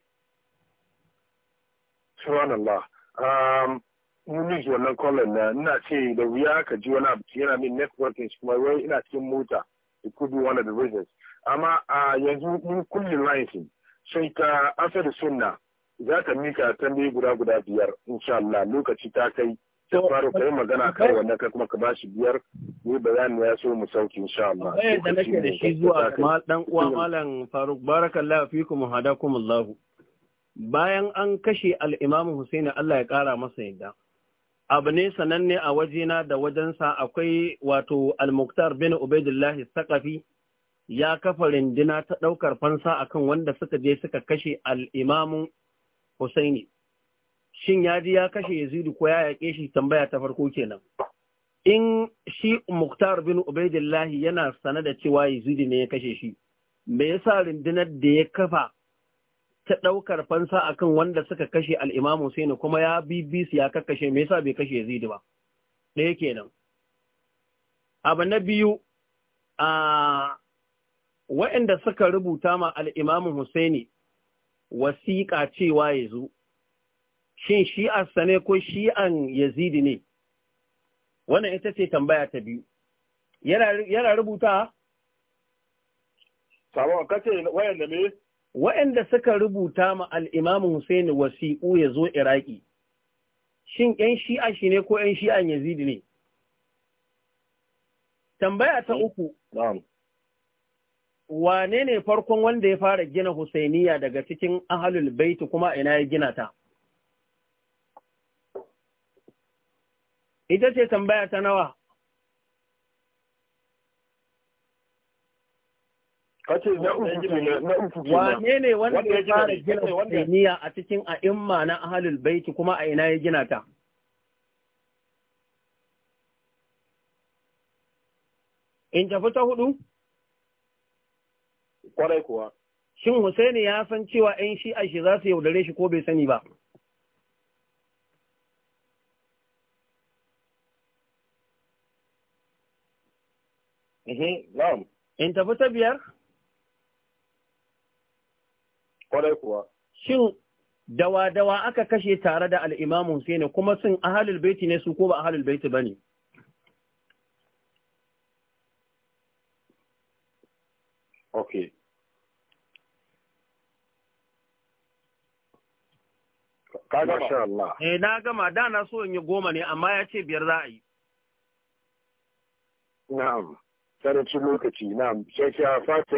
Subhanallah. Um, Munich wannan kolon na ina ce da wuya ka ji wani abu yana min networking kuma wai ina cikin mota. It could wani da of the Amma uh, yanzu mun kulle lines sai ta asar sunna za ka mika tambayi guda guda biyar insha Allah lokaci ta kai ta faru kai magana kai wannan kai kuma ka bashi biyar ni bayani ya so mu sauki insha Allah eh da nake da shi zuwa ma dan uwa malam Faruk barakallahu fikum hadakum Allah bayan an kashe al-Imam Husaini Allah ya kara masa yadda abu ne sananne a wajena da wajensa akwai wato al muqtar bin Ubaidillah Saqafi ya kafa rindina ta ɗaukar fansa akan wanda suka je suka kashe al Husaini shin ya ji ya kashe Yazidu ko ya yaƙe shi tambaya ta farko kenan in shi Muktar bin Ubaidillah yana sana da cewa Yazidu ne ya kashe shi me yasa rundunar da ya kafa ta ɗaukar fansa akan wanda suka kashe al-Imam Husaini kuma ya bibi ya kakkashe me yasa bai kashe Yazidu ba ɗaya kenan abu na biyu a waɗanda suka rubuta ma al-Imam Husaini wasiƙa cewa ya zo, shin shi'arsa ne ko shi'an yazidi ne? Wannan ita ce tambaya ta biyu. Yana rubuta? Sabon kace wayanda me? Wayanda suka rubuta ma al'imamin Hussein wasiƙu ya zo Iraki, shin ‘yan shi'a shi ne ko ‘yan shi'an yazidi ne? Tambaya ta uku. wane ne farkon wanda ya fara gina Husainiya daga cikin ahalul baiti kuma ina ya gina ta? Ita ce tambaya ta nawa. Wane ne wanda ya fara gina Husainiya a cikin a'imma na ahalul baiti kuma a ina ya gina ta? In tafi ta hudu? Kwarai kuwa. Shin Hussaini ya san cewa ‘yan a shi za su yaudare shi ko bai sani ba? Mhm, In tafi ta biyar? Kwarai kuwa. Shin dawa-dawa aka kashe tare da al'imamu Hussaini kuma sun ahalul baiti ne su ko ba ahalul baiti ba ne? Okay. Ka Eh na gama da na so in yi goma ne amma ya ce biyar za a yi. Na'am. Karancin lokaci na'am. sai kya fata